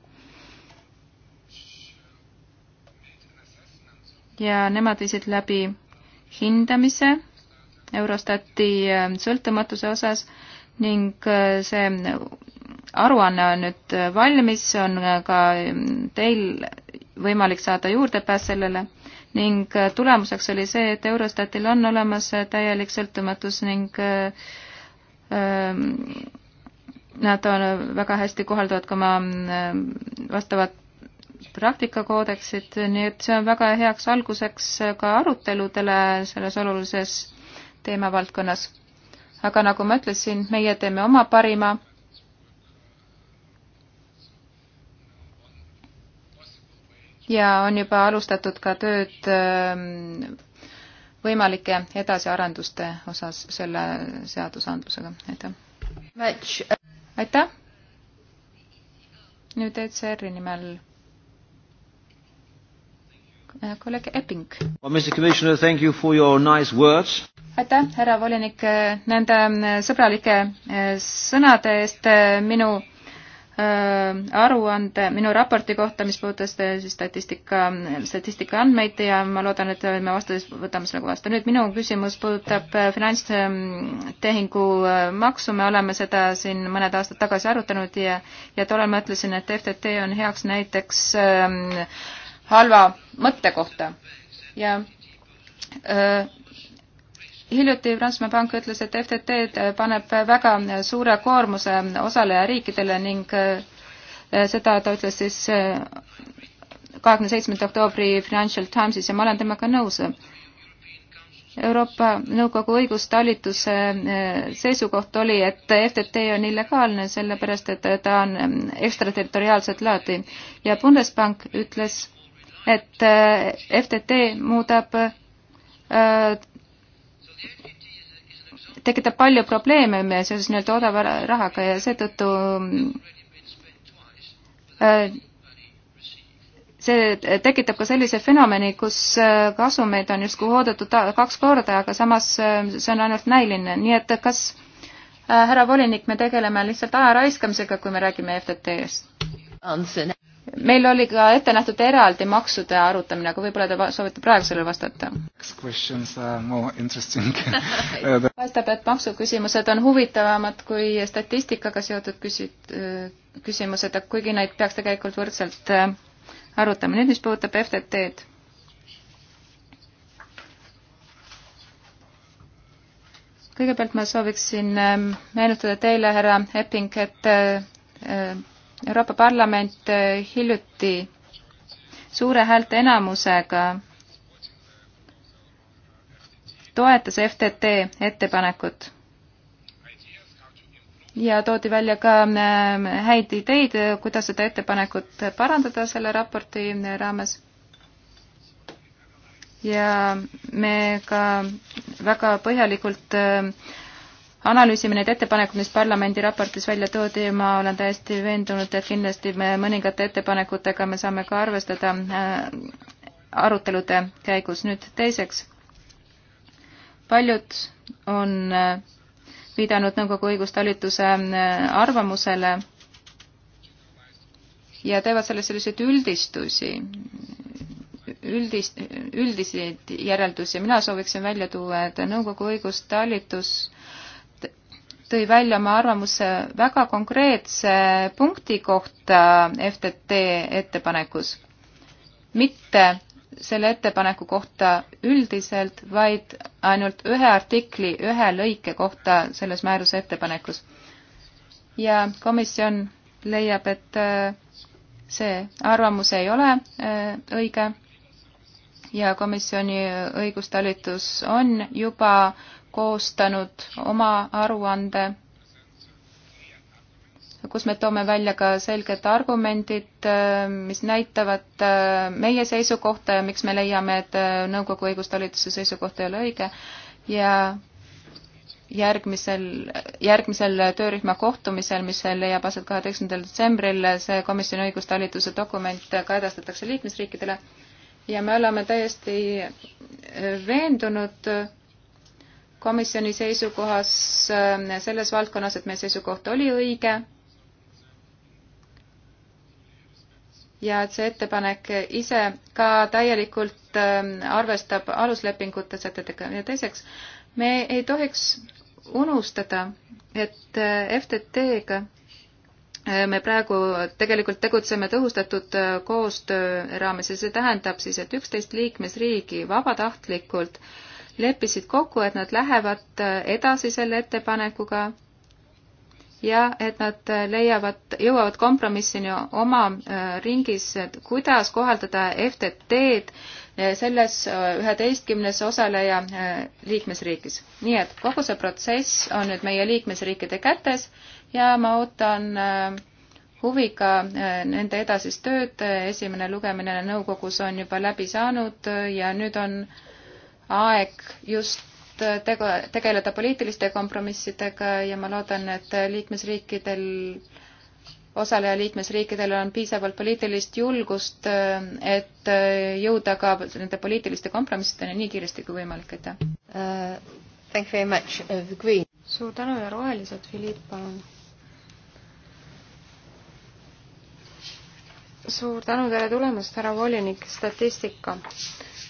ja nemad viisid läbi hindamise Eurostati äh, sõltumatuse osas ning äh, see aruanne on nüüd valmis, on äh, ka teil võimalik saada juurdepääs sellele ning tulemuseks oli see, et Eurostatil on olemas täielik sõltumatus ning ähm, nad on väga hästi kohaldavad ka oma vastavat praktikakoodeksit, nii et see on väga heaks alguseks ka aruteludele selles olulises teemavaldkonnas. aga nagu ma ütlesin, meie teeme oma parima. ja on juba alustatud ka tööd ähm, võimalike edasiarenduste osas selle seadusandlusega, aitäh. aitäh. nüüd ECR-i nimel Eh, kolleeg Epping. aitäh, härra volinik, eh, nende eh, sõbralike sõnade eest minu aruande minu raporti kohta, mis puudutas siis statistika, statistika andmeid ja ma loodan, et me vastus, võtame selle vastu. nüüd minu küsimus puudutab finantstehingu maksu, me oleme seda siin mõned aastad tagasi arutanud ja ja tollal ma ütlesin, et FTT on heaks näiteks äh, halva mõtte kohta ja öö, hiljuti Prantsusmaa Pank ütles, et FTT paneb väga suure koormuse osalejariikidele ning seda ta ütles siis kahekümne seitsmenda oktoobri Financial Timesis ja ma olen temaga nõus. Euroopa Nõukogu õigustalituse seisukoht oli, et FTT on illegaalne, sellepärast et ta on ekstraterritoriaalset laadi ja Bundesbank ütles, et eh, FTT muudab, eh, tekitab palju probleeme seoses nii-öelda odava rahaga ja seetõttu eh, see tekitab ka sellise fenomeni, kus kasumeid on justkui oodatud kaks korda, aga samas see on ainult näiline, nii et kas härra volinik, me tegeleme lihtsalt aja raiskamisega, kui me räägime FTT-st? meil oli ka ette nähtud eraldi maksude arutamine, aga võib-olla te soovite praegu sellele vastata? *laughs* paistab, uh, et maksuküsimused on huvitavamad kui statistikaga seotud küsi-, äh, küsimused, kuigi neid peaks tegelikult võrdselt äh, arutama. nüüd, mis puudutab FTT-d. kõigepealt ma sooviksin äh, meenutada teile, härra Epping, et Euroopa Parlament äh, hiljuti suure häälte enamusega toetas FTT ettepanekut ja toodi välja ka ähm, häid ideid, äh, kuidas seda ettepanekut parandada selle raporti äh, raames. ja me ka väga põhjalikult analüüsime neid ettepanekuid, mis parlamendi raportis välja toodi ja ma olen täiesti veendunud, et kindlasti me mõningate ettepanekutega me saame ka arvestada äh, arutelude käigus. nüüd teiseks, paljud on äh, viidanud nõukogu õigustalituse äh, arvamusele ja teevad sellest selliseid üldistusi, üldist, üldiseid järeldusi. mina sooviksin välja tuua, et nõukogu õigustalitus tõi välja oma arvamuse väga konkreetse punkti kohta FTT ettepanekus. mitte selle ettepaneku kohta üldiselt, vaid ainult ühe artikli ühe lõike kohta selles määruse ettepanekus. ja komisjon leiab, et äh, see arvamus ei ole äh, õige ja komisjoni õigustalitus on juba koostanud oma aruande, kus me toome välja ka selged argumendid, mis näitavad äh, meie seisukohta ja miks me leiame, et äh, nõukogu õigustalituse seisukoht ei ole õige ja järgmisel, järgmisel töörühma kohtumisel, mis leiab aset kaheteistkümnendal detsembril, see komisjoni õigustalituse dokument ka edastatakse liikmesriikidele ja me oleme täiesti äh, veendunud, komisjoni seisukohas äh, selles valdkonnas, et meie seisukoht oli õige ja et see ettepanek ise ka täielikult ähm, arvestab aluslepingute sätetega ja teiseks, me ei tohiks unustada, et äh, FTT-ga äh, me praegu tegelikult tegutseme tõhustatud koostöö raames ja see tähendab siis, et üksteist liikmesriigi vabatahtlikult äh, leppisid kokku, et nad lähevad äh, edasi selle ettepanekuga ja et nad äh, leiavad, jõuavad kompromissini oma äh, ringis, et kuidas kohaldada FTT-d selles üheteistkümnes osaleja liikmesriigis. nii et kogu see protsess on nüüd meie liikmesriikide kätes ja ma ootan huviga nende edasist tööd, esimene lugemine nõukogus on juba läbi saanud ja nüüd on äh, aeg just tege-, tegeleda poliitiliste kompromissidega ja ma loodan, et liikmesriikidel, osaleja liikmesriikidel on piisavalt poliitilist julgust, et jõuda ka nende poliitiliste kompromissideni nii kiiresti kui võimalik, aitäh uh,! Thank you very much, uh, The Green. suur tänu ja rohelised, Philipp, palun! suur tänu, tere tulemast, härra volinik, statistika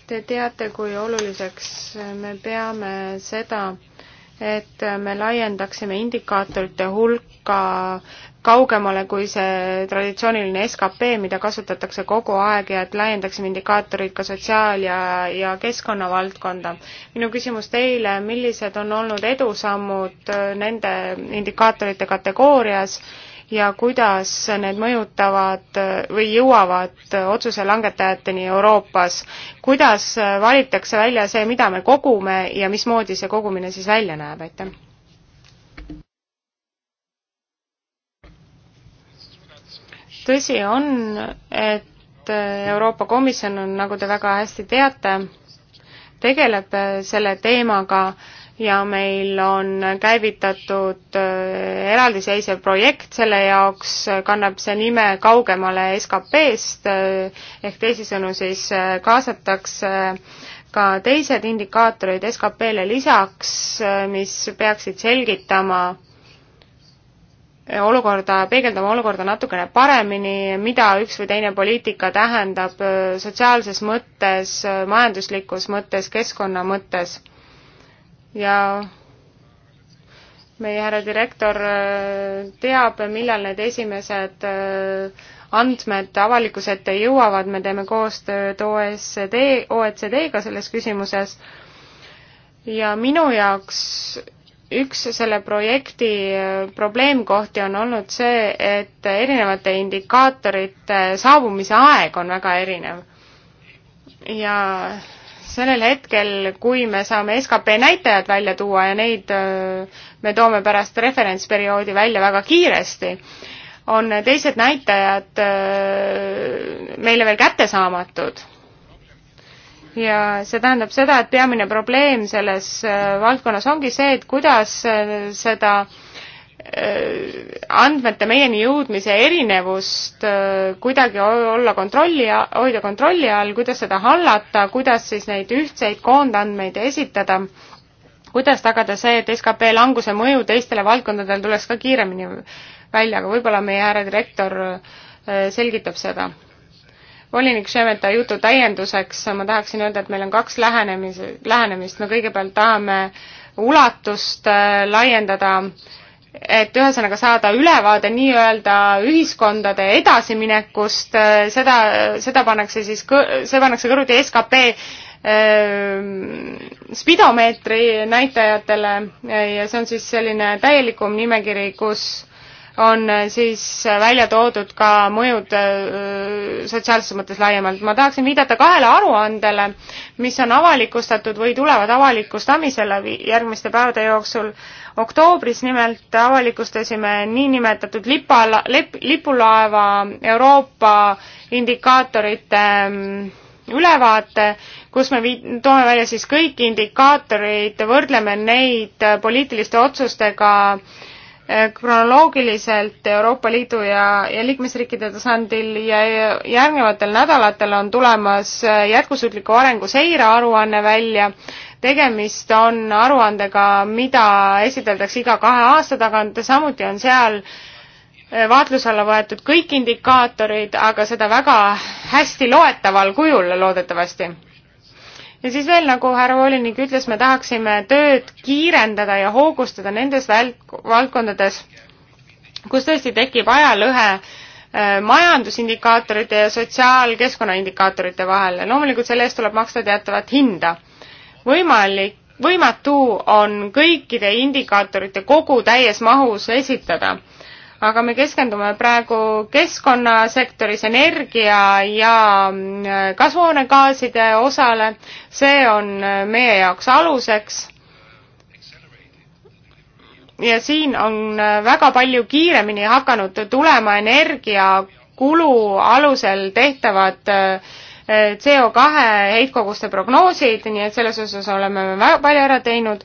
Te teate, kui oluliseks me peame seda, et me laiendaksime indikaatorite hulka kaugemale kui see traditsiooniline skp, mida kasutatakse kogu aeg ja et laiendaksime indikaatorid ka sotsiaal- ja, ja keskkonnavaldkonda. minu küsimus teile, millised on olnud edusammud äh, nende indikaatorite kategoorias ja kuidas need mõjutavad või jõuavad otsuse langetajateni Euroopas. kuidas valitakse välja see, mida me kogume ja mismoodi see kogumine siis välja näeb, aitäh? tõsi on, et Euroopa Komisjon on, nagu te väga hästi teate, tegeleb selle teemaga äh, ja meil on käivitatud äh, eraldiseisev projekt selle jaoks, kannab see nime Kaugemale SKP-st äh, ehk teisisõnu siis äh, kaasatakse ka teised indikaatorid SKP-le lisaks, mis peaksid selgitama olukorda, peegeldama olukorda natukene paremini, mida üks või teine poliitika tähendab sotsiaalses mõttes, majanduslikus mõttes, keskkonna mõttes ja meie härra direktor äh, teab, millal need esimesed äh, andmed avalikkuse ette jõuavad, me teeme koostööd OSCD, OECD-ga selles küsimuses ja minu jaoks üks selle projekti äh, probleemkohti on olnud see, et erinevate indikaatorite saabumise aeg on väga erinev. ja sellel hetkel, kui me saame skp näitajad välja tuua ja neid äh, me toome pärast referentsperioodi välja väga kiiresti, on teised näitajad äh, meile veel kättesaamatud ja see tähendab seda, et peamine probleem selles äh, valdkonnas ongi see, et kuidas seda Äh, andmete meieni jõudmise erinevust äh, kuidagi olla kontrolli, hoida kontrolli all, kuidas seda hallata, kuidas siis neid ühtseid koondandmeid esitada, kuidas tagada see, et skp languse mõju teistele valdkondadele tuleks ka kiiremini välja, aga võib-olla meie härra direktor äh, selgitab seda. volinik Šemeta jutu täienduseks ma tahaksin öelda, et meil on kaks lähenemis, lähenemist, me kõigepealt tahame ulatust laiendada äh, et ühesõnaga saada ülevaade nii-öelda ühiskondade edasiminekust, äh, seda, seda pannakse siis, see pannakse kõrvuti skp ähm, spidomeetri näitajatele ja see on siis selline täielikum nimekiri, kus on äh, siis äh, välja toodud ka mõjud äh, sotsiaalses mõttes laiemalt. ma tahaksin viidata kahele aruandele, mis on avalikustatud või tulevad avalikustamisele järgmiste päevade jooksul. oktoobris nimelt avalikustasime niinimetatud lipa, lip, lipulaeva Euroopa indikaatorite mm, ülevaate, kus me vii-, toome välja siis kõik indikaatorid, võrdleme neid poliitiliste otsustega äh, Eh, kronoloogiliselt Euroopa Liidu ja, ja liikmesriikide tasandil ja järgnevatel nädalatel on tulemas eh, jätkusuutliku arengu seirearuanne välja. tegemist on aruandega, mida esiteldakse iga kahe aasta tagant, samuti on seal eh, vaatluse alla võetud kõik indikaatorid, aga seda väga hästi loetaval kujul loodetavasti ja siis veel, nagu härra volinik ütles, me tahaksime tööd kiirendada ja hoogustada nendes valdkondades, kus tõesti tekib ajalõhe äh, majandusindikaatorite ja sotsiaalkeskkonna indikaatorite vahel ja loomulikult selle eest tuleb maksta teatavat hinda. võimalik, võimatu on kõikide indikaatorite kogu täies mahus esitada aga me keskendume praegu keskkonnasektoris energia ja mm, kasvuhoonegaaside osale. see on mm, meie jaoks aluseks. ja siin on mm, väga palju kiiremini hakanud tulema energiakulu alusel tehtavad CO kahe heitkoguste prognoosid, nii et selles osas oleme me väga palju ära teinud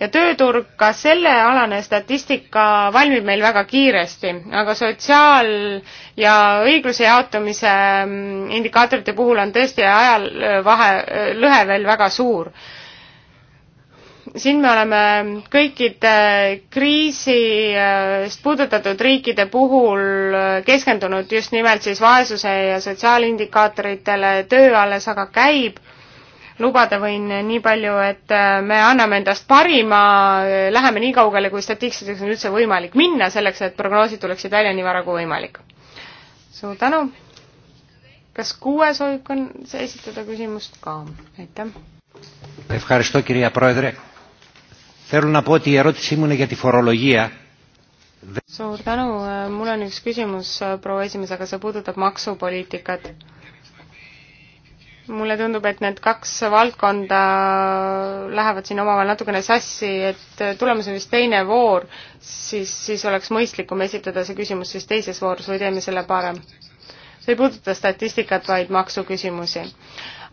ja tööturg, ka sellealane statistika valmib meil väga kiiresti, aga sotsiaal- ja õigluse jaotumise mm, indikaatorite puhul on tõesti ajal äh, vahe, äh, lõhe veel väga suur. siin me oleme kõikide kriisist äh, puudutatud riikide puhul keskendunud just nimelt siis vaesuse ja sotsiaalindikaatoritele, töö alles aga käib lubada võin nii palju, et äh, me anname endast parima, äh, läheme nii kaugele, kui statistiliselt on üldse võimalik minna, selleks et prognoosid tuleksid välja nii vara kui võimalik. suur tänu. kas kuue soovib ka esitada küsimust ka? aitäh. Ευχαριστώ κυρία Πρόεδρε. Θέλω να πω ότι η ερώτησή μου είναι για τη φορολογία. Suur tänu, äh, mul on üks küsimus, proua esimees, aga see puudutab maksupoliitikat mulle tundub, et need kaks valdkonda lähevad siin omavahel natukene sassi, et tulemus on vist teine voor, siis, siis oleks mõistlikum esitada see küsimus siis teises voorus või teeme selle parem. see ei puuduta statistikat, vaid maksuküsimusi.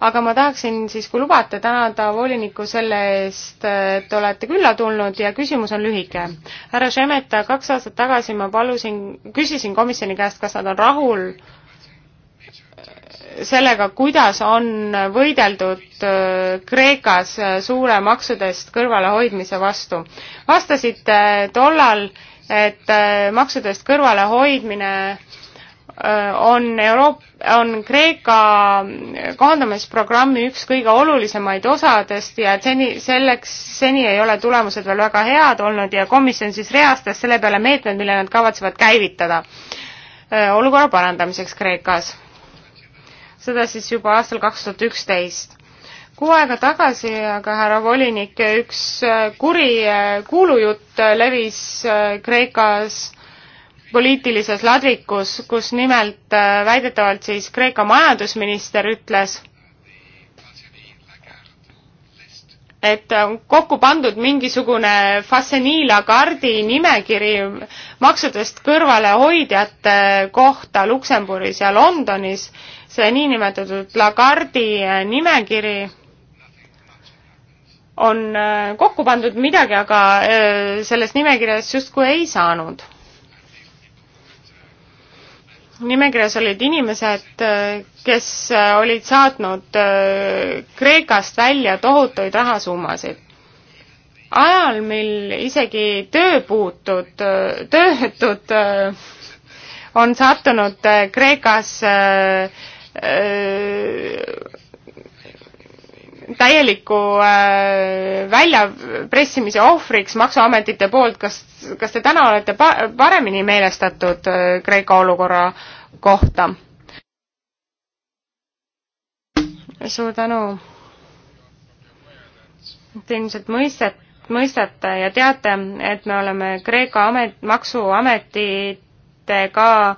aga ma tahaksin siis, kui lubate, tänada volinikku selle eest, et olete külla tulnud ja küsimus on lühike. härra Šemeta, kaks aastat tagasi ma palusin, küsisin komisjoni käest, kas nad on rahul äh, sellega, kuidas on võideldud äh, Kreekas äh, suure maksudest kõrvalehoidmise vastu. vastasite äh, tollal, et maksudest kõrvalehoidmine on Euroop-, on Kreeka kohandamisprogrammi üks kõige olulisemaid osadest ja et seni, selleks, seni ei ole tulemused veel väga head olnud ja komisjon siis reastas selle peale meetmed, mille nad kavatsevad käivitada olukorra parandamiseks Kreekas seda siis juba aastal kaks tuhat üksteist. Kuu aega tagasi aga härra volinik, üks äh, kuri äh, kuulujutt äh, levis Kreekas poliitilises ladvikus, kus nimelt väidetavalt siis Kreeka majandusminister ütles, et on kokku pandud mingisugune Fasenila kaardi nimekiri maksudest kõrvalehoidjate kohta Luksemburgis ja Londonis, see niinimetatud Lagardi eh, nimekiri on eh, kokku pandud midagi, aga eh, sellest nimekirjast justkui ei saanud nimekirjas olid inimesed, kes olid saatnud äh, Kreekast välja tohutuid rahasummasid. ajal, mil isegi tööpuutud, äh, töötud äh, on sattunud Kreekas täieliku äh, väljapressimise ohvriks Maksuametite poolt, kas, kas te täna olete pa-, paremini meelestatud äh, Kreeka olukorra kohta? suur tänu. Te ilmselt mõistet-, mõistate ja teate, et me oleme Kreeka amet, maksuametitega äh,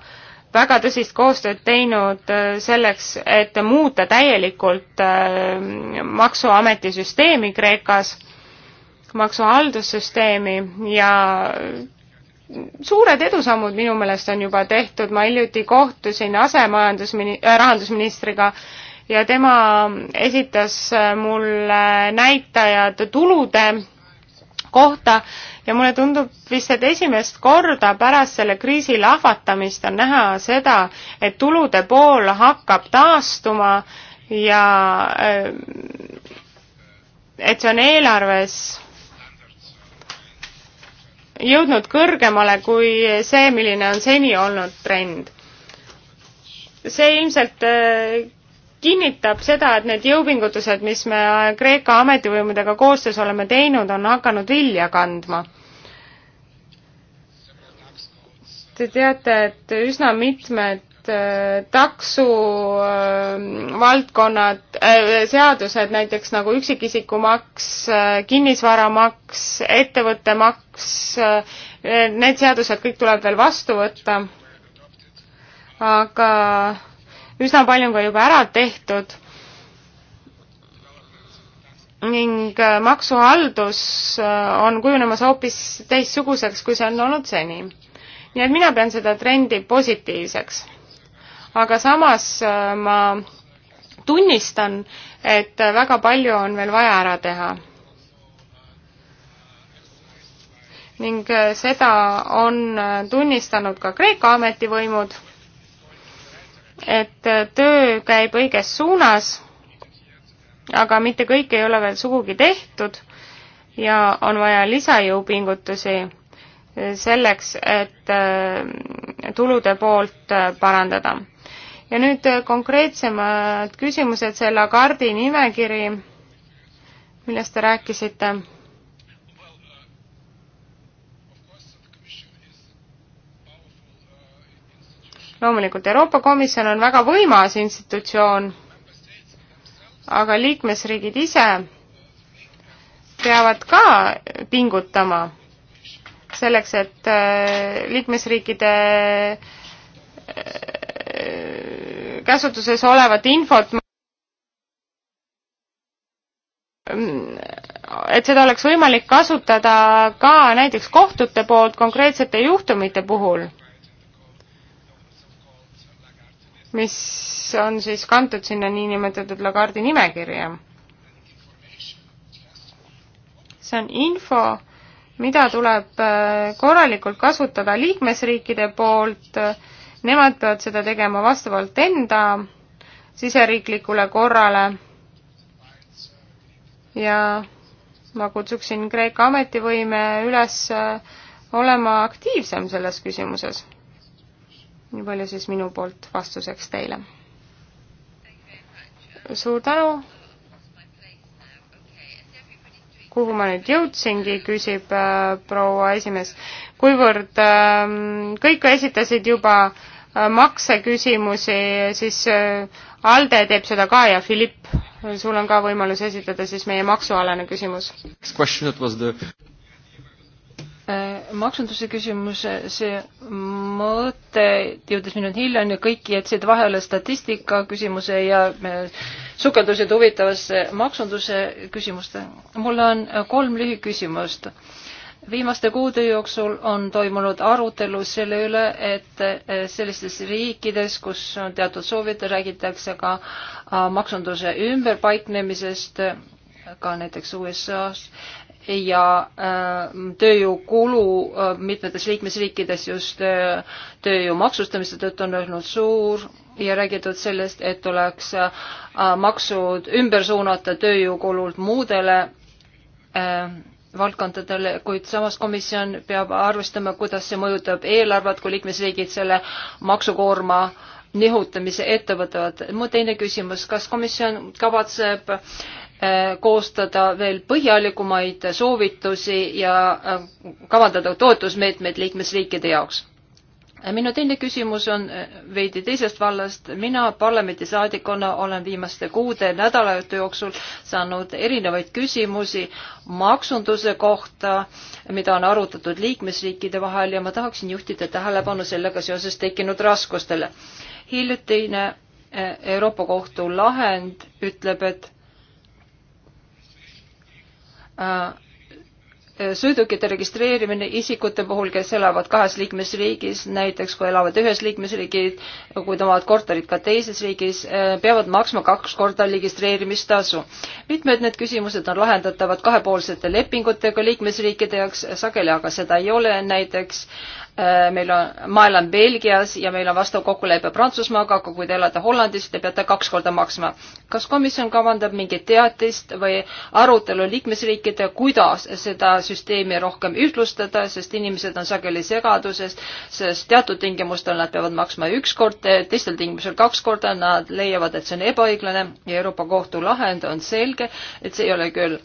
väga tõsist koostööd teinud äh, selleks, et muuta täielikult äh, Maksuameti süsteemi Kreekas, maksuhaldussüsteemi ja suured edusammud minu meelest on juba tehtud, ma hiljuti kohtusin asemajandusmini-, äh, rahandusministriga ja tema esitas mulle näitajad tulude kohta ja mulle tundub vist, et esimest korda pärast selle kriisi lahvatamist on näha seda, et tulude pool hakkab taastuma ja äh, et see on eelarves jõudnud kõrgemale kui see, milline on seni olnud trend. see ilmselt äh, kinnitab seda, et need jõupingutused, mis me Kreeka ametivõimudega koostöös oleme teinud, on hakanud vilja kandma te teate, et üsna mitmed äh, taksu äh, valdkonnad äh,, seadused näiteks nagu üksikisikumaks, äh, kinnisvaramaks, ettevõttemaks, need seadused kõik tuleb veel vastu võtta. aga üsna palju on ka juba ära tehtud ning maksuhaldus on kujunemas hoopis teistsuguseks, kui see on olnud seni nii et mina pean seda trendi positiivseks. aga samas äh, ma tunnistan, et väga palju on veel vaja ära teha. ning äh, seda on äh, tunnistanud ka Kreeka ametivõimud, et töö käib õiges suunas, aga mitte kõik ei ole veel sugugi tehtud ja on vaja lisajõupingutusi selleks, et äh, tulude poolt äh, parandada. ja nüüd äh, konkreetsemad küsimused, see Lagardi nimekiri, millest te rääkisite. loomulikult Euroopa Komisjon on väga võimas institutsioon, aga liikmesriigid ise peavad ka pingutama selleks, et äh, liikmesriikide äh, käsutuses olevat infot et seda oleks võimalik kasutada ka näiteks kohtute poolt konkreetsete juhtumite puhul, mis on siis kantud sinna niinimetatud Lagardi nimekirja. see on info, mida tuleb äh, korralikult kasutada liikmesriikide poolt, äh, nemad peavad seda tegema vastavalt enda siseriiklikule korrale ja ma kutsuksin Kreeka ametivõime üles äh, olema aktiivsem selles küsimuses. nii palju siis minu poolt vastuseks teile. suur tänu! kuhu ma nüüd jõudsingi, küsib äh, proua esimees, kuivõrd äh, kõik esitasid juba äh, makseküsimusi, siis äh, Alde teeb seda ka ja Philipp, sul on ka võimalus esitada siis meie maksualane küsimus. The... Äh, maksunduse küsimus, äh, see mõte jõudis minuni hiljem ja kõik jätsid vahele statistika küsimuse ja me sukeldusid huvitavasse maksunduse küsimuste. mul on äh, kolm lühiküsimust. viimaste kuude jooksul on toimunud arutelu selle üle, et äh, sellistes riikides, kus on teatud soovid, räägitakse ka äh, maksunduse ümberpaiknemisest, ka näiteks USA-s, ja äh, tööjõukulu äh, mitmetes liikmesriikides just äh, tööjõu maksustamise tõttu on olnud suur ja räägitud sellest, et tuleks äh, maksud ümber suunata tööjõukulult muudele äh, valdkondadele, kuid samas komisjon peab arvestama, kuidas see mõjutab eelarvet, kui liikmesriigid selle maksukoorma nihutamise ette võtavad. mu teine küsimus, kas komisjon kavatseb äh, koostada veel põhjalikumaid soovitusi ja kavandada toetusmeetmeid liikmesriikide jaoks? Äh, minu teine küsimus on äh, veidi teisest vallast. mina parlamendisaadikuna olen viimaste kuude nädalate jooksul saanud erinevaid küsimusi maksunduse kohta, mida on arutatud liikmesriikide vahel ja ma tahaksin juhtida tähelepanu sellega seoses tekkinud raskustele. hiljutine äh, Euroopa Kohtu lahend ütleb, et sõidukite registreerimine isikute puhul, kes elavad kahes liikmesriigis, näiteks kui elavad ühes liikmesriigis, kuid omavad korterit ka teises riigis, eh, peavad maksma kaks korda registreerimistasu. mitmed need küsimused on lahendatavad kahepoolsete lepingutega liikmesriikide jaoks, sageli aga seda ei ole, näiteks Äh, meil on, ma elan Belgias ja meil on vastav kokkulepe Prantsusmaaga, aga kui te elate Hollandis, te peate kaks korda maksma. kas komisjon kavandab mingit teatist või arutelu liikmesriikide, kuidas seda süsteemi rohkem ühtlustada, sest inimesed on sageli segaduses, sest teatud tingimustel nad peavad maksma üks kord, teistel tingimusel kaks korda, nad leiavad, et see on ebaõiglane ja Euroopa Kohtu lahend on selge, et see ei ole küll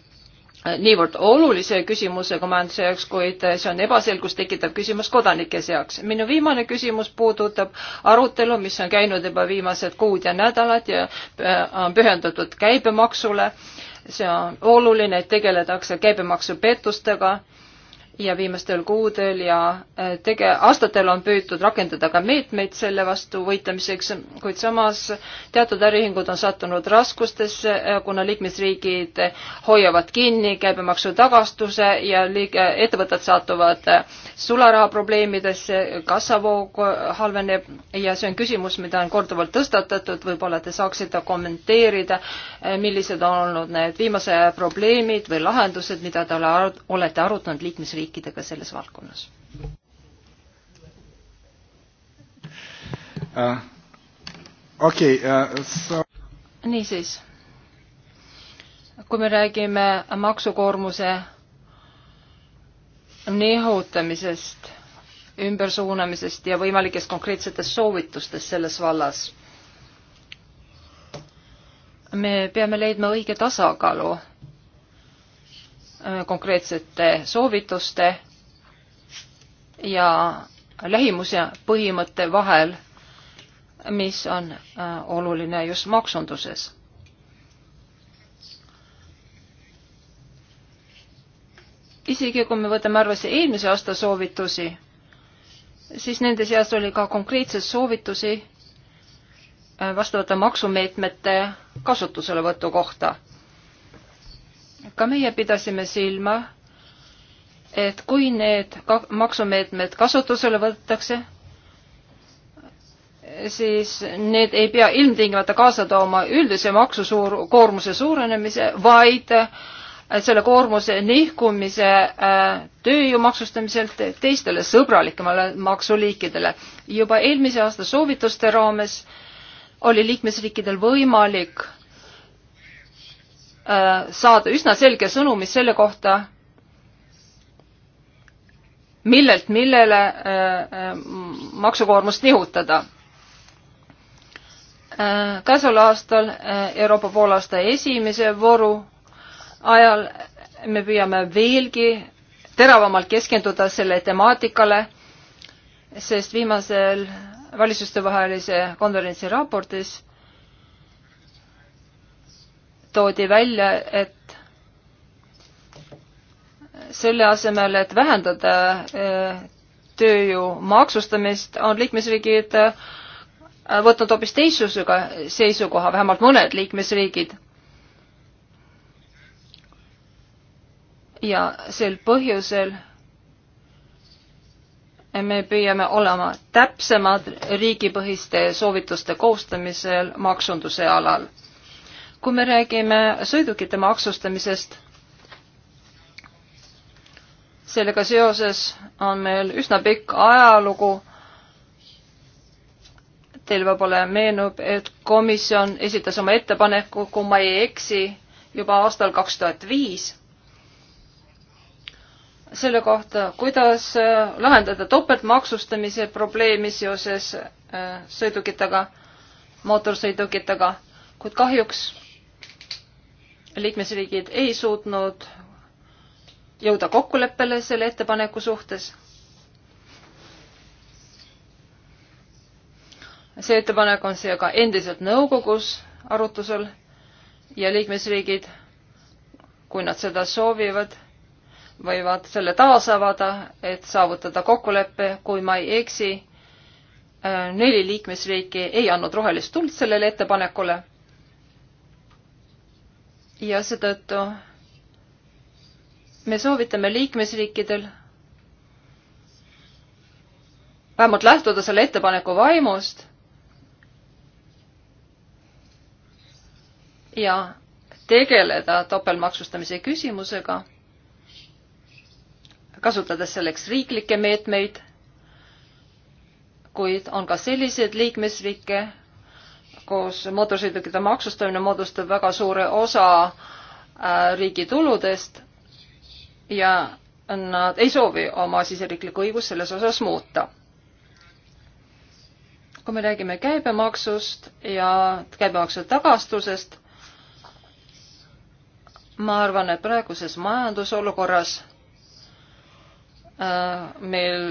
niivõrd olulise küsimusega majanduse jaoks, kuid see on ebaselgust tekitav küsimus kodanike seaks. minu viimane küsimus puudutab arutelu, mis on käinud juba viimased kuud ja nädalad ja äh, on pühendatud käibemaksule. see on oluline, et tegeledakse käibemaksupettustega ja viimastel kuudel ja äh, tege-, aastatel on püütud rakendada ka meetmeid selle vastu võitlemiseks, kuid samas teatud äriühingud on sattunud raskustesse, äh, kuna liikmesriigid hoiavad kinni käibemaksu tagastuse ja liige, äh, ettevõtted satuvad sularahaprobleemidesse, kassavoog halveneb ja see on küsimus, mida on korduvalt tõstatatud, võib-olla te saaksite kommenteerida, millised on olnud need viimase probleemid või lahendused, mida te olete arutanud liikmesriigiga? riikidega selles valdkonnas uh,? okei okay, uh, so.... niisiis, kui me räägime maksukoormuse nihutamisest, ümbersuunamisest ja võimalikest konkreetsetest soovitustest selles vallas me peame leidma õige tasakaalu Äh, konkreetsete soovituste ja lähimuse põhimõtte vahel, mis on äh, oluline just maksunduses. isegi kui me võtame arvesse eelmise aasta soovitusi, siis nende seas oli ka konkreetseid soovitusi äh, vastavate maksumeetmete kasutuselevõtu kohta ka meie pidasime silma, et kui need maksumeetmed kasutusele võetakse, siis need ei pea ilmtingimata kaasa tooma üldise maksukoormuse suurenemise, vaid selle koormuse nihkumise äh, tööjõu maksustamiselt teistele sõbralikemale maksuliikidele. juba eelmise aasta soovituste raames oli liikmesriikidel võimalik Äh, saada üsna selge sõnumi selle kohta, millelt millele äh, äh, maksukoormust nihutada. käesoleval aastal Euroopa poolaasta esimese vooru ajal me püüame veelgi teravamalt keskenduda selle temaatikale, sest viimasel valitsustevahelise konverentsi raportis toodi välja, et selle asemel, et vähendada eh, tööjõu maksustamist, on liikmesriigid eh, võtnud hoopis teistsugusega seisukoha, vähemalt mõned liikmesriigid. ja sel põhjusel me püüame olema täpsemad riigipõhiste soovituste koostamisel maksunduse alal kui me räägime sõidukite maksustamisest, sellega seoses on meil üsna pikk ajalugu. Teil võib-olla meenub, et komisjon esitas oma ettepaneku, kui ma ei eksi, juba aastal kaks tuhat viis selle kohta, kuidas äh, lahendada topeltmaksustamise probleemi seoses äh, sõidukitega, mootorsõidukitega, kuid kahjuks liikmesriigid ei suutnud jõuda kokkuleppele selle ettepaneku suhtes. see ettepanek on seega endiselt nõukogus arutusel ja liikmesriigid, kui nad seda soovivad, võivad selle taas avada, et saavutada kokkuleppe, kui ma ei eksi äh, neli liikmesriiki ei andnud rohelist tuld sellele ettepanekule ja seetõttu me soovitame liikmesriikidel vähemalt lähtuda selle ettepaneku vaimust ja tegeleda topeltmaksustamise küsimusega, kasutades selleks riiklikke meetmeid, kuid on ka selliseid liikmesriike, kus mootorsõidukite maksustamine moodustab väga suure osa äh, riigi tuludest ja nad ei soovi oma siseriiklikku õigust selles osas muuta. kui me räägime käibemaksust ja käibemaksu tagastusest, ma arvan, et praeguses majandusolukorras äh, meil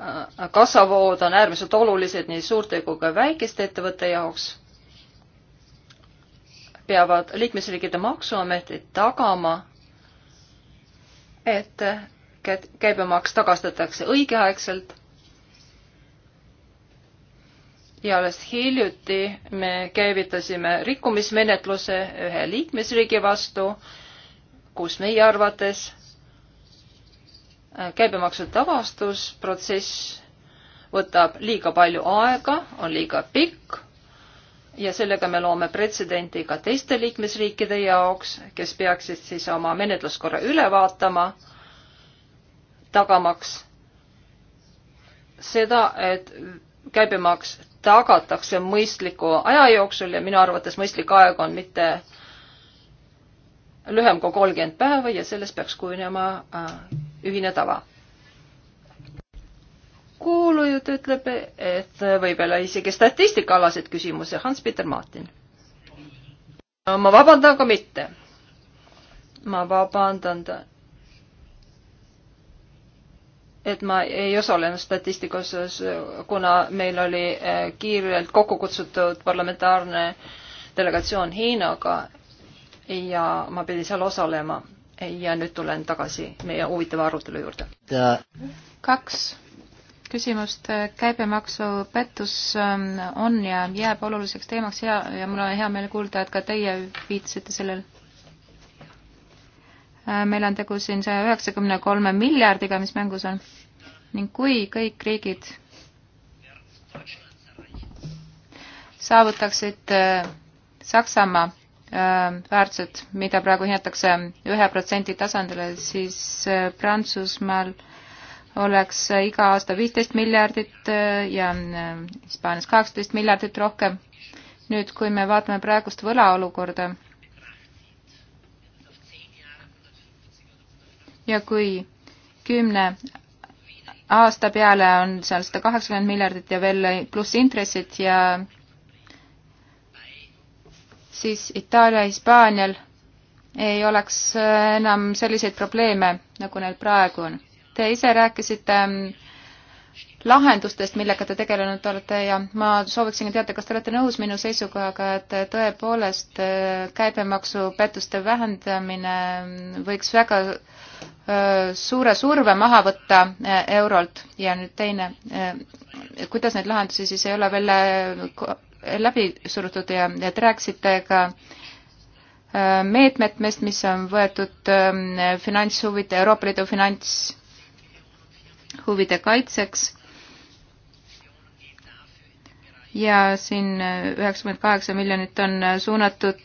Äh, kassavood on äärmiselt olulised nii suurte kui ka väikeste ettevõtte jaoks, peavad liikmesriikide maksuametid tagama, et käibemaks tagastatakse õigeaegselt ja alles hiljuti me käivitasime rikkumismenetluse ühe liikmesriigi vastu, kus meie arvates käibemaksu tavastusprotsess võtab liiga palju aega, on liiga pikk ja sellega me loome pretsedendi ka teiste liikmesriikide jaoks, kes peaksid siis oma menetluskorra üle vaatama, tagamaks seda, et käibemaks tagatakse mõistliku aja jooksul ja minu arvates mõistlik aeg on mitte lühem kui kolmkümmend päeva ja sellest peaks kujunema äh, ühine tava. kuulujutt ütleb, et võib-olla isegi statistikaalaseid küsimusi, Hans-Peter Martin. ma vabandan, aga mitte. ma vabandan, et ma ei osalenud statistika osas, kuna meil oli eh, kiirelt kokku kutsutud parlamentaarne delegatsioon Hiinaga ja ma pidin seal osalema ja nüüd tulen tagasi meie huvitava arutelu juurde. kaks küsimust. käibemaksupettus ähm, on ja jääb oluliseks teemaks ja, ja mul on hea meel kuulda, et ka teie viitasite sellel. Äh, meil on tegu siin saja üheksakümne kolme miljardiga, mis mängus on ning kui kõik riigid saavutaksid äh, Saksamaa Ähm, väärtused, mida praegu hinnatakse ühe protsendi tasandile, siis äh, Prantsusmaal oleks äh, iga aasta viisteist miljardit äh, ja Hispaanias kaheksateist miljardit rohkem. nüüd, kui me vaatame praegust võlaolukorda ja kui kümne aasta peale on seal sada kaheksakümmend miljardit ja veel pluss intressid ja siis Itaalia, Hispaanial ei oleks äh, enam selliseid probleeme, nagu neil praegu on. Te ise rääkisite ähm, lahendustest, millega te tegelenud olete ja ma sooviksin teada, kas te olete nõus minu seisukohaga, et tõepoolest äh, käibemaksupettuste vähendamine ähm, võiks väga äh, suure surve maha võtta eurolt ja nüüd teine, kuidas neid lahendusi siis ei ole veel läbi surutud ja te rääkisite ka äh, meetmetest, mis on võetud ähm, finantshuvide, Euroopa Liidu finantshuvide kaitseks ja siin äh, üheksakümmend kaheksa miljonit on äh, suunatud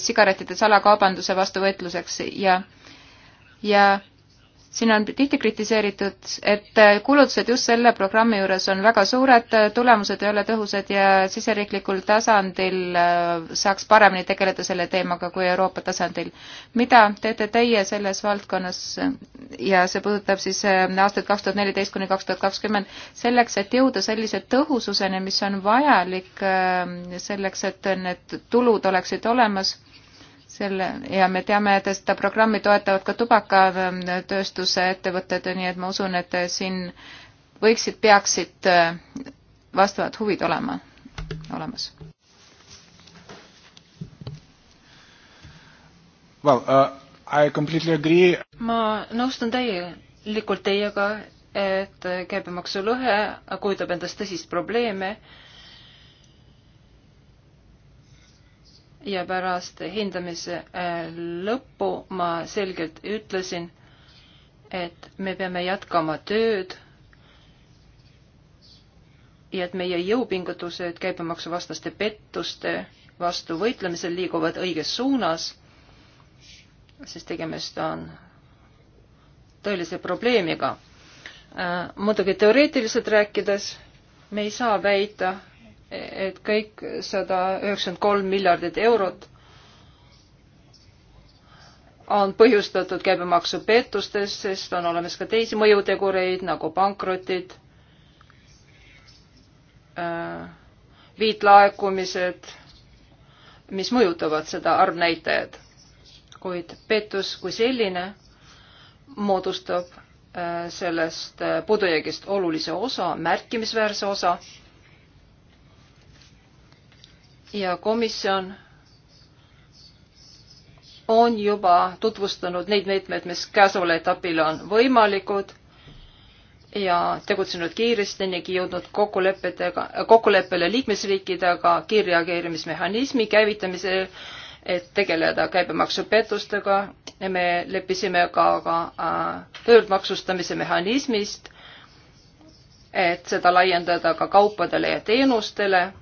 sigarettide salakaubanduse vastu võitluseks ja, ja siin on tihti kritiseeritud, et kulutused just selle programmi juures on väga suured, tulemused ei ole tõhusad ja siseriiklikul tasandil äh, saaks paremini tegeleda selle teemaga kui Euroopa tasandil. mida teete teie selles valdkonnas ja see puudutab siis äh, aastaid kaks tuhat neliteist kuni kaks tuhat kakskümmend, selleks, et jõuda sellise tõhususeni, mis on vajalik äh, selleks, et need tulud oleksid olemas selle ja me teame, et seda programmi toetavad ka tubakatööstuse ettevõtted, nii et ma usun, et siin võiksid, peaksid äh, vastavad huvid olema olemas. Well, uh, I completely agree. ma nõustun täielikult teiega, et käibemaksulõhe kujutab endast tõsist probleeme uh, ja pärast hindamise äh, lõppu ma selgelt ütlesin, et me peame jätkama tööd ja et meie jõupingutused käibemaksuvastaste pettuste vastu võitlemisel liiguvad õiges suunas, sest tegemist on tõelise probleemiga. Äh, muidugi teoreetiliselt rääkides me ei saa väita, et kõik sada üheksakümmend kolm miljardit eurot on põhjustatud käibemaksupeetustest, sest on olemas ka teisi mõjutegureid nagu pankrotid, äh, viitlaekumised, mis mõjutavad seda arvnäitajat. kuid pettus kui selline moodustab äh, sellest äh, pudujäägist olulise osa, märkimisväärse osa ja komisjon on juba tutvustanud neid meetmeid, mis käesoleval etapil on võimalikud ja tegutsenud kiiresti ning jõudnud kokkulepetega, kokkuleppele liikmesriikidega kiirreageerimismehhanismi käivitamisel, et tegeleda käibemaksupettustega. me leppisime ka, ka äh, pöördmaksustamise mehhanismist, et seda laiendada ka kaupadele ja teenustele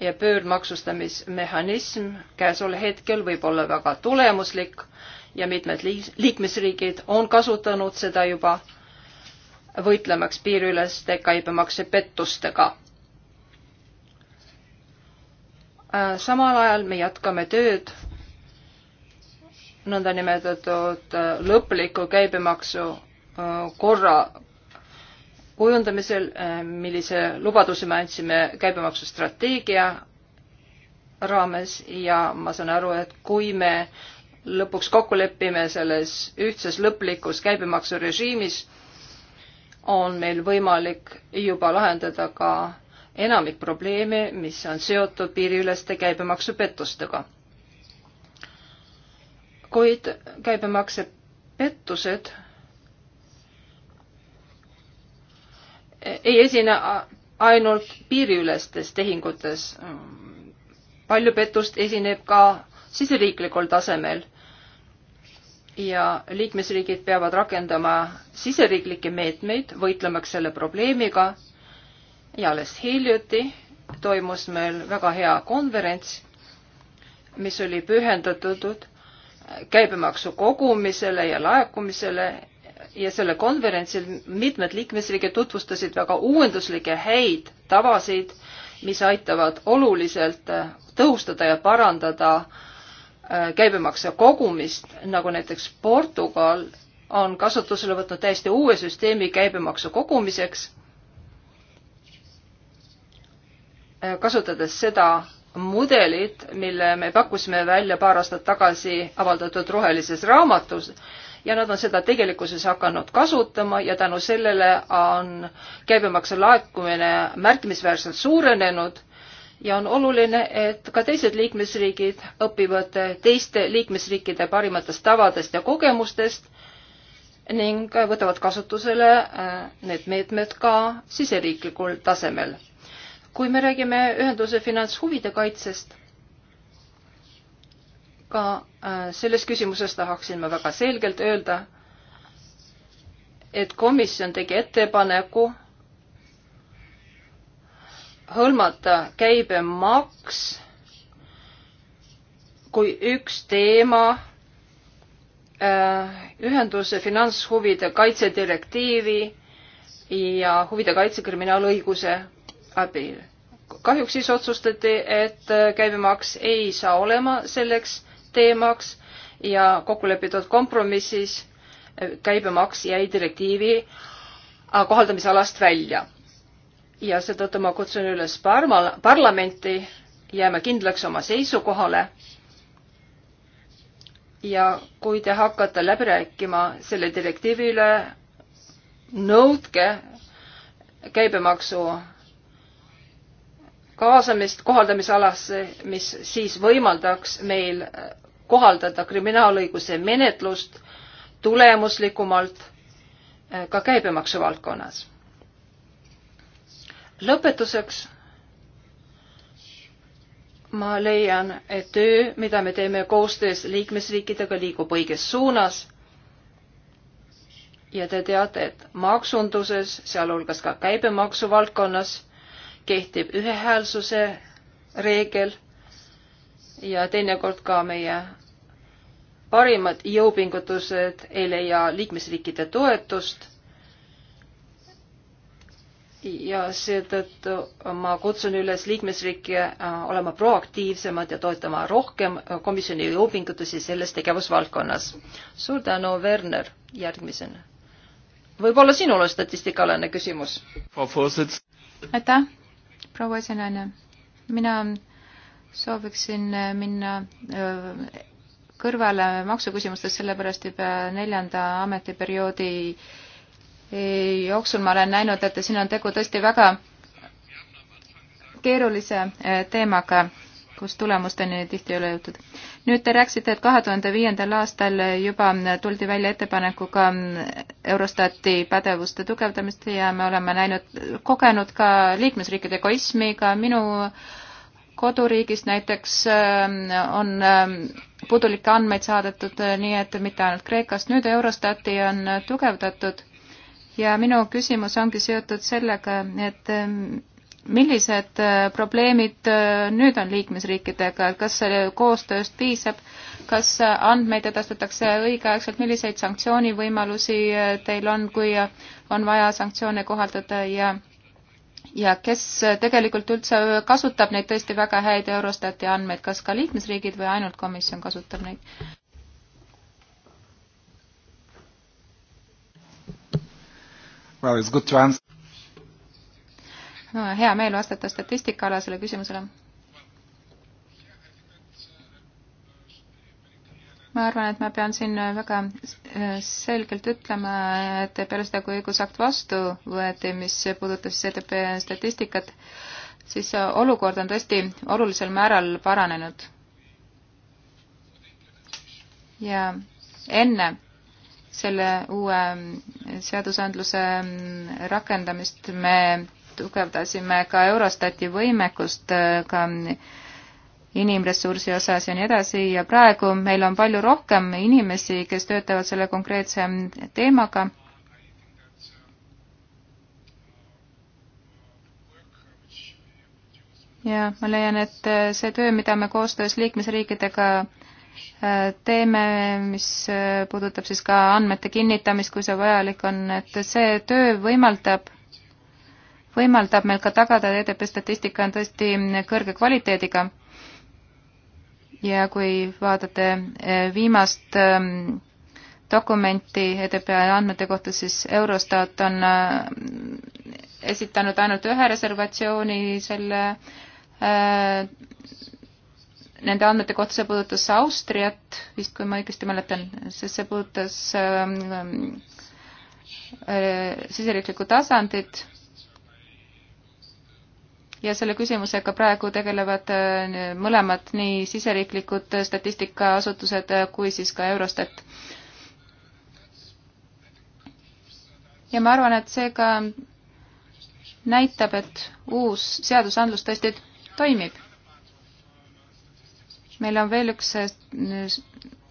ja pöördmaksustamismehhanism käesoleval hetkel võib olla väga tulemuslik ja mitmed liikmesriigid on kasutanud seda juba võitlemaks piiriüleste käibemaksepettustega. Äh, samal ajal me jätkame tööd nõndanimetatud äh, lõpliku käibemaksu äh, korra kujundamisel, äh, millise lubaduse me andsime käibemaksustrateegia raames ja ma saan aru, et kui me lõpuks kokku lepime selles ühtses lõplikus käibemaksurežiimis, on meil võimalik juba lahendada ka enamik probleeme, mis on seotud piiriüleste käibemaksupettustega. kuid käibemaksepettused ei esine ainult piiriülestes tehingutes. palju pettust esineb ka siseriiklikul tasemel ja liikmesriigid peavad rakendama siseriiklikke meetmeid, võitlemaks selle probleemiga. ja alles hiljuti toimus meil väga hea konverents, mis oli pühendatud käibemaksu kogumisele ja laekumisele ja sellel konverentsil mitmed liikmesriigid tutvustasid väga uuenduslikke häid tavasid, mis aitavad oluliselt äh, tõhustada ja parandada äh, käibemakse kogumist, nagu näiteks Portugal on kasutusele võtnud täiesti uue süsteemi käibemaksu kogumiseks, äh, kasutades seda mudelit, mille me pakkusime välja paar aastat tagasi avaldatud rohelises raamatus ja nad on seda tegelikkuses hakanud kasutama ja tänu sellele on käibemaksu laekumine märkimisväärselt suurenenud ja on oluline, et ka teised liikmesriigid õpivad teiste liikmesriikide parimatest tavadest ja kogemustest ning võtavad kasutusele äh, need meetmed ka siseriiklikul tasemel. kui me räägime ühenduse finantshuvide kaitsest ka äh, selles küsimuses tahaksin ma väga selgelt öelda, et komisjon tegi ettepaneku hõlmata käibemaks kui üks teema äh, ühenduse finantshuvide kaitsedirektiivi ja huvide kaitse kriminaalõiguse abil. kahjuks siis otsustati, et äh, käibemaks ei saa olema selleks teemaks ja kokkulepitud kompromissis käibemaks jäi direktiivi äh, kohaldamisalast välja. ja seetõttu ma kutsun üles parma-, parlamenti jääma kindlaks oma seisukohale ja kui te hakkate läbi rääkima selle direktiivi üle, nõudke käibemaksu kaasamist kohaldamisalasse, mis siis võimaldaks meil kohaldada kriminaalõiguse menetlust tulemuslikumalt eh, ka käibemaksu valdkonnas. lõpetuseks ma leian, et töö, mida me teeme koostöös liikmesriikidega, liigub õiges suunas. ja te teate, et maksunduses, sealhulgas ka käibemaksu valdkonnas, kehtib ühehäälsuse reegel ja teinekord ka meie parimad jõupingutused ei leia liikmesriikide toetust. ja seetõttu ma kutsun üles liikmesriike äh, olema proaktiivsemad ja toetama rohkem komisjoni jõupingutusi selles tegevusvaldkonnas. suur tänu, Werner, järgmisena. võib-olla sinul on statistikaalane küsimus? aitäh, proua esinaine. mina sooviksin äh, minna äh, kõrvale maksuküsimustest, sellepärast juba äh, neljanda ametiperioodi jooksul ma olen näinud, et siin on tegu tõesti väga keerulise teemaga, kus tulemusteni tihti ei ole jõutud. nüüd te rääkisite, et kahe tuhande viiendal aastal juba tuldi välja ettepanekuga Eurostati pädevuste tugevdamist ja me oleme näinud, kogenud ka liikmesriikide egoismi, ka minu äh, koduriigis näiteks ähm, on ähm, puudulikke andmeid saadetud, äh, nii et mitte ainult Kreekast, nüüd Eurostati on äh, tugevdatud ja minu küsimus ongi seotud sellega, et ähm, millised äh, probleemid nüüd on liikmesriikidega, kas koostööst piisab, kas andmeid edastatakse õigeaegselt, milliseid sanktsioonivõimalusi teil on, kui on vaja sanktsioone kohaldada ja ja kes tegelikult üldse kasutab neid tõesti väga häid Eurostati andmeid, kas ka liikmesriigid või ainult komisjon kasutab neid? Well, it's good to answer. no hea meel vastata statistikaalasele küsimusele ma arvan, et ma pean siin väga äh, selgelt ütlema, et peale seda, kui õigusakt vastu võeti, mis puudutas CDP statistikat, siis olukord on tõesti olulisel määral paranenud. ja enne selle uue äh, seadusandluse mm, rakendamist me tugevdasime ka Eurostati võimekust äh, ka inimressursi osas ja nii edasi ja praegu meil on palju rohkem inimesi, kes töötavad selle konkreetse teemaga. ja ma leian, et see töö, mida me koostöös liikmesriikidega äh, teeme, mis äh, puudutab siis ka andmete kinnitamist, kui see vajalik on, et see töö võimaldab võimaldab meil ka tagada, et EDP statistika on tõesti kõrge kvaliteediga ja kui vaatate eh, viimast ehm, dokumenti EDP andmete kohta, siis Eurostat on eh, esitanud ainult ühe reservatsiooni selle eh, nende andmete kohta, see puudutas Austriat vist, kui ma õigesti mäletan, sest see puudutas ehm, siseriiklikku tasandit ja selle küsimusega praegu tegelevad äh, mõlemad, nii siseriiklikud statistikaasutused äh, kui siis ka Eurostat. ja ma arvan, et see ka näitab, et uus seadusandlus tõesti toimib. meil on veel üks äh,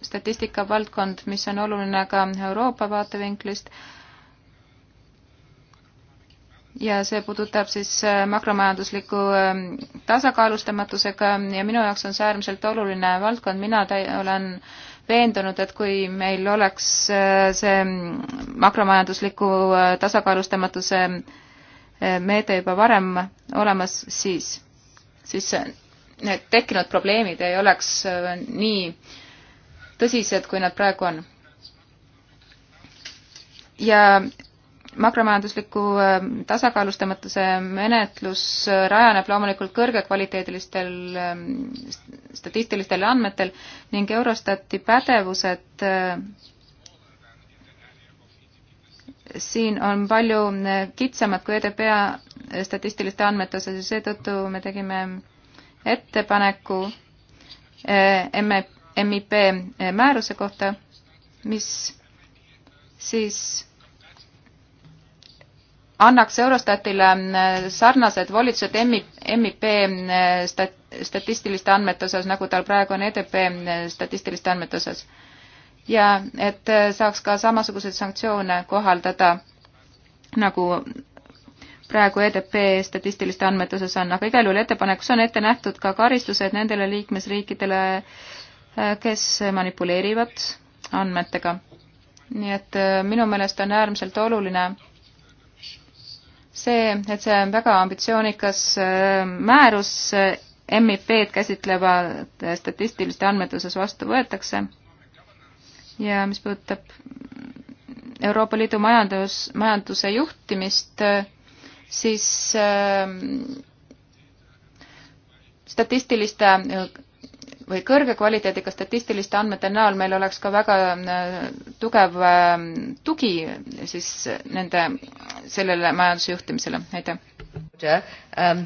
statistikavaldkond, mis on oluline ka Euroopa vaatevinklist ja see puudutab siis äh, makromajandusliku ähm, tasakaalustamatusega ja minu jaoks on see äärmiselt oluline valdkond, mina olen veendunud, et kui meil oleks äh, see makromajandusliku äh, tasakaalustamatuse meede juba varem olemas, siis, siis need tekkinud probleemid ei oleks nii tõsised, kui nad praegu on. ja makromajandusliku äh, tasakaalustamatuse menetlus äh, rajaneb loomulikult kõrgekvaliteedilistel ähm, statistilistel andmetel ning Eurostati pädevused äh, siin on palju kitsamad kui EDPA statistiliste andmete osas ja seetõttu me tegime ettepaneku MIP e määruse kohta, mis siis annaks Eurostatile äh, sarnased volitused MIP äh, stat-, statistiliste andmete osas, nagu tal praegu on EDP äh, statistiliste andmete osas. ja et saaks ka samasuguseid sanktsioone kohaldada, nagu praegu EDP statistiliste andmete osas on, aga igal juhul ettepanekus on ette nähtud ka karistused nendele liikmesriikidele, kes manipuleerivad andmetega. nii et minu meelest on äärmiselt oluline see, et see väga ambitsioonikas äh, määrus äh, MIP-d käsitleva äh, statistiliste andmete osas vastu võetakse ja mis puudutab Euroopa Liidu majandus, majanduse juhtimist, siis statistiliste või kõrge kvaliteediga statistiliste andmete näol meil oleks ka väga äh, tugev äh, tugi siis nende, sellele majanduse juhtimisele, aitäh. Um,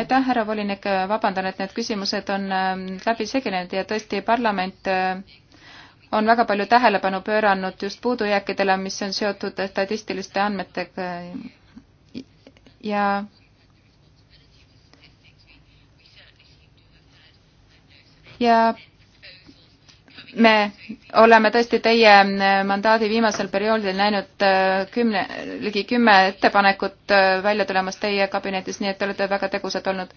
aitäh, härra volinik, vabandan, et need küsimused on ähm, läbi seginenud ja tõesti, parlament äh, on väga palju tähelepanu pööranud just puudujääkidele, mis on seotud statistiliste andmetega ja ja me oleme tõesti teie äh, mandaadi viimasel perioodil näinud äh, kümne, ligi kümme ettepanekut äh, välja tulemas teie kabinetis, nii et te olete väga tegusad olnud.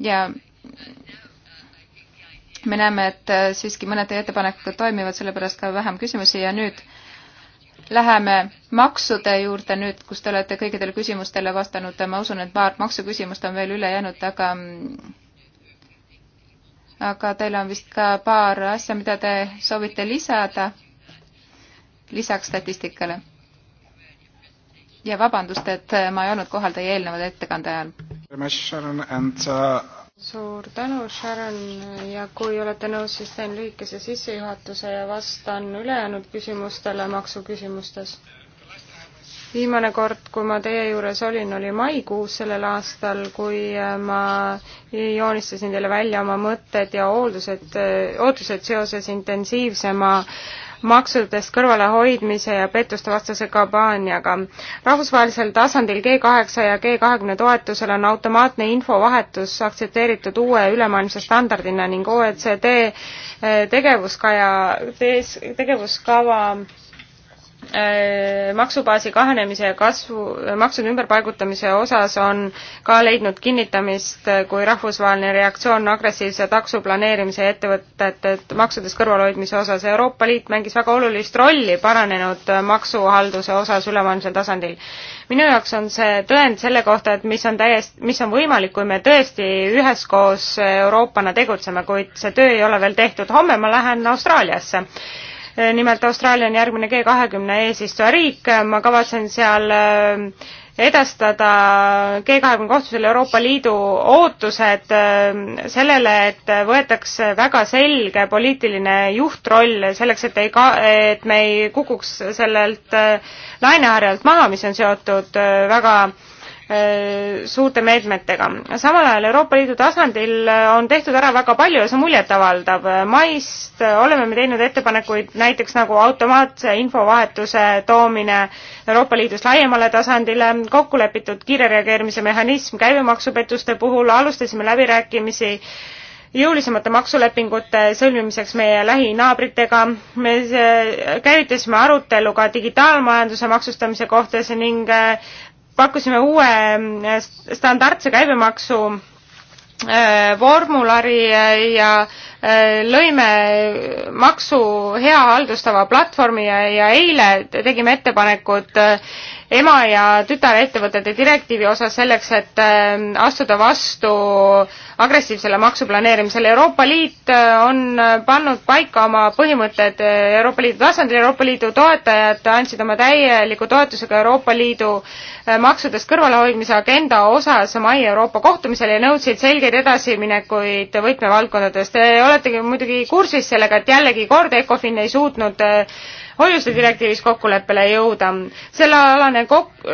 ja me näeme, et siiski mõned teie ettepanekud toimivad, sellepärast ka vähem küsimusi ja nüüd läheme maksude juurde nüüd, kus te olete kõikidele küsimustele vastanud. ma usun, et paar maksuküsimust on veel üle jäänud, aga mm, aga teil on vist ka paar asja, mida te soovite lisada lisaks statistikale. ja vabandust, et ma ei olnud kohal teie eelneval ettekande ajal. suur tänu, Sharon, ja kui olete nõus, siis teen lühikese sissejuhatuse ja vastan ülejäänud küsimustele maksuküsimustes viimane kord, kui ma teie juures olin, oli maikuus sellel aastal, kui äh, ma joonistasin teile välja oma mõtted ja hooldused, äh, ootused seoses intensiivsema maksudest kõrvalehoidmise ja pettuste vastase kampaaniaga. rahvusvahelisel tasandil G kaheksa ja G kahekümne toetusel on automaatne infovahetus aktsepteeritud uue ülemaailmse standardina ning OECD äh, tegevuskaja, tegevuskava Äh, maksubaasi kahanemise ja kasvu, äh, maksude ümberpaigutamise osas on ka leidnud kinnitamist äh, kui rahvusvaheline reaktsioon agressiivse takso planeerimise ja ettevõtete et maksudest kõrvalhoidmise osas. Euroopa Liit mängis väga olulist rolli paranenud maksuhalduse osas ülemaailmsel tasandil. minu jaoks on see tõend selle kohta, et mis on täiesti, mis on võimalik, kui me tõesti üheskoos Euroopana tegutseme, kuid see töö ei ole veel tehtud. homme ma lähen Austraaliasse Eh, nimelt Austraalia on järgmine G kahekümne eesistujariik, ma kavatsen seal eh, edastada G kahekümne kohtusel Euroopa Liidu ootused eh, sellele, et võetaks väga selge poliitiline juhtroll selleks, et ei ka, et me ei kukuks sellelt laineharjalt maha, mis on seotud väga Äh, suurte meetmetega. samal ajal Euroopa Liidu tasandil äh, on tehtud ära väga palju ja see muljetavaldav. maist äh, oleme me teinud ettepanekuid näiteks nagu automaatse infovahetuse toomine Euroopa Liidus laiemale tasandile, kokku lepitud kiire reageerimise mehhanism käibemaksupettuste puhul, alustasime läbirääkimisi jõulisemate maksulepingute sõlmimiseks meie lähinaabritega. me käivitasime arutelu ka digitaalmajanduse maksustamise kohta ning pakkusime uue äh, standardse käibemaksu äh, vormulari äh, ja lõime maksu hea haldustava platvormi ja, ja eile tegime ettepanekud ema ja tütarettevõtete direktiivi osas selleks, et äh, astuda vastu agressiivsele maksuplaneerimisele. Euroopa Liit äh, on äh, pannud paika oma põhimõtted Euroopa Liidu tasandil, Euroopa Liidu toetajad andsid oma täieliku toetusega Euroopa Liidu maksudest kõrvalehoidmise agenda osas mai Euroopa kohtumisel ja nõudsid selgeid edasiminekuid võtmevaldkondades. Te oletegi muidugi kursis sellega, et jällegi kord ECOFIN ei suutnud hoiuste direktiivis kokkuleppele jõuda. sellealane kok-,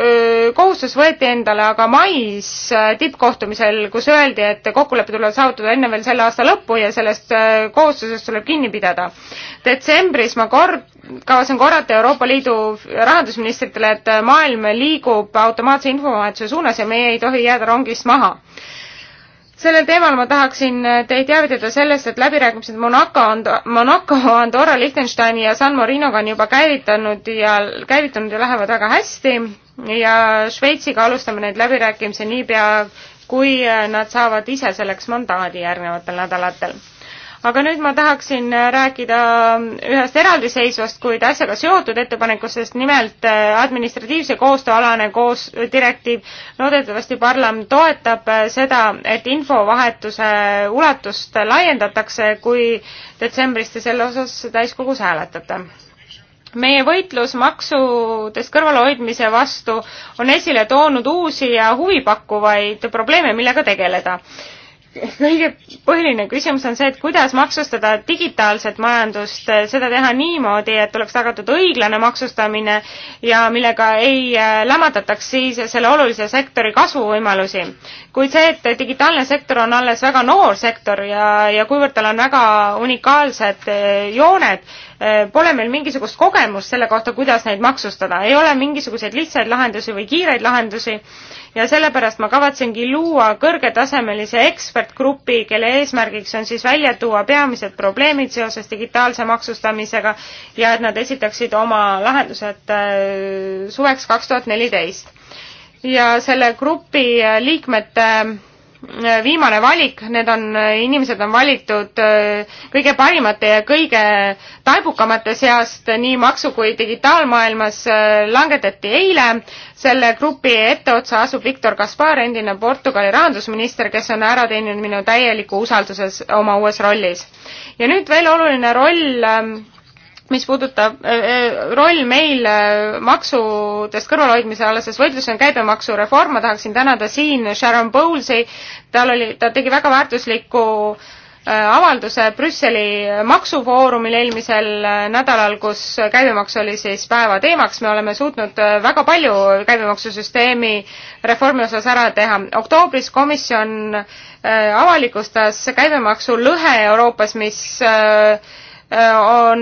kohustus võeti endale aga mais äh, tippkohtumisel, kus öeldi, et kokkulepe tuleb saavutada enne veel selle aasta lõppu ja sellest äh, kohustusest tuleb kinni pidada. detsembris ma kord-, kavatsen korrata Euroopa Liidu rahandusministritele, et maailm liigub automaatse infovahetuse suunas ja meie ei tohi jääda rongist maha sellel teemal ma tahaksin äh, teid teavitada sellest, et läbirääkimised Monaco, Monaco, Andorra, Liechtensteini ja San Marinoga on juba käivitanud ja käivitunud ja lähevad väga hästi ja Šveitsiga alustame neid läbirääkimisi niipea, kui äh, nad saavad ise selleks mandaadi järgnevatel nädalatel aga nüüd ma tahaksin äh, rääkida mm, ühest eraldiseisvast, kuid asjaga seotud ettepanekust, sest nimelt äh, administratiivse koostööalane koos direktiiv loodetavasti parlament toetab äh, seda, et infovahetuse ulatust laiendatakse, kui detsembris te selle osas täiskogus hääletate meie võitlus maksudest kõrvalehoidmise vastu on esile toonud uusi ja huvipakkuvaid probleeme, millega tegeleda kõige põhiline küsimus on see, et kuidas maksustada digitaalset majandust, seda teha niimoodi, et oleks tagatud õiglane maksustamine ja millega ei äh, lämmatataks siis selle olulise sektori kasvuvõimalusi. kuid see, et digitaalne sektor on alles väga noor sektor ja, ja kuivõrd tal on väga unikaalsed äh, jooned, äh, pole meil mingisugust kogemust selle kohta, kuidas neid maksustada, ei ole mingisuguseid lihtsaid lahendusi või kiireid lahendusi ja sellepärast ma kavatsengi luua kõrgetasemelise ekspertgrupi, kelle eesmärgiks on siis välja tuua peamised probleemid seoses digitaalse maksustamisega ja et nad esitaksid oma lahendused äh, suveks kaks tuhat neliteist. ja selle grupi äh, liikmete viimane valik, need on, inimesed on valitud äh, kõige parimate ja kõige taibukamate seast nii maksu kui digitaalmaailmas äh, langetati eile. selle grupi etteotsa asub Viktor Kaspar, endine Portugali rahandusminister, kes on ära teeninud minu täieliku usalduses oma uues rollis. ja nüüd veel oluline roll ähm, mis puudutab äh, äh, roll meil äh, maksudest kõrvalhoidmise alases võitluses on käibemaksureform, ma tahaksin tänada siin Sharon Bowles'i, tal oli, ta tegi väga väärtusliku avalduse Brüsseli maksufoorumil eelmisel nädalal, kus käibemaks oli siis päeva teemaks, me oleme suutnud väga palju käibemaksusüsteemi reformi osas ära teha. oktoobris komisjon avalikustas käibemaksulõhe Euroopas, mis Äh, on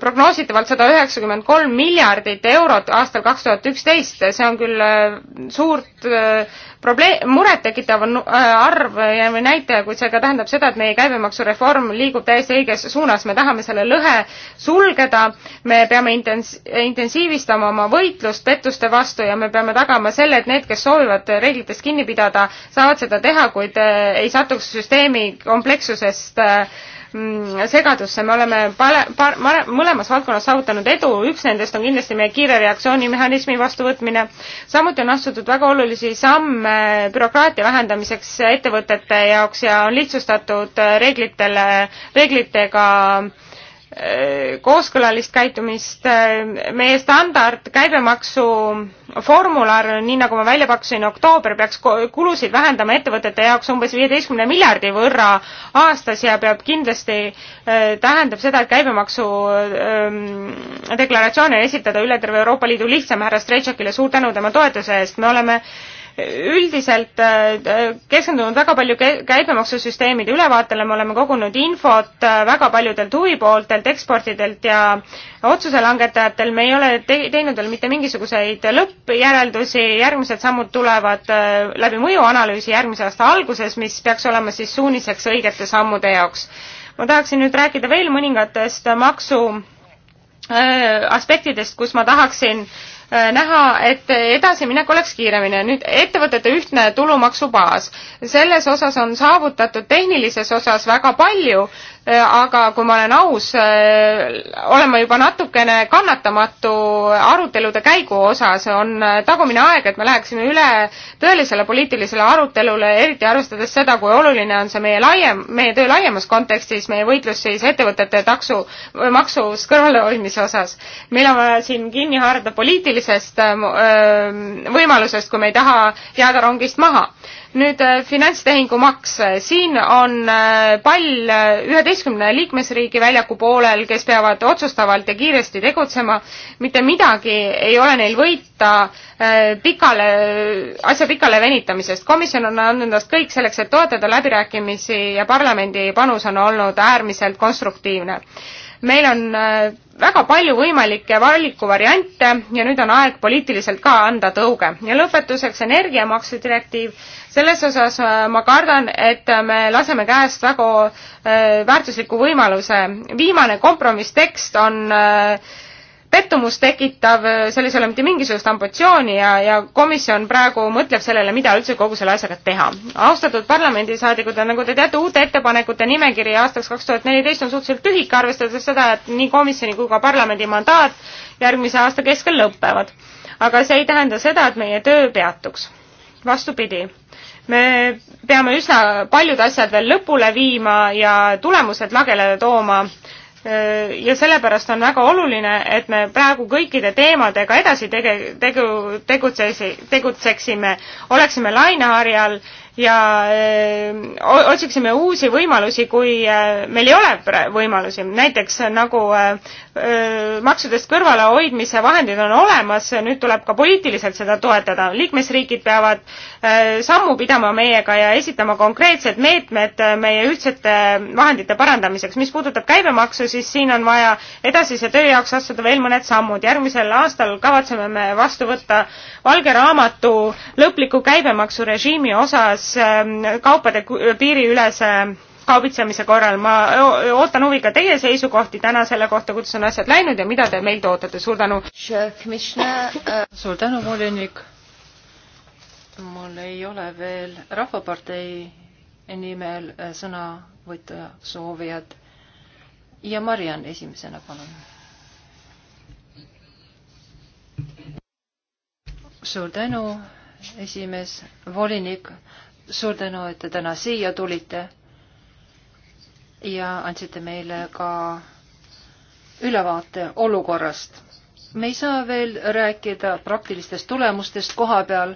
prognoositavalt sada üheksakümmend kolm miljardit eurot aastal kaks tuhat üksteist, see on küll äh, suurt äh, probleem, murettekitav arv või näitaja, kuid see ka tähendab seda, et meie käibemaksureform liigub täiesti õiges suunas, me tahame selle lõhe sulgeda, me peame intens-, intensiivistama oma võitlust pettuste vastu ja me peame tagama selle, et need, kes soovivad reeglitest kinni pidada, saavad seda teha, kuid ei satuks süsteemi komplekssusest äh, Mm, segadusse, me oleme pale, par, mõlemas valdkonnas saavutanud edu, üks nendest on kindlasti meie kiire reaktsioonimehhanismi vastuvõtmine, samuti on astutud väga olulisi samme bürokraatia vähendamiseks ettevõtete jaoks ja on lihtsustatud reeglitele, reeglitega äh, Äh, kooskõlalist käitumist. Äh, meie standard käibemaksu formular, nii nagu ma välja pakkusin, oktoober peaks kulusid vähendama ettevõtete jaoks umbes viieteistkümne miljardi võrra aastas ja peab kindlasti, äh, tähendab seda, et käibemaksu ähm, deklaratsioone esitada üle terve Euroopa Liidu lihtsam. härra Strejtšakile suur tänu tema toetuse eest, me oleme üldiselt äh, keskendunud väga palju käibemaksusüsteemide ülevaatele, me oleme kogunud infot äh, väga paljudelt huvipooltelt, eksportidelt ja otsuse langetajatel, me ei ole te teinud veel mitte mingisuguseid lõppjäreldusi, järgmised sammud tulevad äh, läbi mõjuanalüüsi järgmise aasta alguses, mis peaks olema siis suuniseks õigete sammude jaoks. ma tahaksin nüüd rääkida veel mõningatest maksu aspektidest, kus ma tahaksin äh, Äh, näha, et edasiminek oleks kiiremini. nüüd ettevõtete ühtne tulumaksubaas. selles osas on saavutatud tehnilises osas väga palju, aga kui ma olen aus, äh, olen ma juba natukene kannatamatu arutelude käigu osas, on tagumine aeg, et me läheksime üle tõelisele poliitilisele arutelule, eriti arvestades seda, kui oluline on see meie laiem, meie töö laiemas kontekstis, meie võitlus siis ettevõtete taksu, maksust kõrvalehoidmise osas. meil on vaja siin kinni haarata poliitilisest äh, võimalusest, kui me ei taha jääda rongist maha nüüd äh, finantstehingumaks, siin on äh, pall äh, üheteistkümne liikmesriigi väljaku poolel, kes peavad otsustavalt ja kiiresti tegutsema. mitte midagi ei ole neil võita pikale, asja pikale venitamisest. komisjon on andnud endast kõik selleks, et toetada läbirääkimisi ja parlamendi panus on olnud äärmiselt konstruktiivne meil on äh, väga palju võimalikke valikuvariante ja nüüd on aeg poliitiliselt ka anda tõuge. ja lõpetuseks energiamaksu direktiiv. selles osas äh, ma kardan, et me laseme käest väga äh, väärtusliku võimaluse. viimane kompromisstekst on äh, pettumust tekitav, selles ei ole mitte mingisugust ambitsiooni ja, ja komisjon praegu mõtleb sellele, mida üldse kogu selle asjaga teha. austatud parlamendisaadikud, nagu te teate, uute ettepanekute nimekiri aastaks kaks tuhat neliteist on suhteliselt tühike, arvestades seda, et nii komisjoni kui ka parlamendi mandaat järgmise aasta keskel lõpevad. aga see ei tähenda seda, et meie töö peatuks. vastupidi, me peame üsna paljud asjad veel lõpule viima ja tulemused lagele tooma äh, Äh, ja sellepärast on väga oluline, et me praegu kõikide teemadega edasi tege-, tegu-, tegutsesi-, tegutseksime, oleksime laineharjal ja öö, äh, otsiksime uusi võimalusi, kui öö, äh, meil ei ole võimalusi, näiteks nagu öö, maksudest kõrvalehoidmise vahendid on olemas, nüüd tuleb ka poliitiliselt seda toetada, liikmesriigid peavad Äh, sammu pidama meiega ja esitama konkreetsed meetmed äh, meie ühtsete vahendite parandamiseks. mis puudutab käibemaksu, siis siin on vaja edasise töö jaoks astuda veel mõned sammud. järgmisel aastal kavatseme me vastu võtta valge raamatu lõpliku käibemaksurežiimi osas ähm, kaupade piiriülese kaubitsemise korral. ma ootan huviga teie seisukohti täna selle kohta, kuidas on asjad läinud ja mida te meilt ootate. suur tänu! Uh suur tänu, volinik! mul ei ole veel Rahvapartei nimel äh, sõnavõtja soovijad. ja Mariann esimesena, palun. suur tänu, esimees, volinik, suur tänu, et te täna siia tulite ja andsite meile ka ülevaate olukorrast. me ei saa veel rääkida praktilistest tulemustest koha peal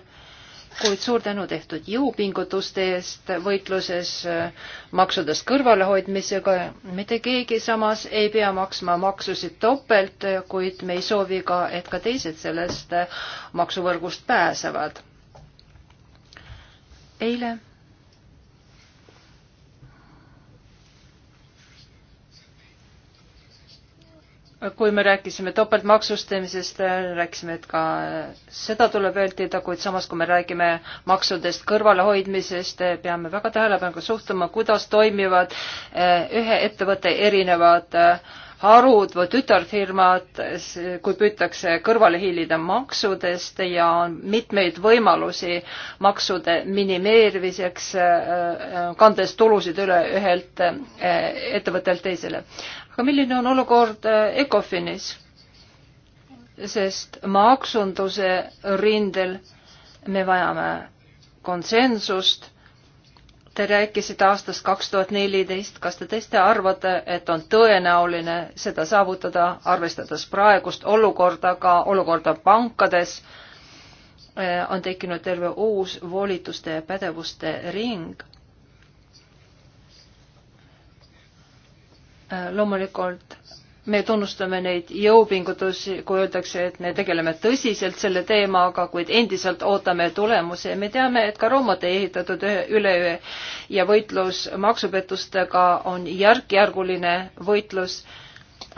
kuid suur tänu tehtud jõupingutuste eest võitluses äh, maksudest kõrvalehoidmisega. mitte keegi samas ei pea maksma maksusid topelt, kuid me ei soovi ka, et ka teised sellest äh, maksuvõrgust pääsevad. eile kui me rääkisime topeltmaksustamisest, rääkisime, et ka seda tuleb vältida, kuid samas, kui me räägime maksudest kõrvalehoidmisest, peame väga tähelepanelikult suhtuma, kuidas toimivad eh, ühe ettevõtte erinevad äh, harud või tütarfirmad, kui püütakse kõrvale hiilida maksudest ja on mitmeid võimalusi maksude minimeerimiseks, äh, äh, kandes tulusid üle ühelt äh, ettevõttelt teisele. aga milline on olukord ECOFINis? sest maksunduse rindel me vajame konsensust Te rääkisite aastast kaks tuhat neliteist, kas te tõesti arvate, et on tõenäoline seda saavutada, arvestades praegust olukorda, ka olukorda pankades, eh, on tekkinud terve uus volituste ja pädevuste ring. Eh, loomulikult me tunnustame neid jõupingutusi, kui öeldakse, et me tegeleme tõsiselt selle teemaga, kuid endiselt ootame tulemusi. me teame, et ka Roomat ei ehitatud üleöö ja võitlus maksupettustega on järk-järguline võitlus,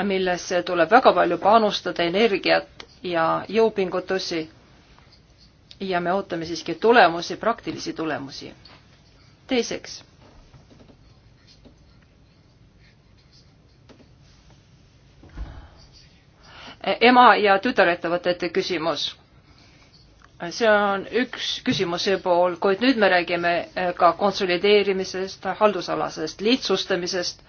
millesse tuleb väga palju panustada energiat ja jõupingutusi. ja me ootame siiski tulemusi, praktilisi tulemusi. teiseks ema- ja tütarettevõtete küsimus. see on üks küsimuse pool, kuid nüüd me räägime eh, ka konsolideerimisest, haldusalasest lihtsustamisest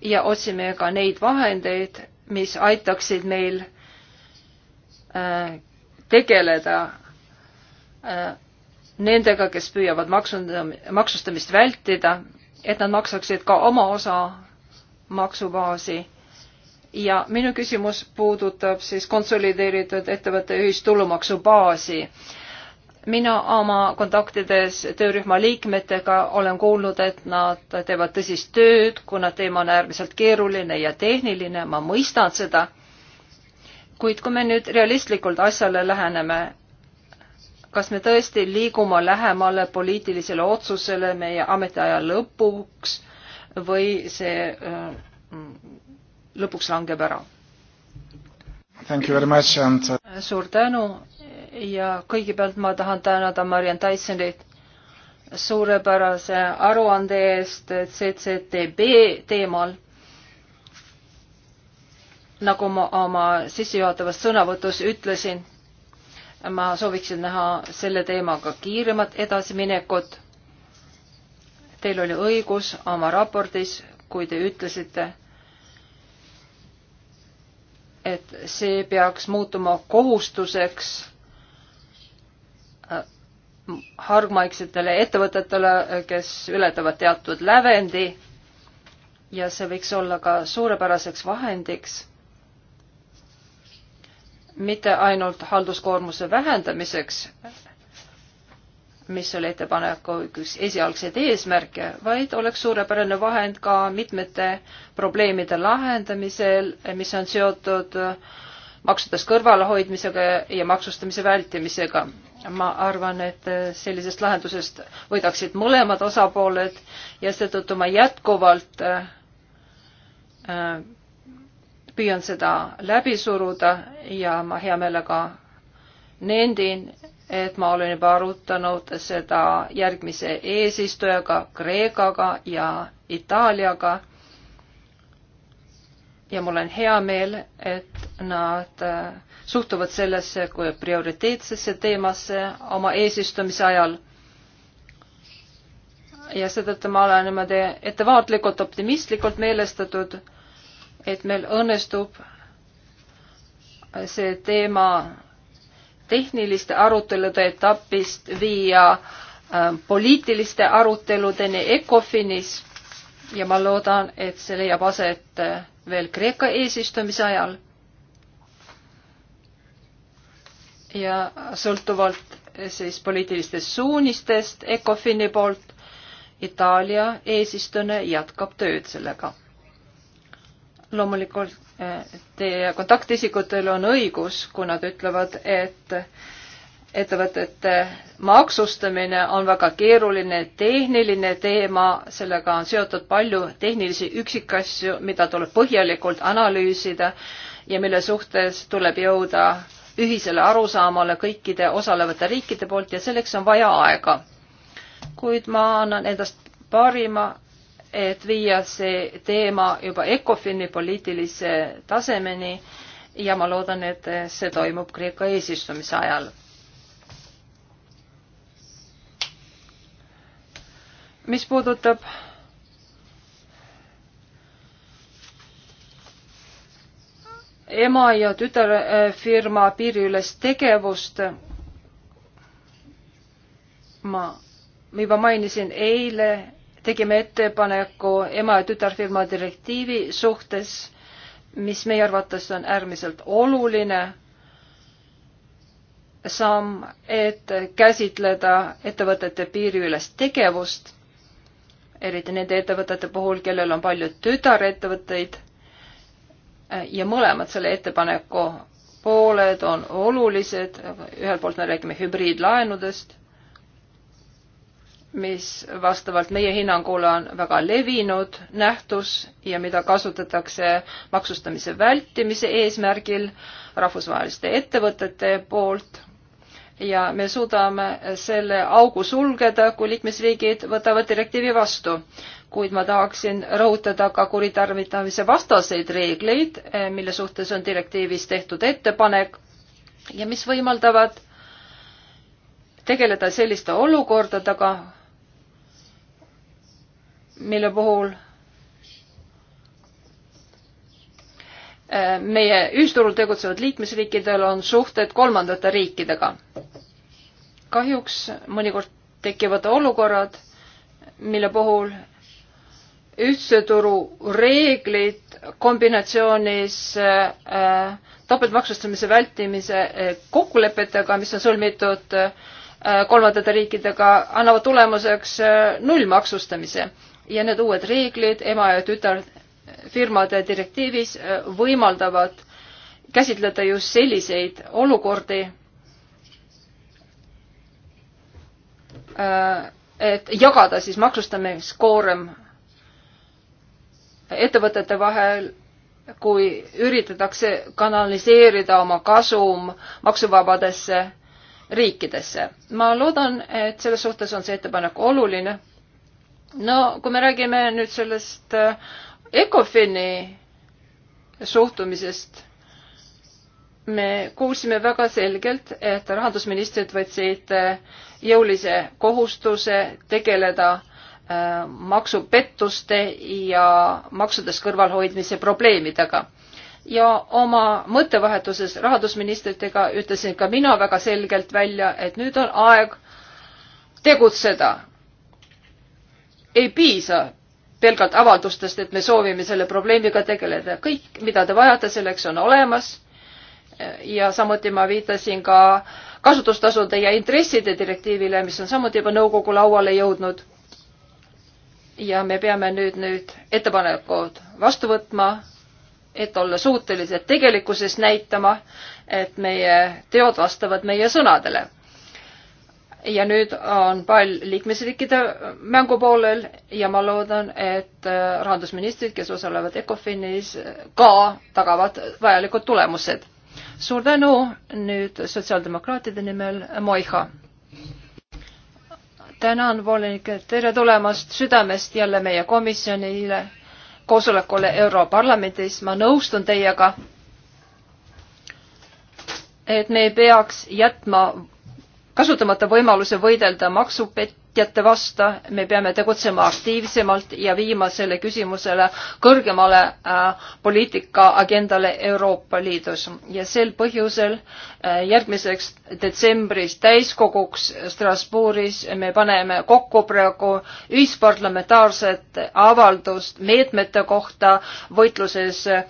ja otsime ka neid vahendeid, mis aitaksid meil eh, tegeleda eh, nendega, kes püüavad maksustamist vältida, et nad maksaksid ka oma osa maksubaasi ja minu küsimus puudutab siis konsolideeritud ettevõtte ühistulumaksubaasi. mina oma kontaktides töörühma liikmetega olen kuulnud, et nad teevad tõsist tööd, kuna teema on äärmiselt keeruline ja tehniline, ma mõistan seda. kuid kui me nüüd realistlikult asjale läheneme, kas me tõesti liigume lähemale poliitilisele otsusele meie ametiaja lõpuks või see äh, lõpuks langeb ära. And... Uh, suur tänu ja kõigepealt ma tahan tänada Marian Tysonit suurepärase aruande eest CCTB teemal. nagu ma oma sissejuhatavas sõnavõtus ütlesin, ma sooviksin näha selle teemaga kiiremat edasiminekut. Teil oli õigus oma raportis, kui te ütlesite, et see peaks muutuma kohustuseks äh, hargmaiksetele ettevõtetele, kes ületavad teatud lävendi ja see võiks olla ka suurepäraseks vahendiks mitte ainult halduskoormuse vähendamiseks, mis oli ettepaneku üks esialgseid eesmärke, vaid oleks suurepärane vahend ka mitmete probleemide lahendamisel, mis on seotud maksudest kõrvalehoidmisega ja maksustamise vältimisega. ma arvan, et sellisest lahendusest võidaksid mõlemad osapooled ja seetõttu ma jätkuvalt äh, püüan seda läbi suruda ja ma hea meelega nendin, et ma olen juba arutanud seda järgmise eesistujaga, Kreekaga ja Itaaliaga. ja mul on hea meel, et nad äh, suhtuvad sellesse kui prioriteetsesse teemasse oma eesistumise ajal. ja seetõttu ma olen niimoodi ettevaatlikult optimistlikult meelestatud, et meil õnnestub see teema tehniliste arutelude etapist viia ähm, poliitiliste aruteludeni ECOFINis ja ma loodan, et see leiab aset äh, veel Kreeka eesistumise ajal. ja sõltuvalt äh, siis poliitilistest suunistest ECOFINi poolt Itaalia eesistujana jätkab tööd sellega. loomulikult Teie kontaktisikutel on õigus, kui nad ütlevad, et ettevõtete maksustamine on väga keeruline tehniline teema, sellega on seotud palju tehnilisi üksikasju, mida tuleb põhjalikult analüüsida ja mille suhtes tuleb jõuda ühisele arusaamale kõikide osalevate riikide poolt ja selleks on vaja aega. kuid ma annan endast parima et viia see teema juba ECOFIN-i poliitilise tasemeni ja ma loodan, et see toimub Kreeka eesistumise ajal. mis puudutab ema ja tütarfirma piiriülest tegevust, ma juba mainisin eile tegime ettepaneku ema ja tütarfirma direktiivi suhtes, mis meie arvates on äärmiselt oluline samm, et käsitleda ettevõtete piiriülest tegevust, eriti nende ettevõtete puhul, kellel on palju tütarettevõtteid ja mõlemad selle ettepaneku pooled on olulised, ühelt poolt me räägime hübriidlaenudest mis vastavalt meie hinnangule on väga levinud nähtus ja mida kasutatakse maksustamise vältimise eesmärgil rahvusvaheliste ettevõtete poolt. ja me suudame selle augu sulgeda, kui liikmesriigid võtavad direktiivi vastu. kuid ma tahaksin rõhutada ka kuritarvitamise vastaseid reegleid, mille suhtes on direktiivis tehtud ettepanek ja mis võimaldavad tegeleda selliste olukordadega, mille puhul äh, meie ühisturul tegutsevad liikmesriikidel on suhted kolmandate riikidega. kahjuks mõnikord tekivad olukorrad, mille puhul ühtse turu reeglid kombinatsioonis äh, topeltmaksustamise vältimise äh, kokkulepetega, mis on sõlmitud äh, kolmandate riikidega, annavad tulemuseks äh, nullmaksustamise ja need uued reeglid ema ja tütar firmade direktiivis äh, võimaldavad käsitleda just selliseid olukordi, äh, et jagada siis maksustamiskoorem ettevõtete vahel, kui üritatakse kanaliseerida oma kasum maksuvabadesse riikidesse. ma loodan, et selles suhtes on see ettepanek oluline no kui me räägime nüüd sellest äh, ECOFIN-i suhtumisest, me kuulsime väga selgelt, et rahandusministrid võtsid äh, jõulise kohustuse tegeleda äh, maksupettuste ja maksudest kõrvalhoidmise probleemidega ja oma mõttevahetuses rahandusministritega ütlesin ka mina väga selgelt välja, et nüüd on aeg tegutseda ei piisa pelgalt avaldustest, et me soovime selle probleemiga tegeleda. kõik, mida te vajate, selleks on olemas. ja samuti ma viitasin ka kasutustasude ja intresside direktiivile, mis on samuti juba nõukogu lauale jõudnud. ja me peame nüüd, nüüd ettepanekud vastu võtma, et olla suutelised tegelikkuses näitama, et meie teod vastavad meie sõnadele ja nüüd on pall liikmesriikide mängu poolel ja ma loodan, et äh, rahandusministrid, kes osalevad ECOFINis, ka tagavad vajalikud tulemused. suur tänu nüüd sotsiaaldemokraatide nimel, Moiha. tänan, volinik, tere tulemast südamest jälle meie komisjonile, koosolekule Europarlamendis, ma nõustun teiega, et me ei peaks jätma kasutamata võimaluse võidelda maksupetjate vastu, me peame tegutsema aktiivsemalt ja viima selle küsimusele kõrgemale äh, poliitika agendale Euroopa Liidus ja sel põhjusel äh, järgmiseks detsembris täiskoguks Strasbourgis me paneme kokku praegu ühisparlamentaarset avaldust meetmete kohta võitluses äh,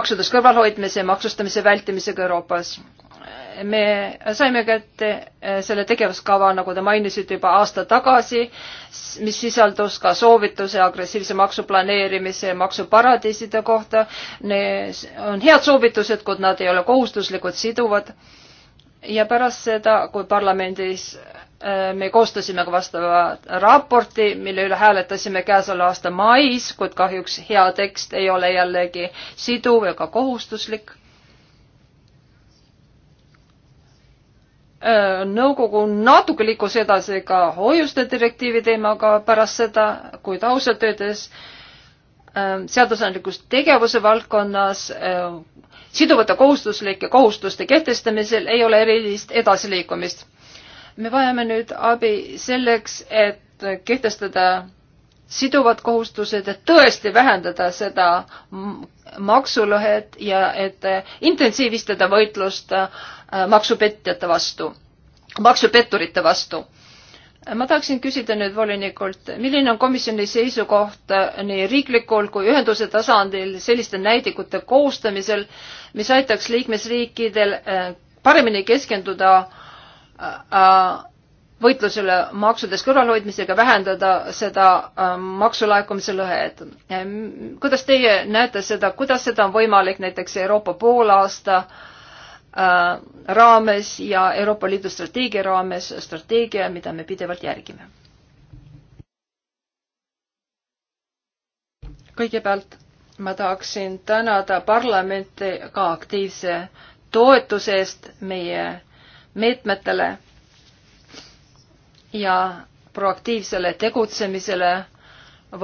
maksudest kõrvalhoidmise ja maksustamise vältimisega Euroopas me saime kätte äh, selle tegevuskava, nagu te mainisite, juba aasta tagasi, mis sisaldus ka soovituse agressiivse maksu planeerimise maksuparadiiside kohta. Need on head soovitused, kuid nad ei ole kohustuslikud, siduvad. ja pärast seda, kui parlamendis äh, me koostasime ka vastava raporti, mille üle hääletasime käesoleva aasta mais, kuid kahjuks hea tekst ei ole jällegi siduv ega kohustuslik Äh, nõukogu natuke liikus edasi ka hoiuste direktiivi teemaga pärast seda, kuid ausalt öeldes äh, seadusandlikus tegevuse valdkonnas äh, siduvate kohustuslike kohustuste kehtestamisel ei ole erilist edasiliikumist. me vajame nüüd abi selleks, et kehtestada siduvad kohustused, et tõesti vähendada seda maksulõhet ja et intensiivistada võitlust äh, Äh, maksupetjate vastu, maksupetturite vastu. ma tahaksin küsida nüüd volinikult, milline on komisjoni seisukoht äh, nii riiklikul kui ühenduse tasandil selliste näidikute koostamisel, mis aitaks liikmesriikidel äh, paremini keskenduda võitlusele maksudest kõrvalhoidmisega, vähendada seda maksulaekumise lõhet. kuidas teie näete seda, kuidas seda on võimalik näiteks Euroopa poolaasta äh, Äh, raames ja Euroopa Liidu strateegia raames strateegia, mida me pidevalt järgime. kõigepealt ma tahaksin tänada parlamenti ka aktiivse toetuse eest meie meetmetele ja proaktiivsele tegutsemisele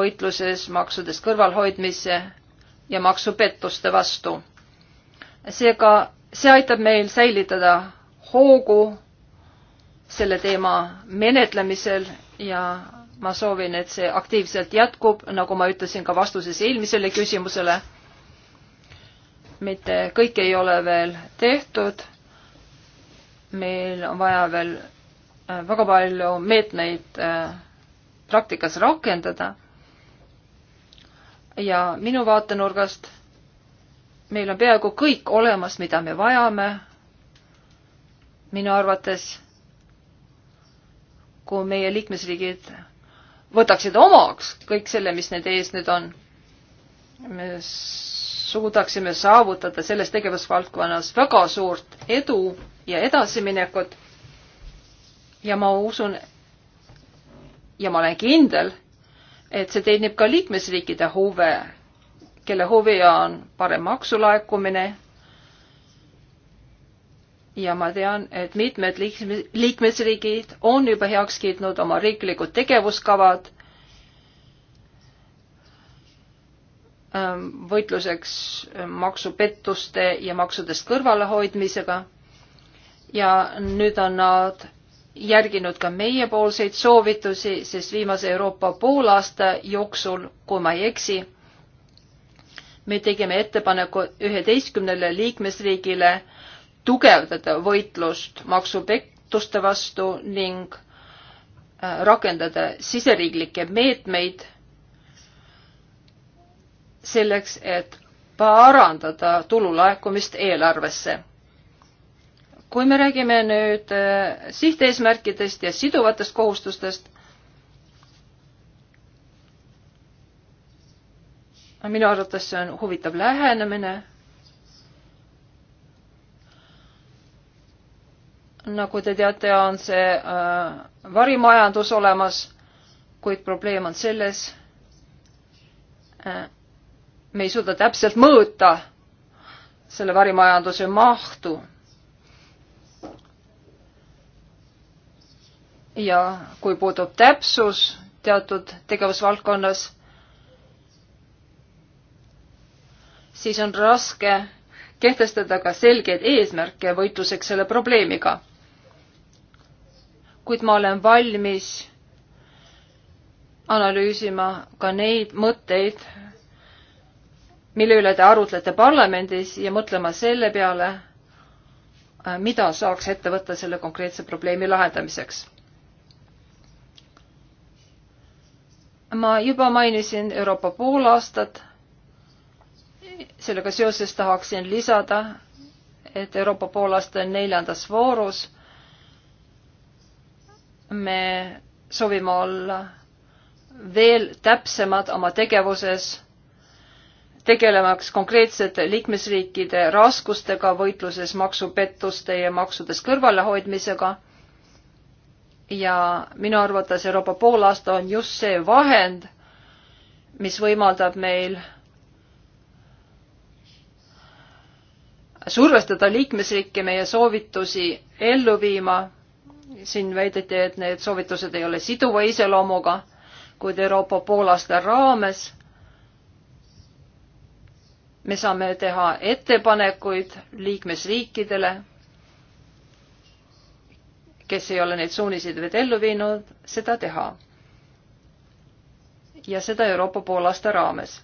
võitluses maksudest kõrvalhoidmise ja maksupettuste vastu. seega see aitab meil säilitada hoogu selle teema menetlemisel ja ma soovin, et see aktiivselt jätkub, nagu ma ütlesin ka vastuses eelmisele küsimusele. mitte kõik ei ole veel tehtud. meil on vaja veel äh, väga palju meetmeid äh, praktikas rakendada. ja minu vaatenurgast meil on peaaegu kõik olemas, mida me vajame. minu arvates, kui meie liikmesriigid võtaksid omaks kõik selle, mis nende ees nüüd on, me suudaksime saavutada selles tegevusvaldkonnas väga suurt edu ja edasiminekut. ja ma usun ja ma olen kindel, et see teenib ka liikmesriikide huve kelle huvi on parem maksulaekumine. ja ma tean, et mitmed liikmesriigid on juba heaks kiitnud oma riiklikud tegevuskavad ähm, võitluseks ähm, maksupettuste ja maksudest kõrvalehoidmisega. ja nüüd on nad järginud ka meiepoolseid soovitusi, sest viimase Euroopa poolaasta jooksul, kui ma ei eksi, me tegime ettepaneku üheteistkümnele liikmesriigile tugevdada võitlust maksupettuste vastu ning äh, rakendada siseriiklikke meetmeid selleks, et parandada tulu laekumist eelarvesse. kui me räägime nüüd äh, sihteesmärkidest ja siduvatest kohustustest, minu arvates see on huvitav lähenemine. nagu te teate, on see äh, varimajandus olemas, kuid probleem on selles äh,, me ei suuda täpselt mõõta selle varimajanduse mahtu ja kui puudub täpsus teatud tegevusvaldkonnas, siis on raske kehtestada ka selgeid eesmärke võitluseks selle probleemiga. kuid ma olen valmis analüüsima ka neid mõtteid, mille üle te arutlete parlamendis ja mõtlema selle peale, mida saaks ette võtta selle konkreetse probleemi lahendamiseks. ma juba mainisin Euroopa poolaastat sellega seoses tahaksin lisada, et Euroopa poolaasta neljandas voorus me soovime olla veel täpsemad oma tegevuses, tegelemaks konkreetsete liikmesriikide raskustega võitluses maksupettuste ja maksudest kõrvalehoidmisega. ja minu arvates Euroopa poolaasta on just see vahend, mis võimaldab meil survestada liikmesriike meie soovitusi ellu viima. siin väideti, et need soovitused ei ole siduva iseloomuga, kuid Euroopa poolaasta raames me saame teha ettepanekuid liikmesriikidele, kes ei ole neid suuniseid veel ellu viinud, seda teha. ja seda Euroopa poolaasta raames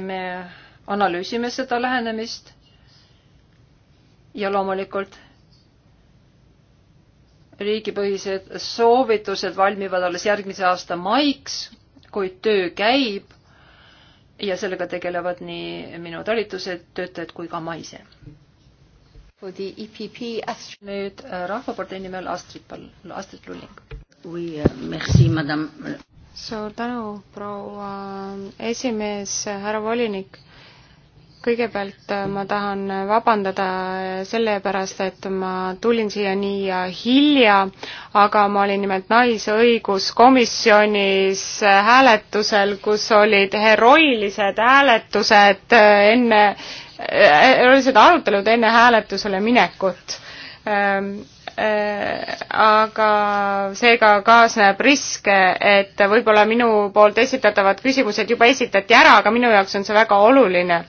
me analüüsime seda lähenemist ja loomulikult riigipõhised soovitused valmivad alles järgmise aasta maiks, kuid töö käib ja sellega tegelevad nii minu talitused, töötajad kui ka ma ise. E nüüd äh, Rahvapartei nimel Astrid Pall, Astrid Lulling. Euh, suur tänu, proua ähm, esimees, härra volinik. kõigepealt äh, ma tahan vabandada äh, selle pärast, et ma tulin siia nii äh, hilja, aga ma olin nimelt naisõiguskomisjonis hääletusel, kus olid heroilised hääletused enne, heroilised arutelud enne hääletusele minekut ähm, Äh, aga seega kaasneb riske, et võib-olla minu poolt esitatavad küsimused juba esitati ära, aga minu jaoks on see väga oluline.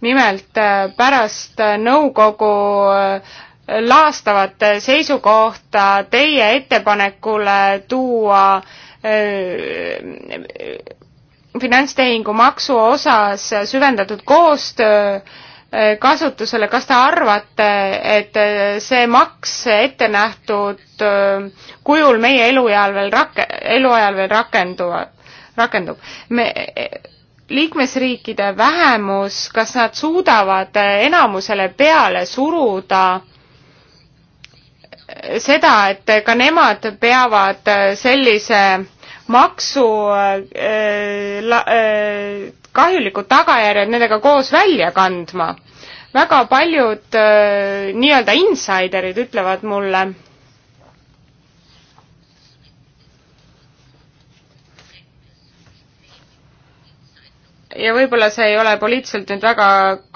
nimelt äh, pärast nõukogu äh, laastavat seisukohta teie ettepanekule tuua finantstehingu maksu osas süvendatud koostöö Eh, kasutusele, kas te arvate, et eh, see maks ette nähtud eh, kujul meie elueal veel rak-, eluajal veel rakenduvad, rakendub? me, liikmesriikide vähemus, kas nad suudavad enamusele peale suruda seda, et ka nemad peavad sellise maksu äh, la, äh, kahjulikud tagajärjed nendega koos välja kandma. väga paljud äh, nii-öelda insiderid ütlevad mulle, ja võib-olla see ei ole poliitiliselt nüüd väga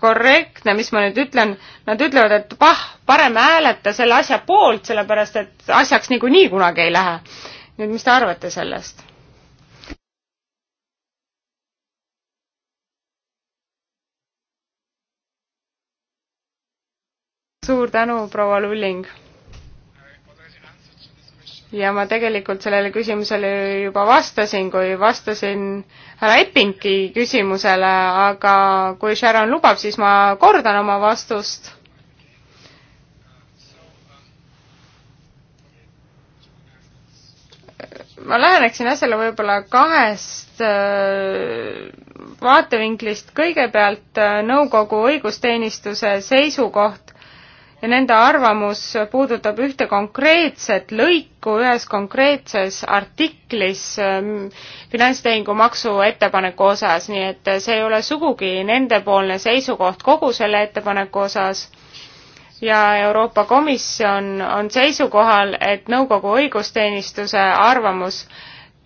korrektne, mis ma nüüd ütlen, nad ütlevad, et pah, parem hääleta selle asja poolt, sellepärast et asjaks niikuinii kunagi ei lähe. nüüd mis te arvate sellest? suur tänu, proua Lulling! ja ma tegelikult sellele küsimusele juba vastasin, kui vastasin härra Eppinki küsimusele, aga kui Sharon lubab, siis ma kordan oma vastust. ma läheneksin asjale võib-olla kahest äh, vaatevinklist, kõigepealt äh, nõukogu õigusteenistuse seisukoht ja nende arvamus puudutab ühte konkreetset lõiku ühes konkreetses artiklis ähm, finantstehingumaksu ettepaneku osas, nii et see ei ole sugugi nendepoolne seisukoht kogu selle ettepaneku osas ja Euroopa Komisjon on seisukohal, et nõukogu õigusteenistuse arvamus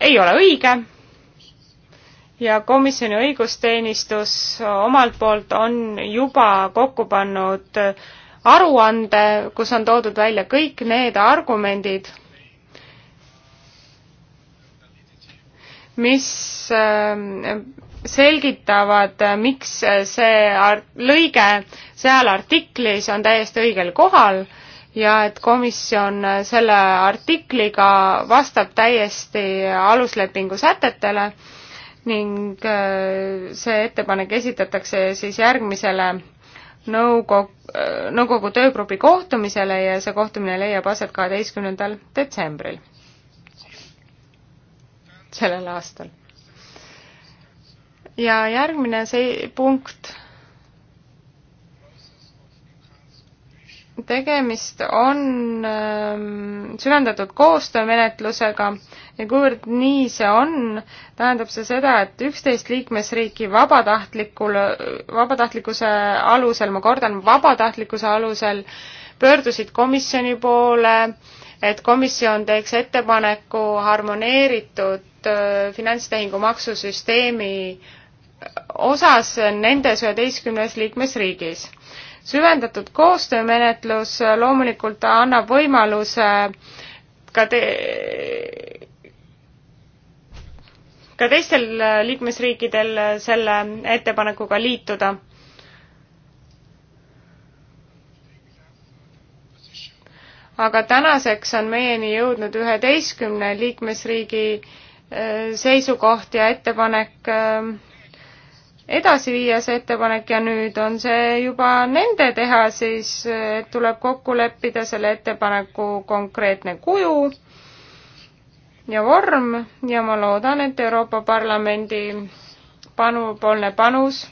ei ole õige ja komisjoni õigusteenistus omalt poolt on juba kokku pannud aruande, kus on toodud välja kõik need argumendid, mis ähm, selgitavad, äh, miks äh, see art-, lõige seal artiklis on täiesti õigel kohal ja et komisjon äh, selle artikliga vastab täiesti aluslepingu sätetele ning see ettepanek esitatakse siis järgmisele nõukogu, nõukogu töögrupi kohtumisele ja see kohtumine leiab aset kaheteistkümnendal detsembril sellel aastal. ja järgmine see punkt tegemist on ähm, süvendatud koostöömenetlusega ja kuivõrd nii see on, tähendab see seda, et üksteist liikmesriiki vabatahtlikul, vabatahtlikkuse alusel, ma kordan, vabatahtlikkuse alusel pöördusid komisjoni poole, et komisjon teeks ettepaneku harmoneeritud äh, finantstehingu maksusüsteemi osas nendes üheteistkümnes liikmesriigis süvendatud koostöömenetlus loomulikult annab võimaluse ka te-, ka teistel liikmesriikidel selle ettepanekuga liituda. aga tänaseks on meieni jõudnud üheteistkümne liikmesriigi eh, seisukoht ja ettepanek äh, edasi viia see ettepanek ja nüüd on see juba nende teha, siis eh, tuleb kokku leppida selle ettepaneku konkreetne kuju ja vorm ja ma loodan, et Euroopa Parlamendi panu, poolne panus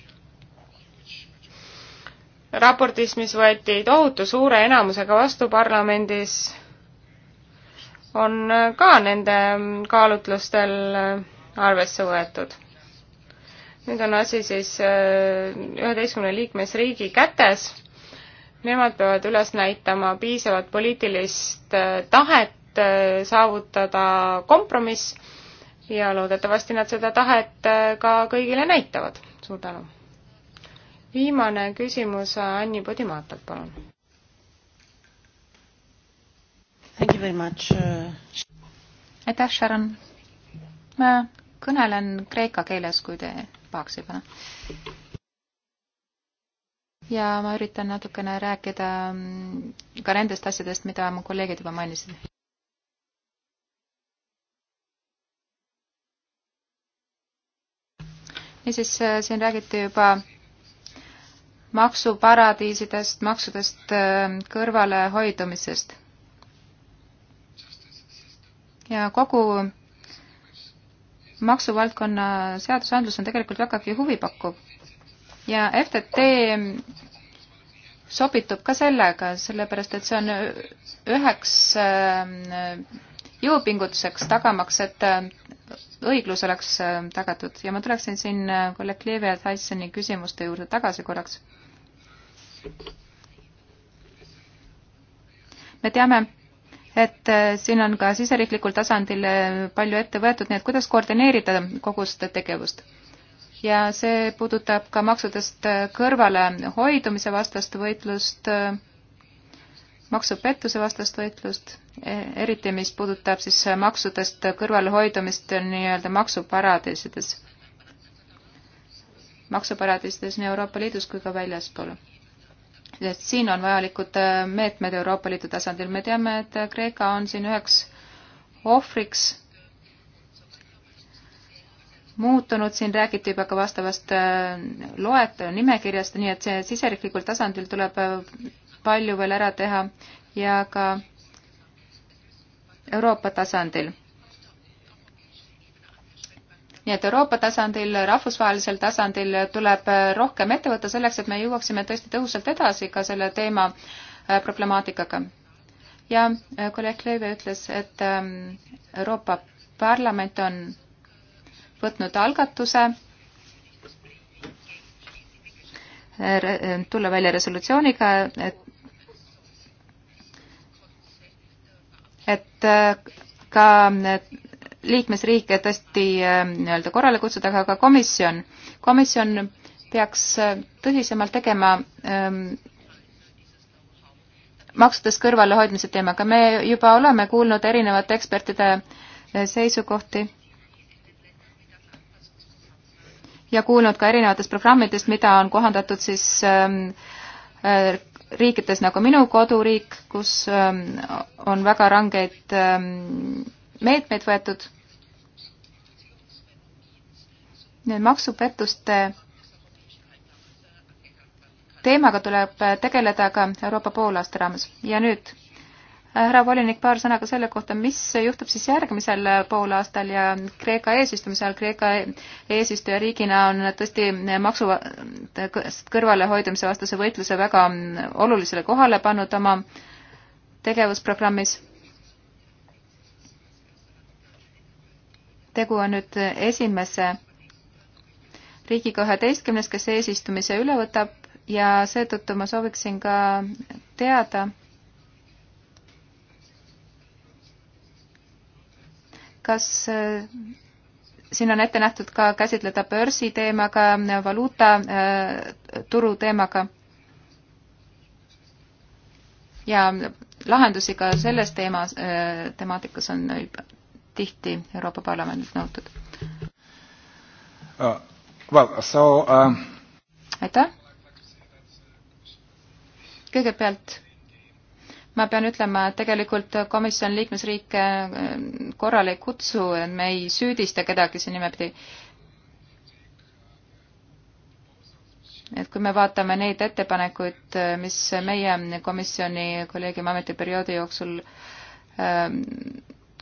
raportis, mis võeti tohutu suure enamusega vastu parlamendis, on ka nende kaalutlustel eh, arvesse võetud nüüd on asi siis äh, üheteistkümne liikmesriigi kätes. Nemad peavad üles näitama piisavat poliitilist äh, tahet äh, saavutada kompromiss ja loodetavasti nad seda tahet ka kõigile näitavad. suur tänu. viimane küsimus Anni Podimatalt, palun. aitäh, Sharon. ma kõnelen kreeka keeles, kui te pahaks ei pane. Noh. ja ma üritan natukene rääkida mm, ka nendest asjadest, mida mu kolleegid juba mainisid. niisiis, äh, siin räägiti juba maksuparadiisidest, maksudest äh, kõrvale hoidumisest. ja kogu maksuvaldkonna seadusandlus on tegelikult vägagi huvipakkuv ja FTT sobitub ka sellega, sellepärast et see on üheks äh, jõupingutuseks tagamaks, et äh, õiglus oleks äh, tagatud ja ma tuleksin siin kolleeg Leevi ja Tysoni küsimuste juurde tagasi korraks. me teame, et äh, siin on ka siseriiklikul tasandil äh, palju ette võetud, nii et kuidas koordineerida kogu seda tegevust? ja see puudutab ka maksudest äh, kõrvale hoidumise vastast võitlust, maksupettuse vastast võitlust, e, eriti mis puudutab siis maksudest kõrvalehoidumist nii-öelda maksuparadiisides, maksuparadiisides nii Euroopa Liidus kui ka väljaspool sest siin on vajalikud äh, meetmed Euroopa Liidu tasandil. me teame, et Kreeka on siin üheks ohvriks muutunud, siin räägiti juba ka vastavast äh, loetelu nimekirjast, nii et see siseriiklikul tasandil tuleb äh, palju veel ära teha ja ka Euroopa tasandil nii et Euroopa tasandil, rahvusvahelisel tasandil tuleb äh, rohkem ette võtta selleks, et me jõuaksime tõesti tõhusalt edasi ka selle teema äh, problemaatikaga. ja äh, kolleeg Leive ütles, et ähm, Euroopa Parlament on võtnud algatuse tulla välja resolutsiooniga, et et ka liikmesriike tõesti äh, nii-öelda korrale kutsuda, aga ka komisjon, komisjon peaks äh, tõsisemalt tegema ähm, maksudest kõrvalehoidmise teemaga. me juba oleme kuulnud erinevate ekspertide äh, seisukohti ja kuulnud ka erinevatest programmidest, mida on kohandatud siis ähm, riikides nagu minu koduriik, kus ähm, on väga rangeid meetmeid võetud. nüüd maksupettuste teemaga tuleb tegeleda ka Euroopa poolaasta raames ja nüüd härra volinik, paar sõna ka selle kohta, mis juhtub siis järgmisel poolaastal ja Kreeka eesistumise ajal. Kreeka eesistujariigina on tõesti maksu kõrvalehoidmise vastase võitluse väga olulisele kohale pannud oma tegevusprogrammis. tegu on nüüd esimese riigiga üheteistkümnes, kes eesistumise üle võtab ja seetõttu ma sooviksin ka teada, kas äh, siin on ette nähtud ka käsitleda börsiteemaga, valuutaturu äh, teemaga ja lahendusi ka selles teemas, äh, temaatikas on tihti Euroopa Parlamendilt nõutud uh well, so, um... aitäh. kõigepealt ma pean ütlema, et tegelikult komisjon liikmesriike äh, korrale ei kutsu, me ei süüdista kedagi siin nimepidi. et kui me vaatame neid ettepanekuid, äh, mis meie komisjoni kolleegiumi ametiperioodi jooksul ähm,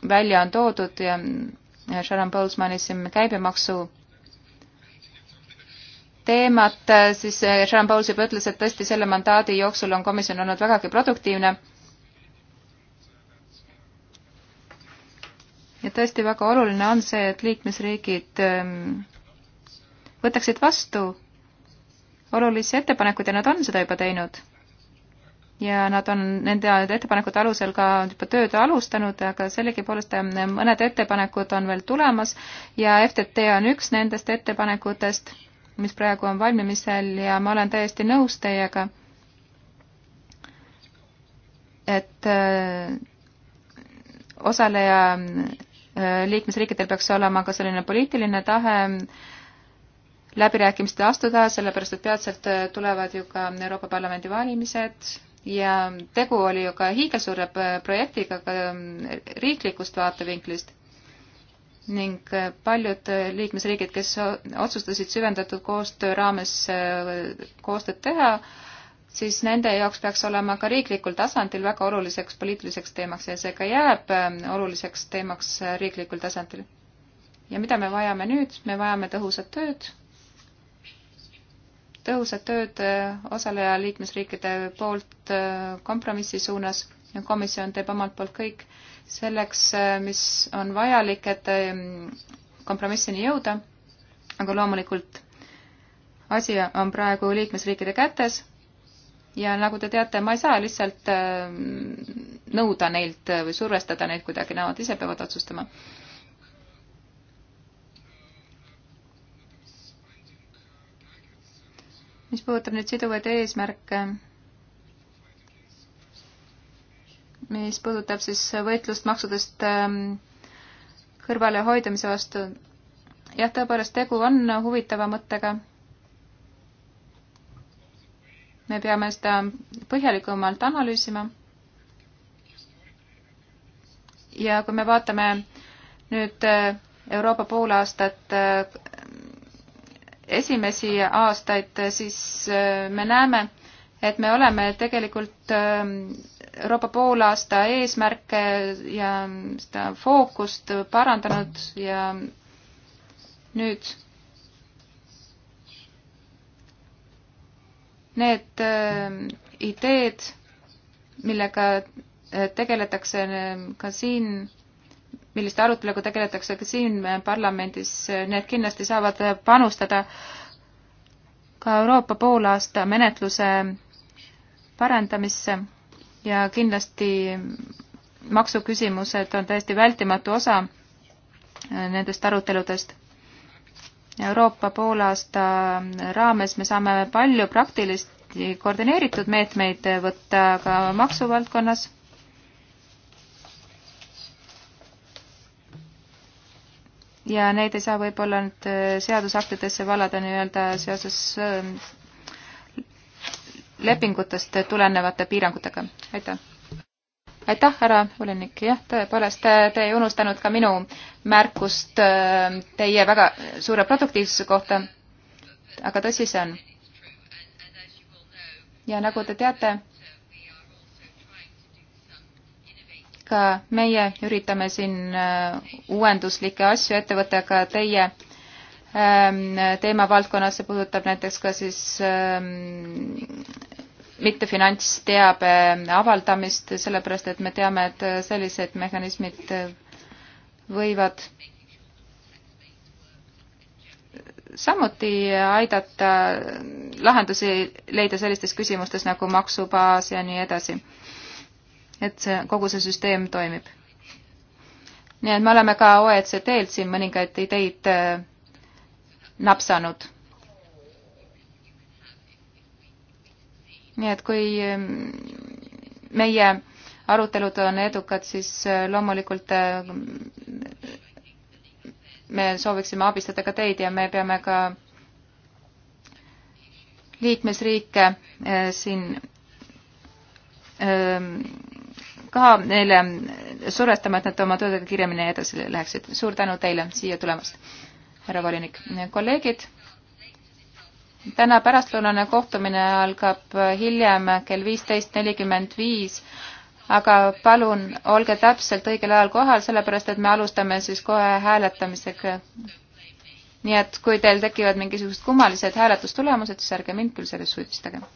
välja on toodud ja Sharon Boltzmanni siin käibemaksu teemat, siis Jean Pauls juba ütles, et tõesti selle mandaadi jooksul on komisjon olnud vägagi produktiivne. ja tõesti väga oluline on see, et liikmesriigid ähm, võtaksid vastu olulisi ettepanekuid ja nad on seda juba teinud. ja nad on nende ettepanekute alusel ka juba tööd alustanud, aga sellegipoolest ähm, mõned ettepanekud on veel tulemas ja FTT on üks nendest ettepanekutest mis praegu on valmimisel ja ma olen täiesti nõus teiega, et äh, osaleja äh, liikmesriikidel peaks olema ka selline poliitiline tahe läbirääkimiste astuda, sellepärast et peatselt äh, tulevad ju ka Euroopa Parlamendi valimised ja tegu oli ju ka hiigelsuure projektiga ka riiklikust vaatevinklist ning äh, paljud äh, liikmesriigid, kes otsustasid süvendatud koostöö raames äh, koostööd teha, siis nende jaoks peaks olema ka riiklikul tasandil väga oluliseks poliitiliseks teemaks ja see ka jääb oluliseks teemaks riiklikul tasandil. ja mida me vajame nüüd, me vajame tõhusat tööd, tõhusat tööd osaleja liikmesriikide poolt kompromissi suunas ja komisjon teeb omalt poolt kõik selleks, äh, mis on vajalik, et ähm, kompromissini jõuda, aga loomulikult asi on praegu liikmesriikide kätes ja nagu te teate, ma ei saa lihtsalt ähm, nõuda neilt või survestada neid kuidagi, nemad ise peavad otsustama. mis puudutab nüüd siduvaid eesmärke mis puudutab siis võitlust maksudest ähm, kõrvalehoidmise vastu. jah, tõepoolest, tegu on huvitava mõttega. me peame seda põhjalikumalt analüüsima. ja kui me vaatame nüüd äh, Euroopa poolaastat äh, esimesi aastaid, siis äh, me näeme, et me oleme tegelikult ähm, Euroopa poolaasta eesmärke ja seda fookust parandanud ja nüüd need äh, ideed, millega äh, tegeletakse äh, ka siin, milliste aruteluga tegeletakse ka siin parlamendis, need kindlasti saavad panustada ka Euroopa poolaasta menetluse parendamisse ja kindlasti maksuküsimused on täiesti vältimatu osa äh, nendest aruteludest. Euroopa poolaasta raames me saame palju praktilist koordineeritud meetmeid võtta ka maksuvaldkonnas. ja neid ei saa võib-olla nüüd äh, seadusaktidesse vallada nii-öelda seoses äh, lepingutest tulenevate piirangutega. aitäh! aitäh, härra volinik, jah, tõepoolest, te ei unustanud ka minu märkust äh, teie väga suure produktiivsuse kohta, aga tõsi see on. ja nagu te teate, ka meie üritame siin äh, uuenduslikke asju ettevõttega teie Ähm, teemavaldkonnas, see puudutab näiteks ka siis ähm, mittefinantsteabe avaldamist, sellepärast et me teame, et sellised mehhanismid võivad samuti aidata lahendusi leida sellistes küsimustes nagu maksubaas ja nii edasi. et see, kogu see süsteem toimib. nii et me oleme ka OECD-lt siin mõningaid ideid äh, napsanud. nii et kui ehm, meie arutelud on edukad, siis eh, loomulikult eh, me sooviksime abistada ka teid ja me peame ka liikmesriike eh, siin ehm, ka neile survestama, et nad oma töödega kiiremini edasi läheksid. suur tänu teile siia tulemast! härra volinik. kolleegid, täna pärastlõunane kohtumine algab hiljem kell viisteist nelikümmend viis, aga palun olge täpselt õigel ajal kohal, sellepärast et me alustame siis kohe hääletamisega. nii et kui teil tekivad mingisugused kummalised hääletustulemused, siis ärge mind küll selles süüdistage.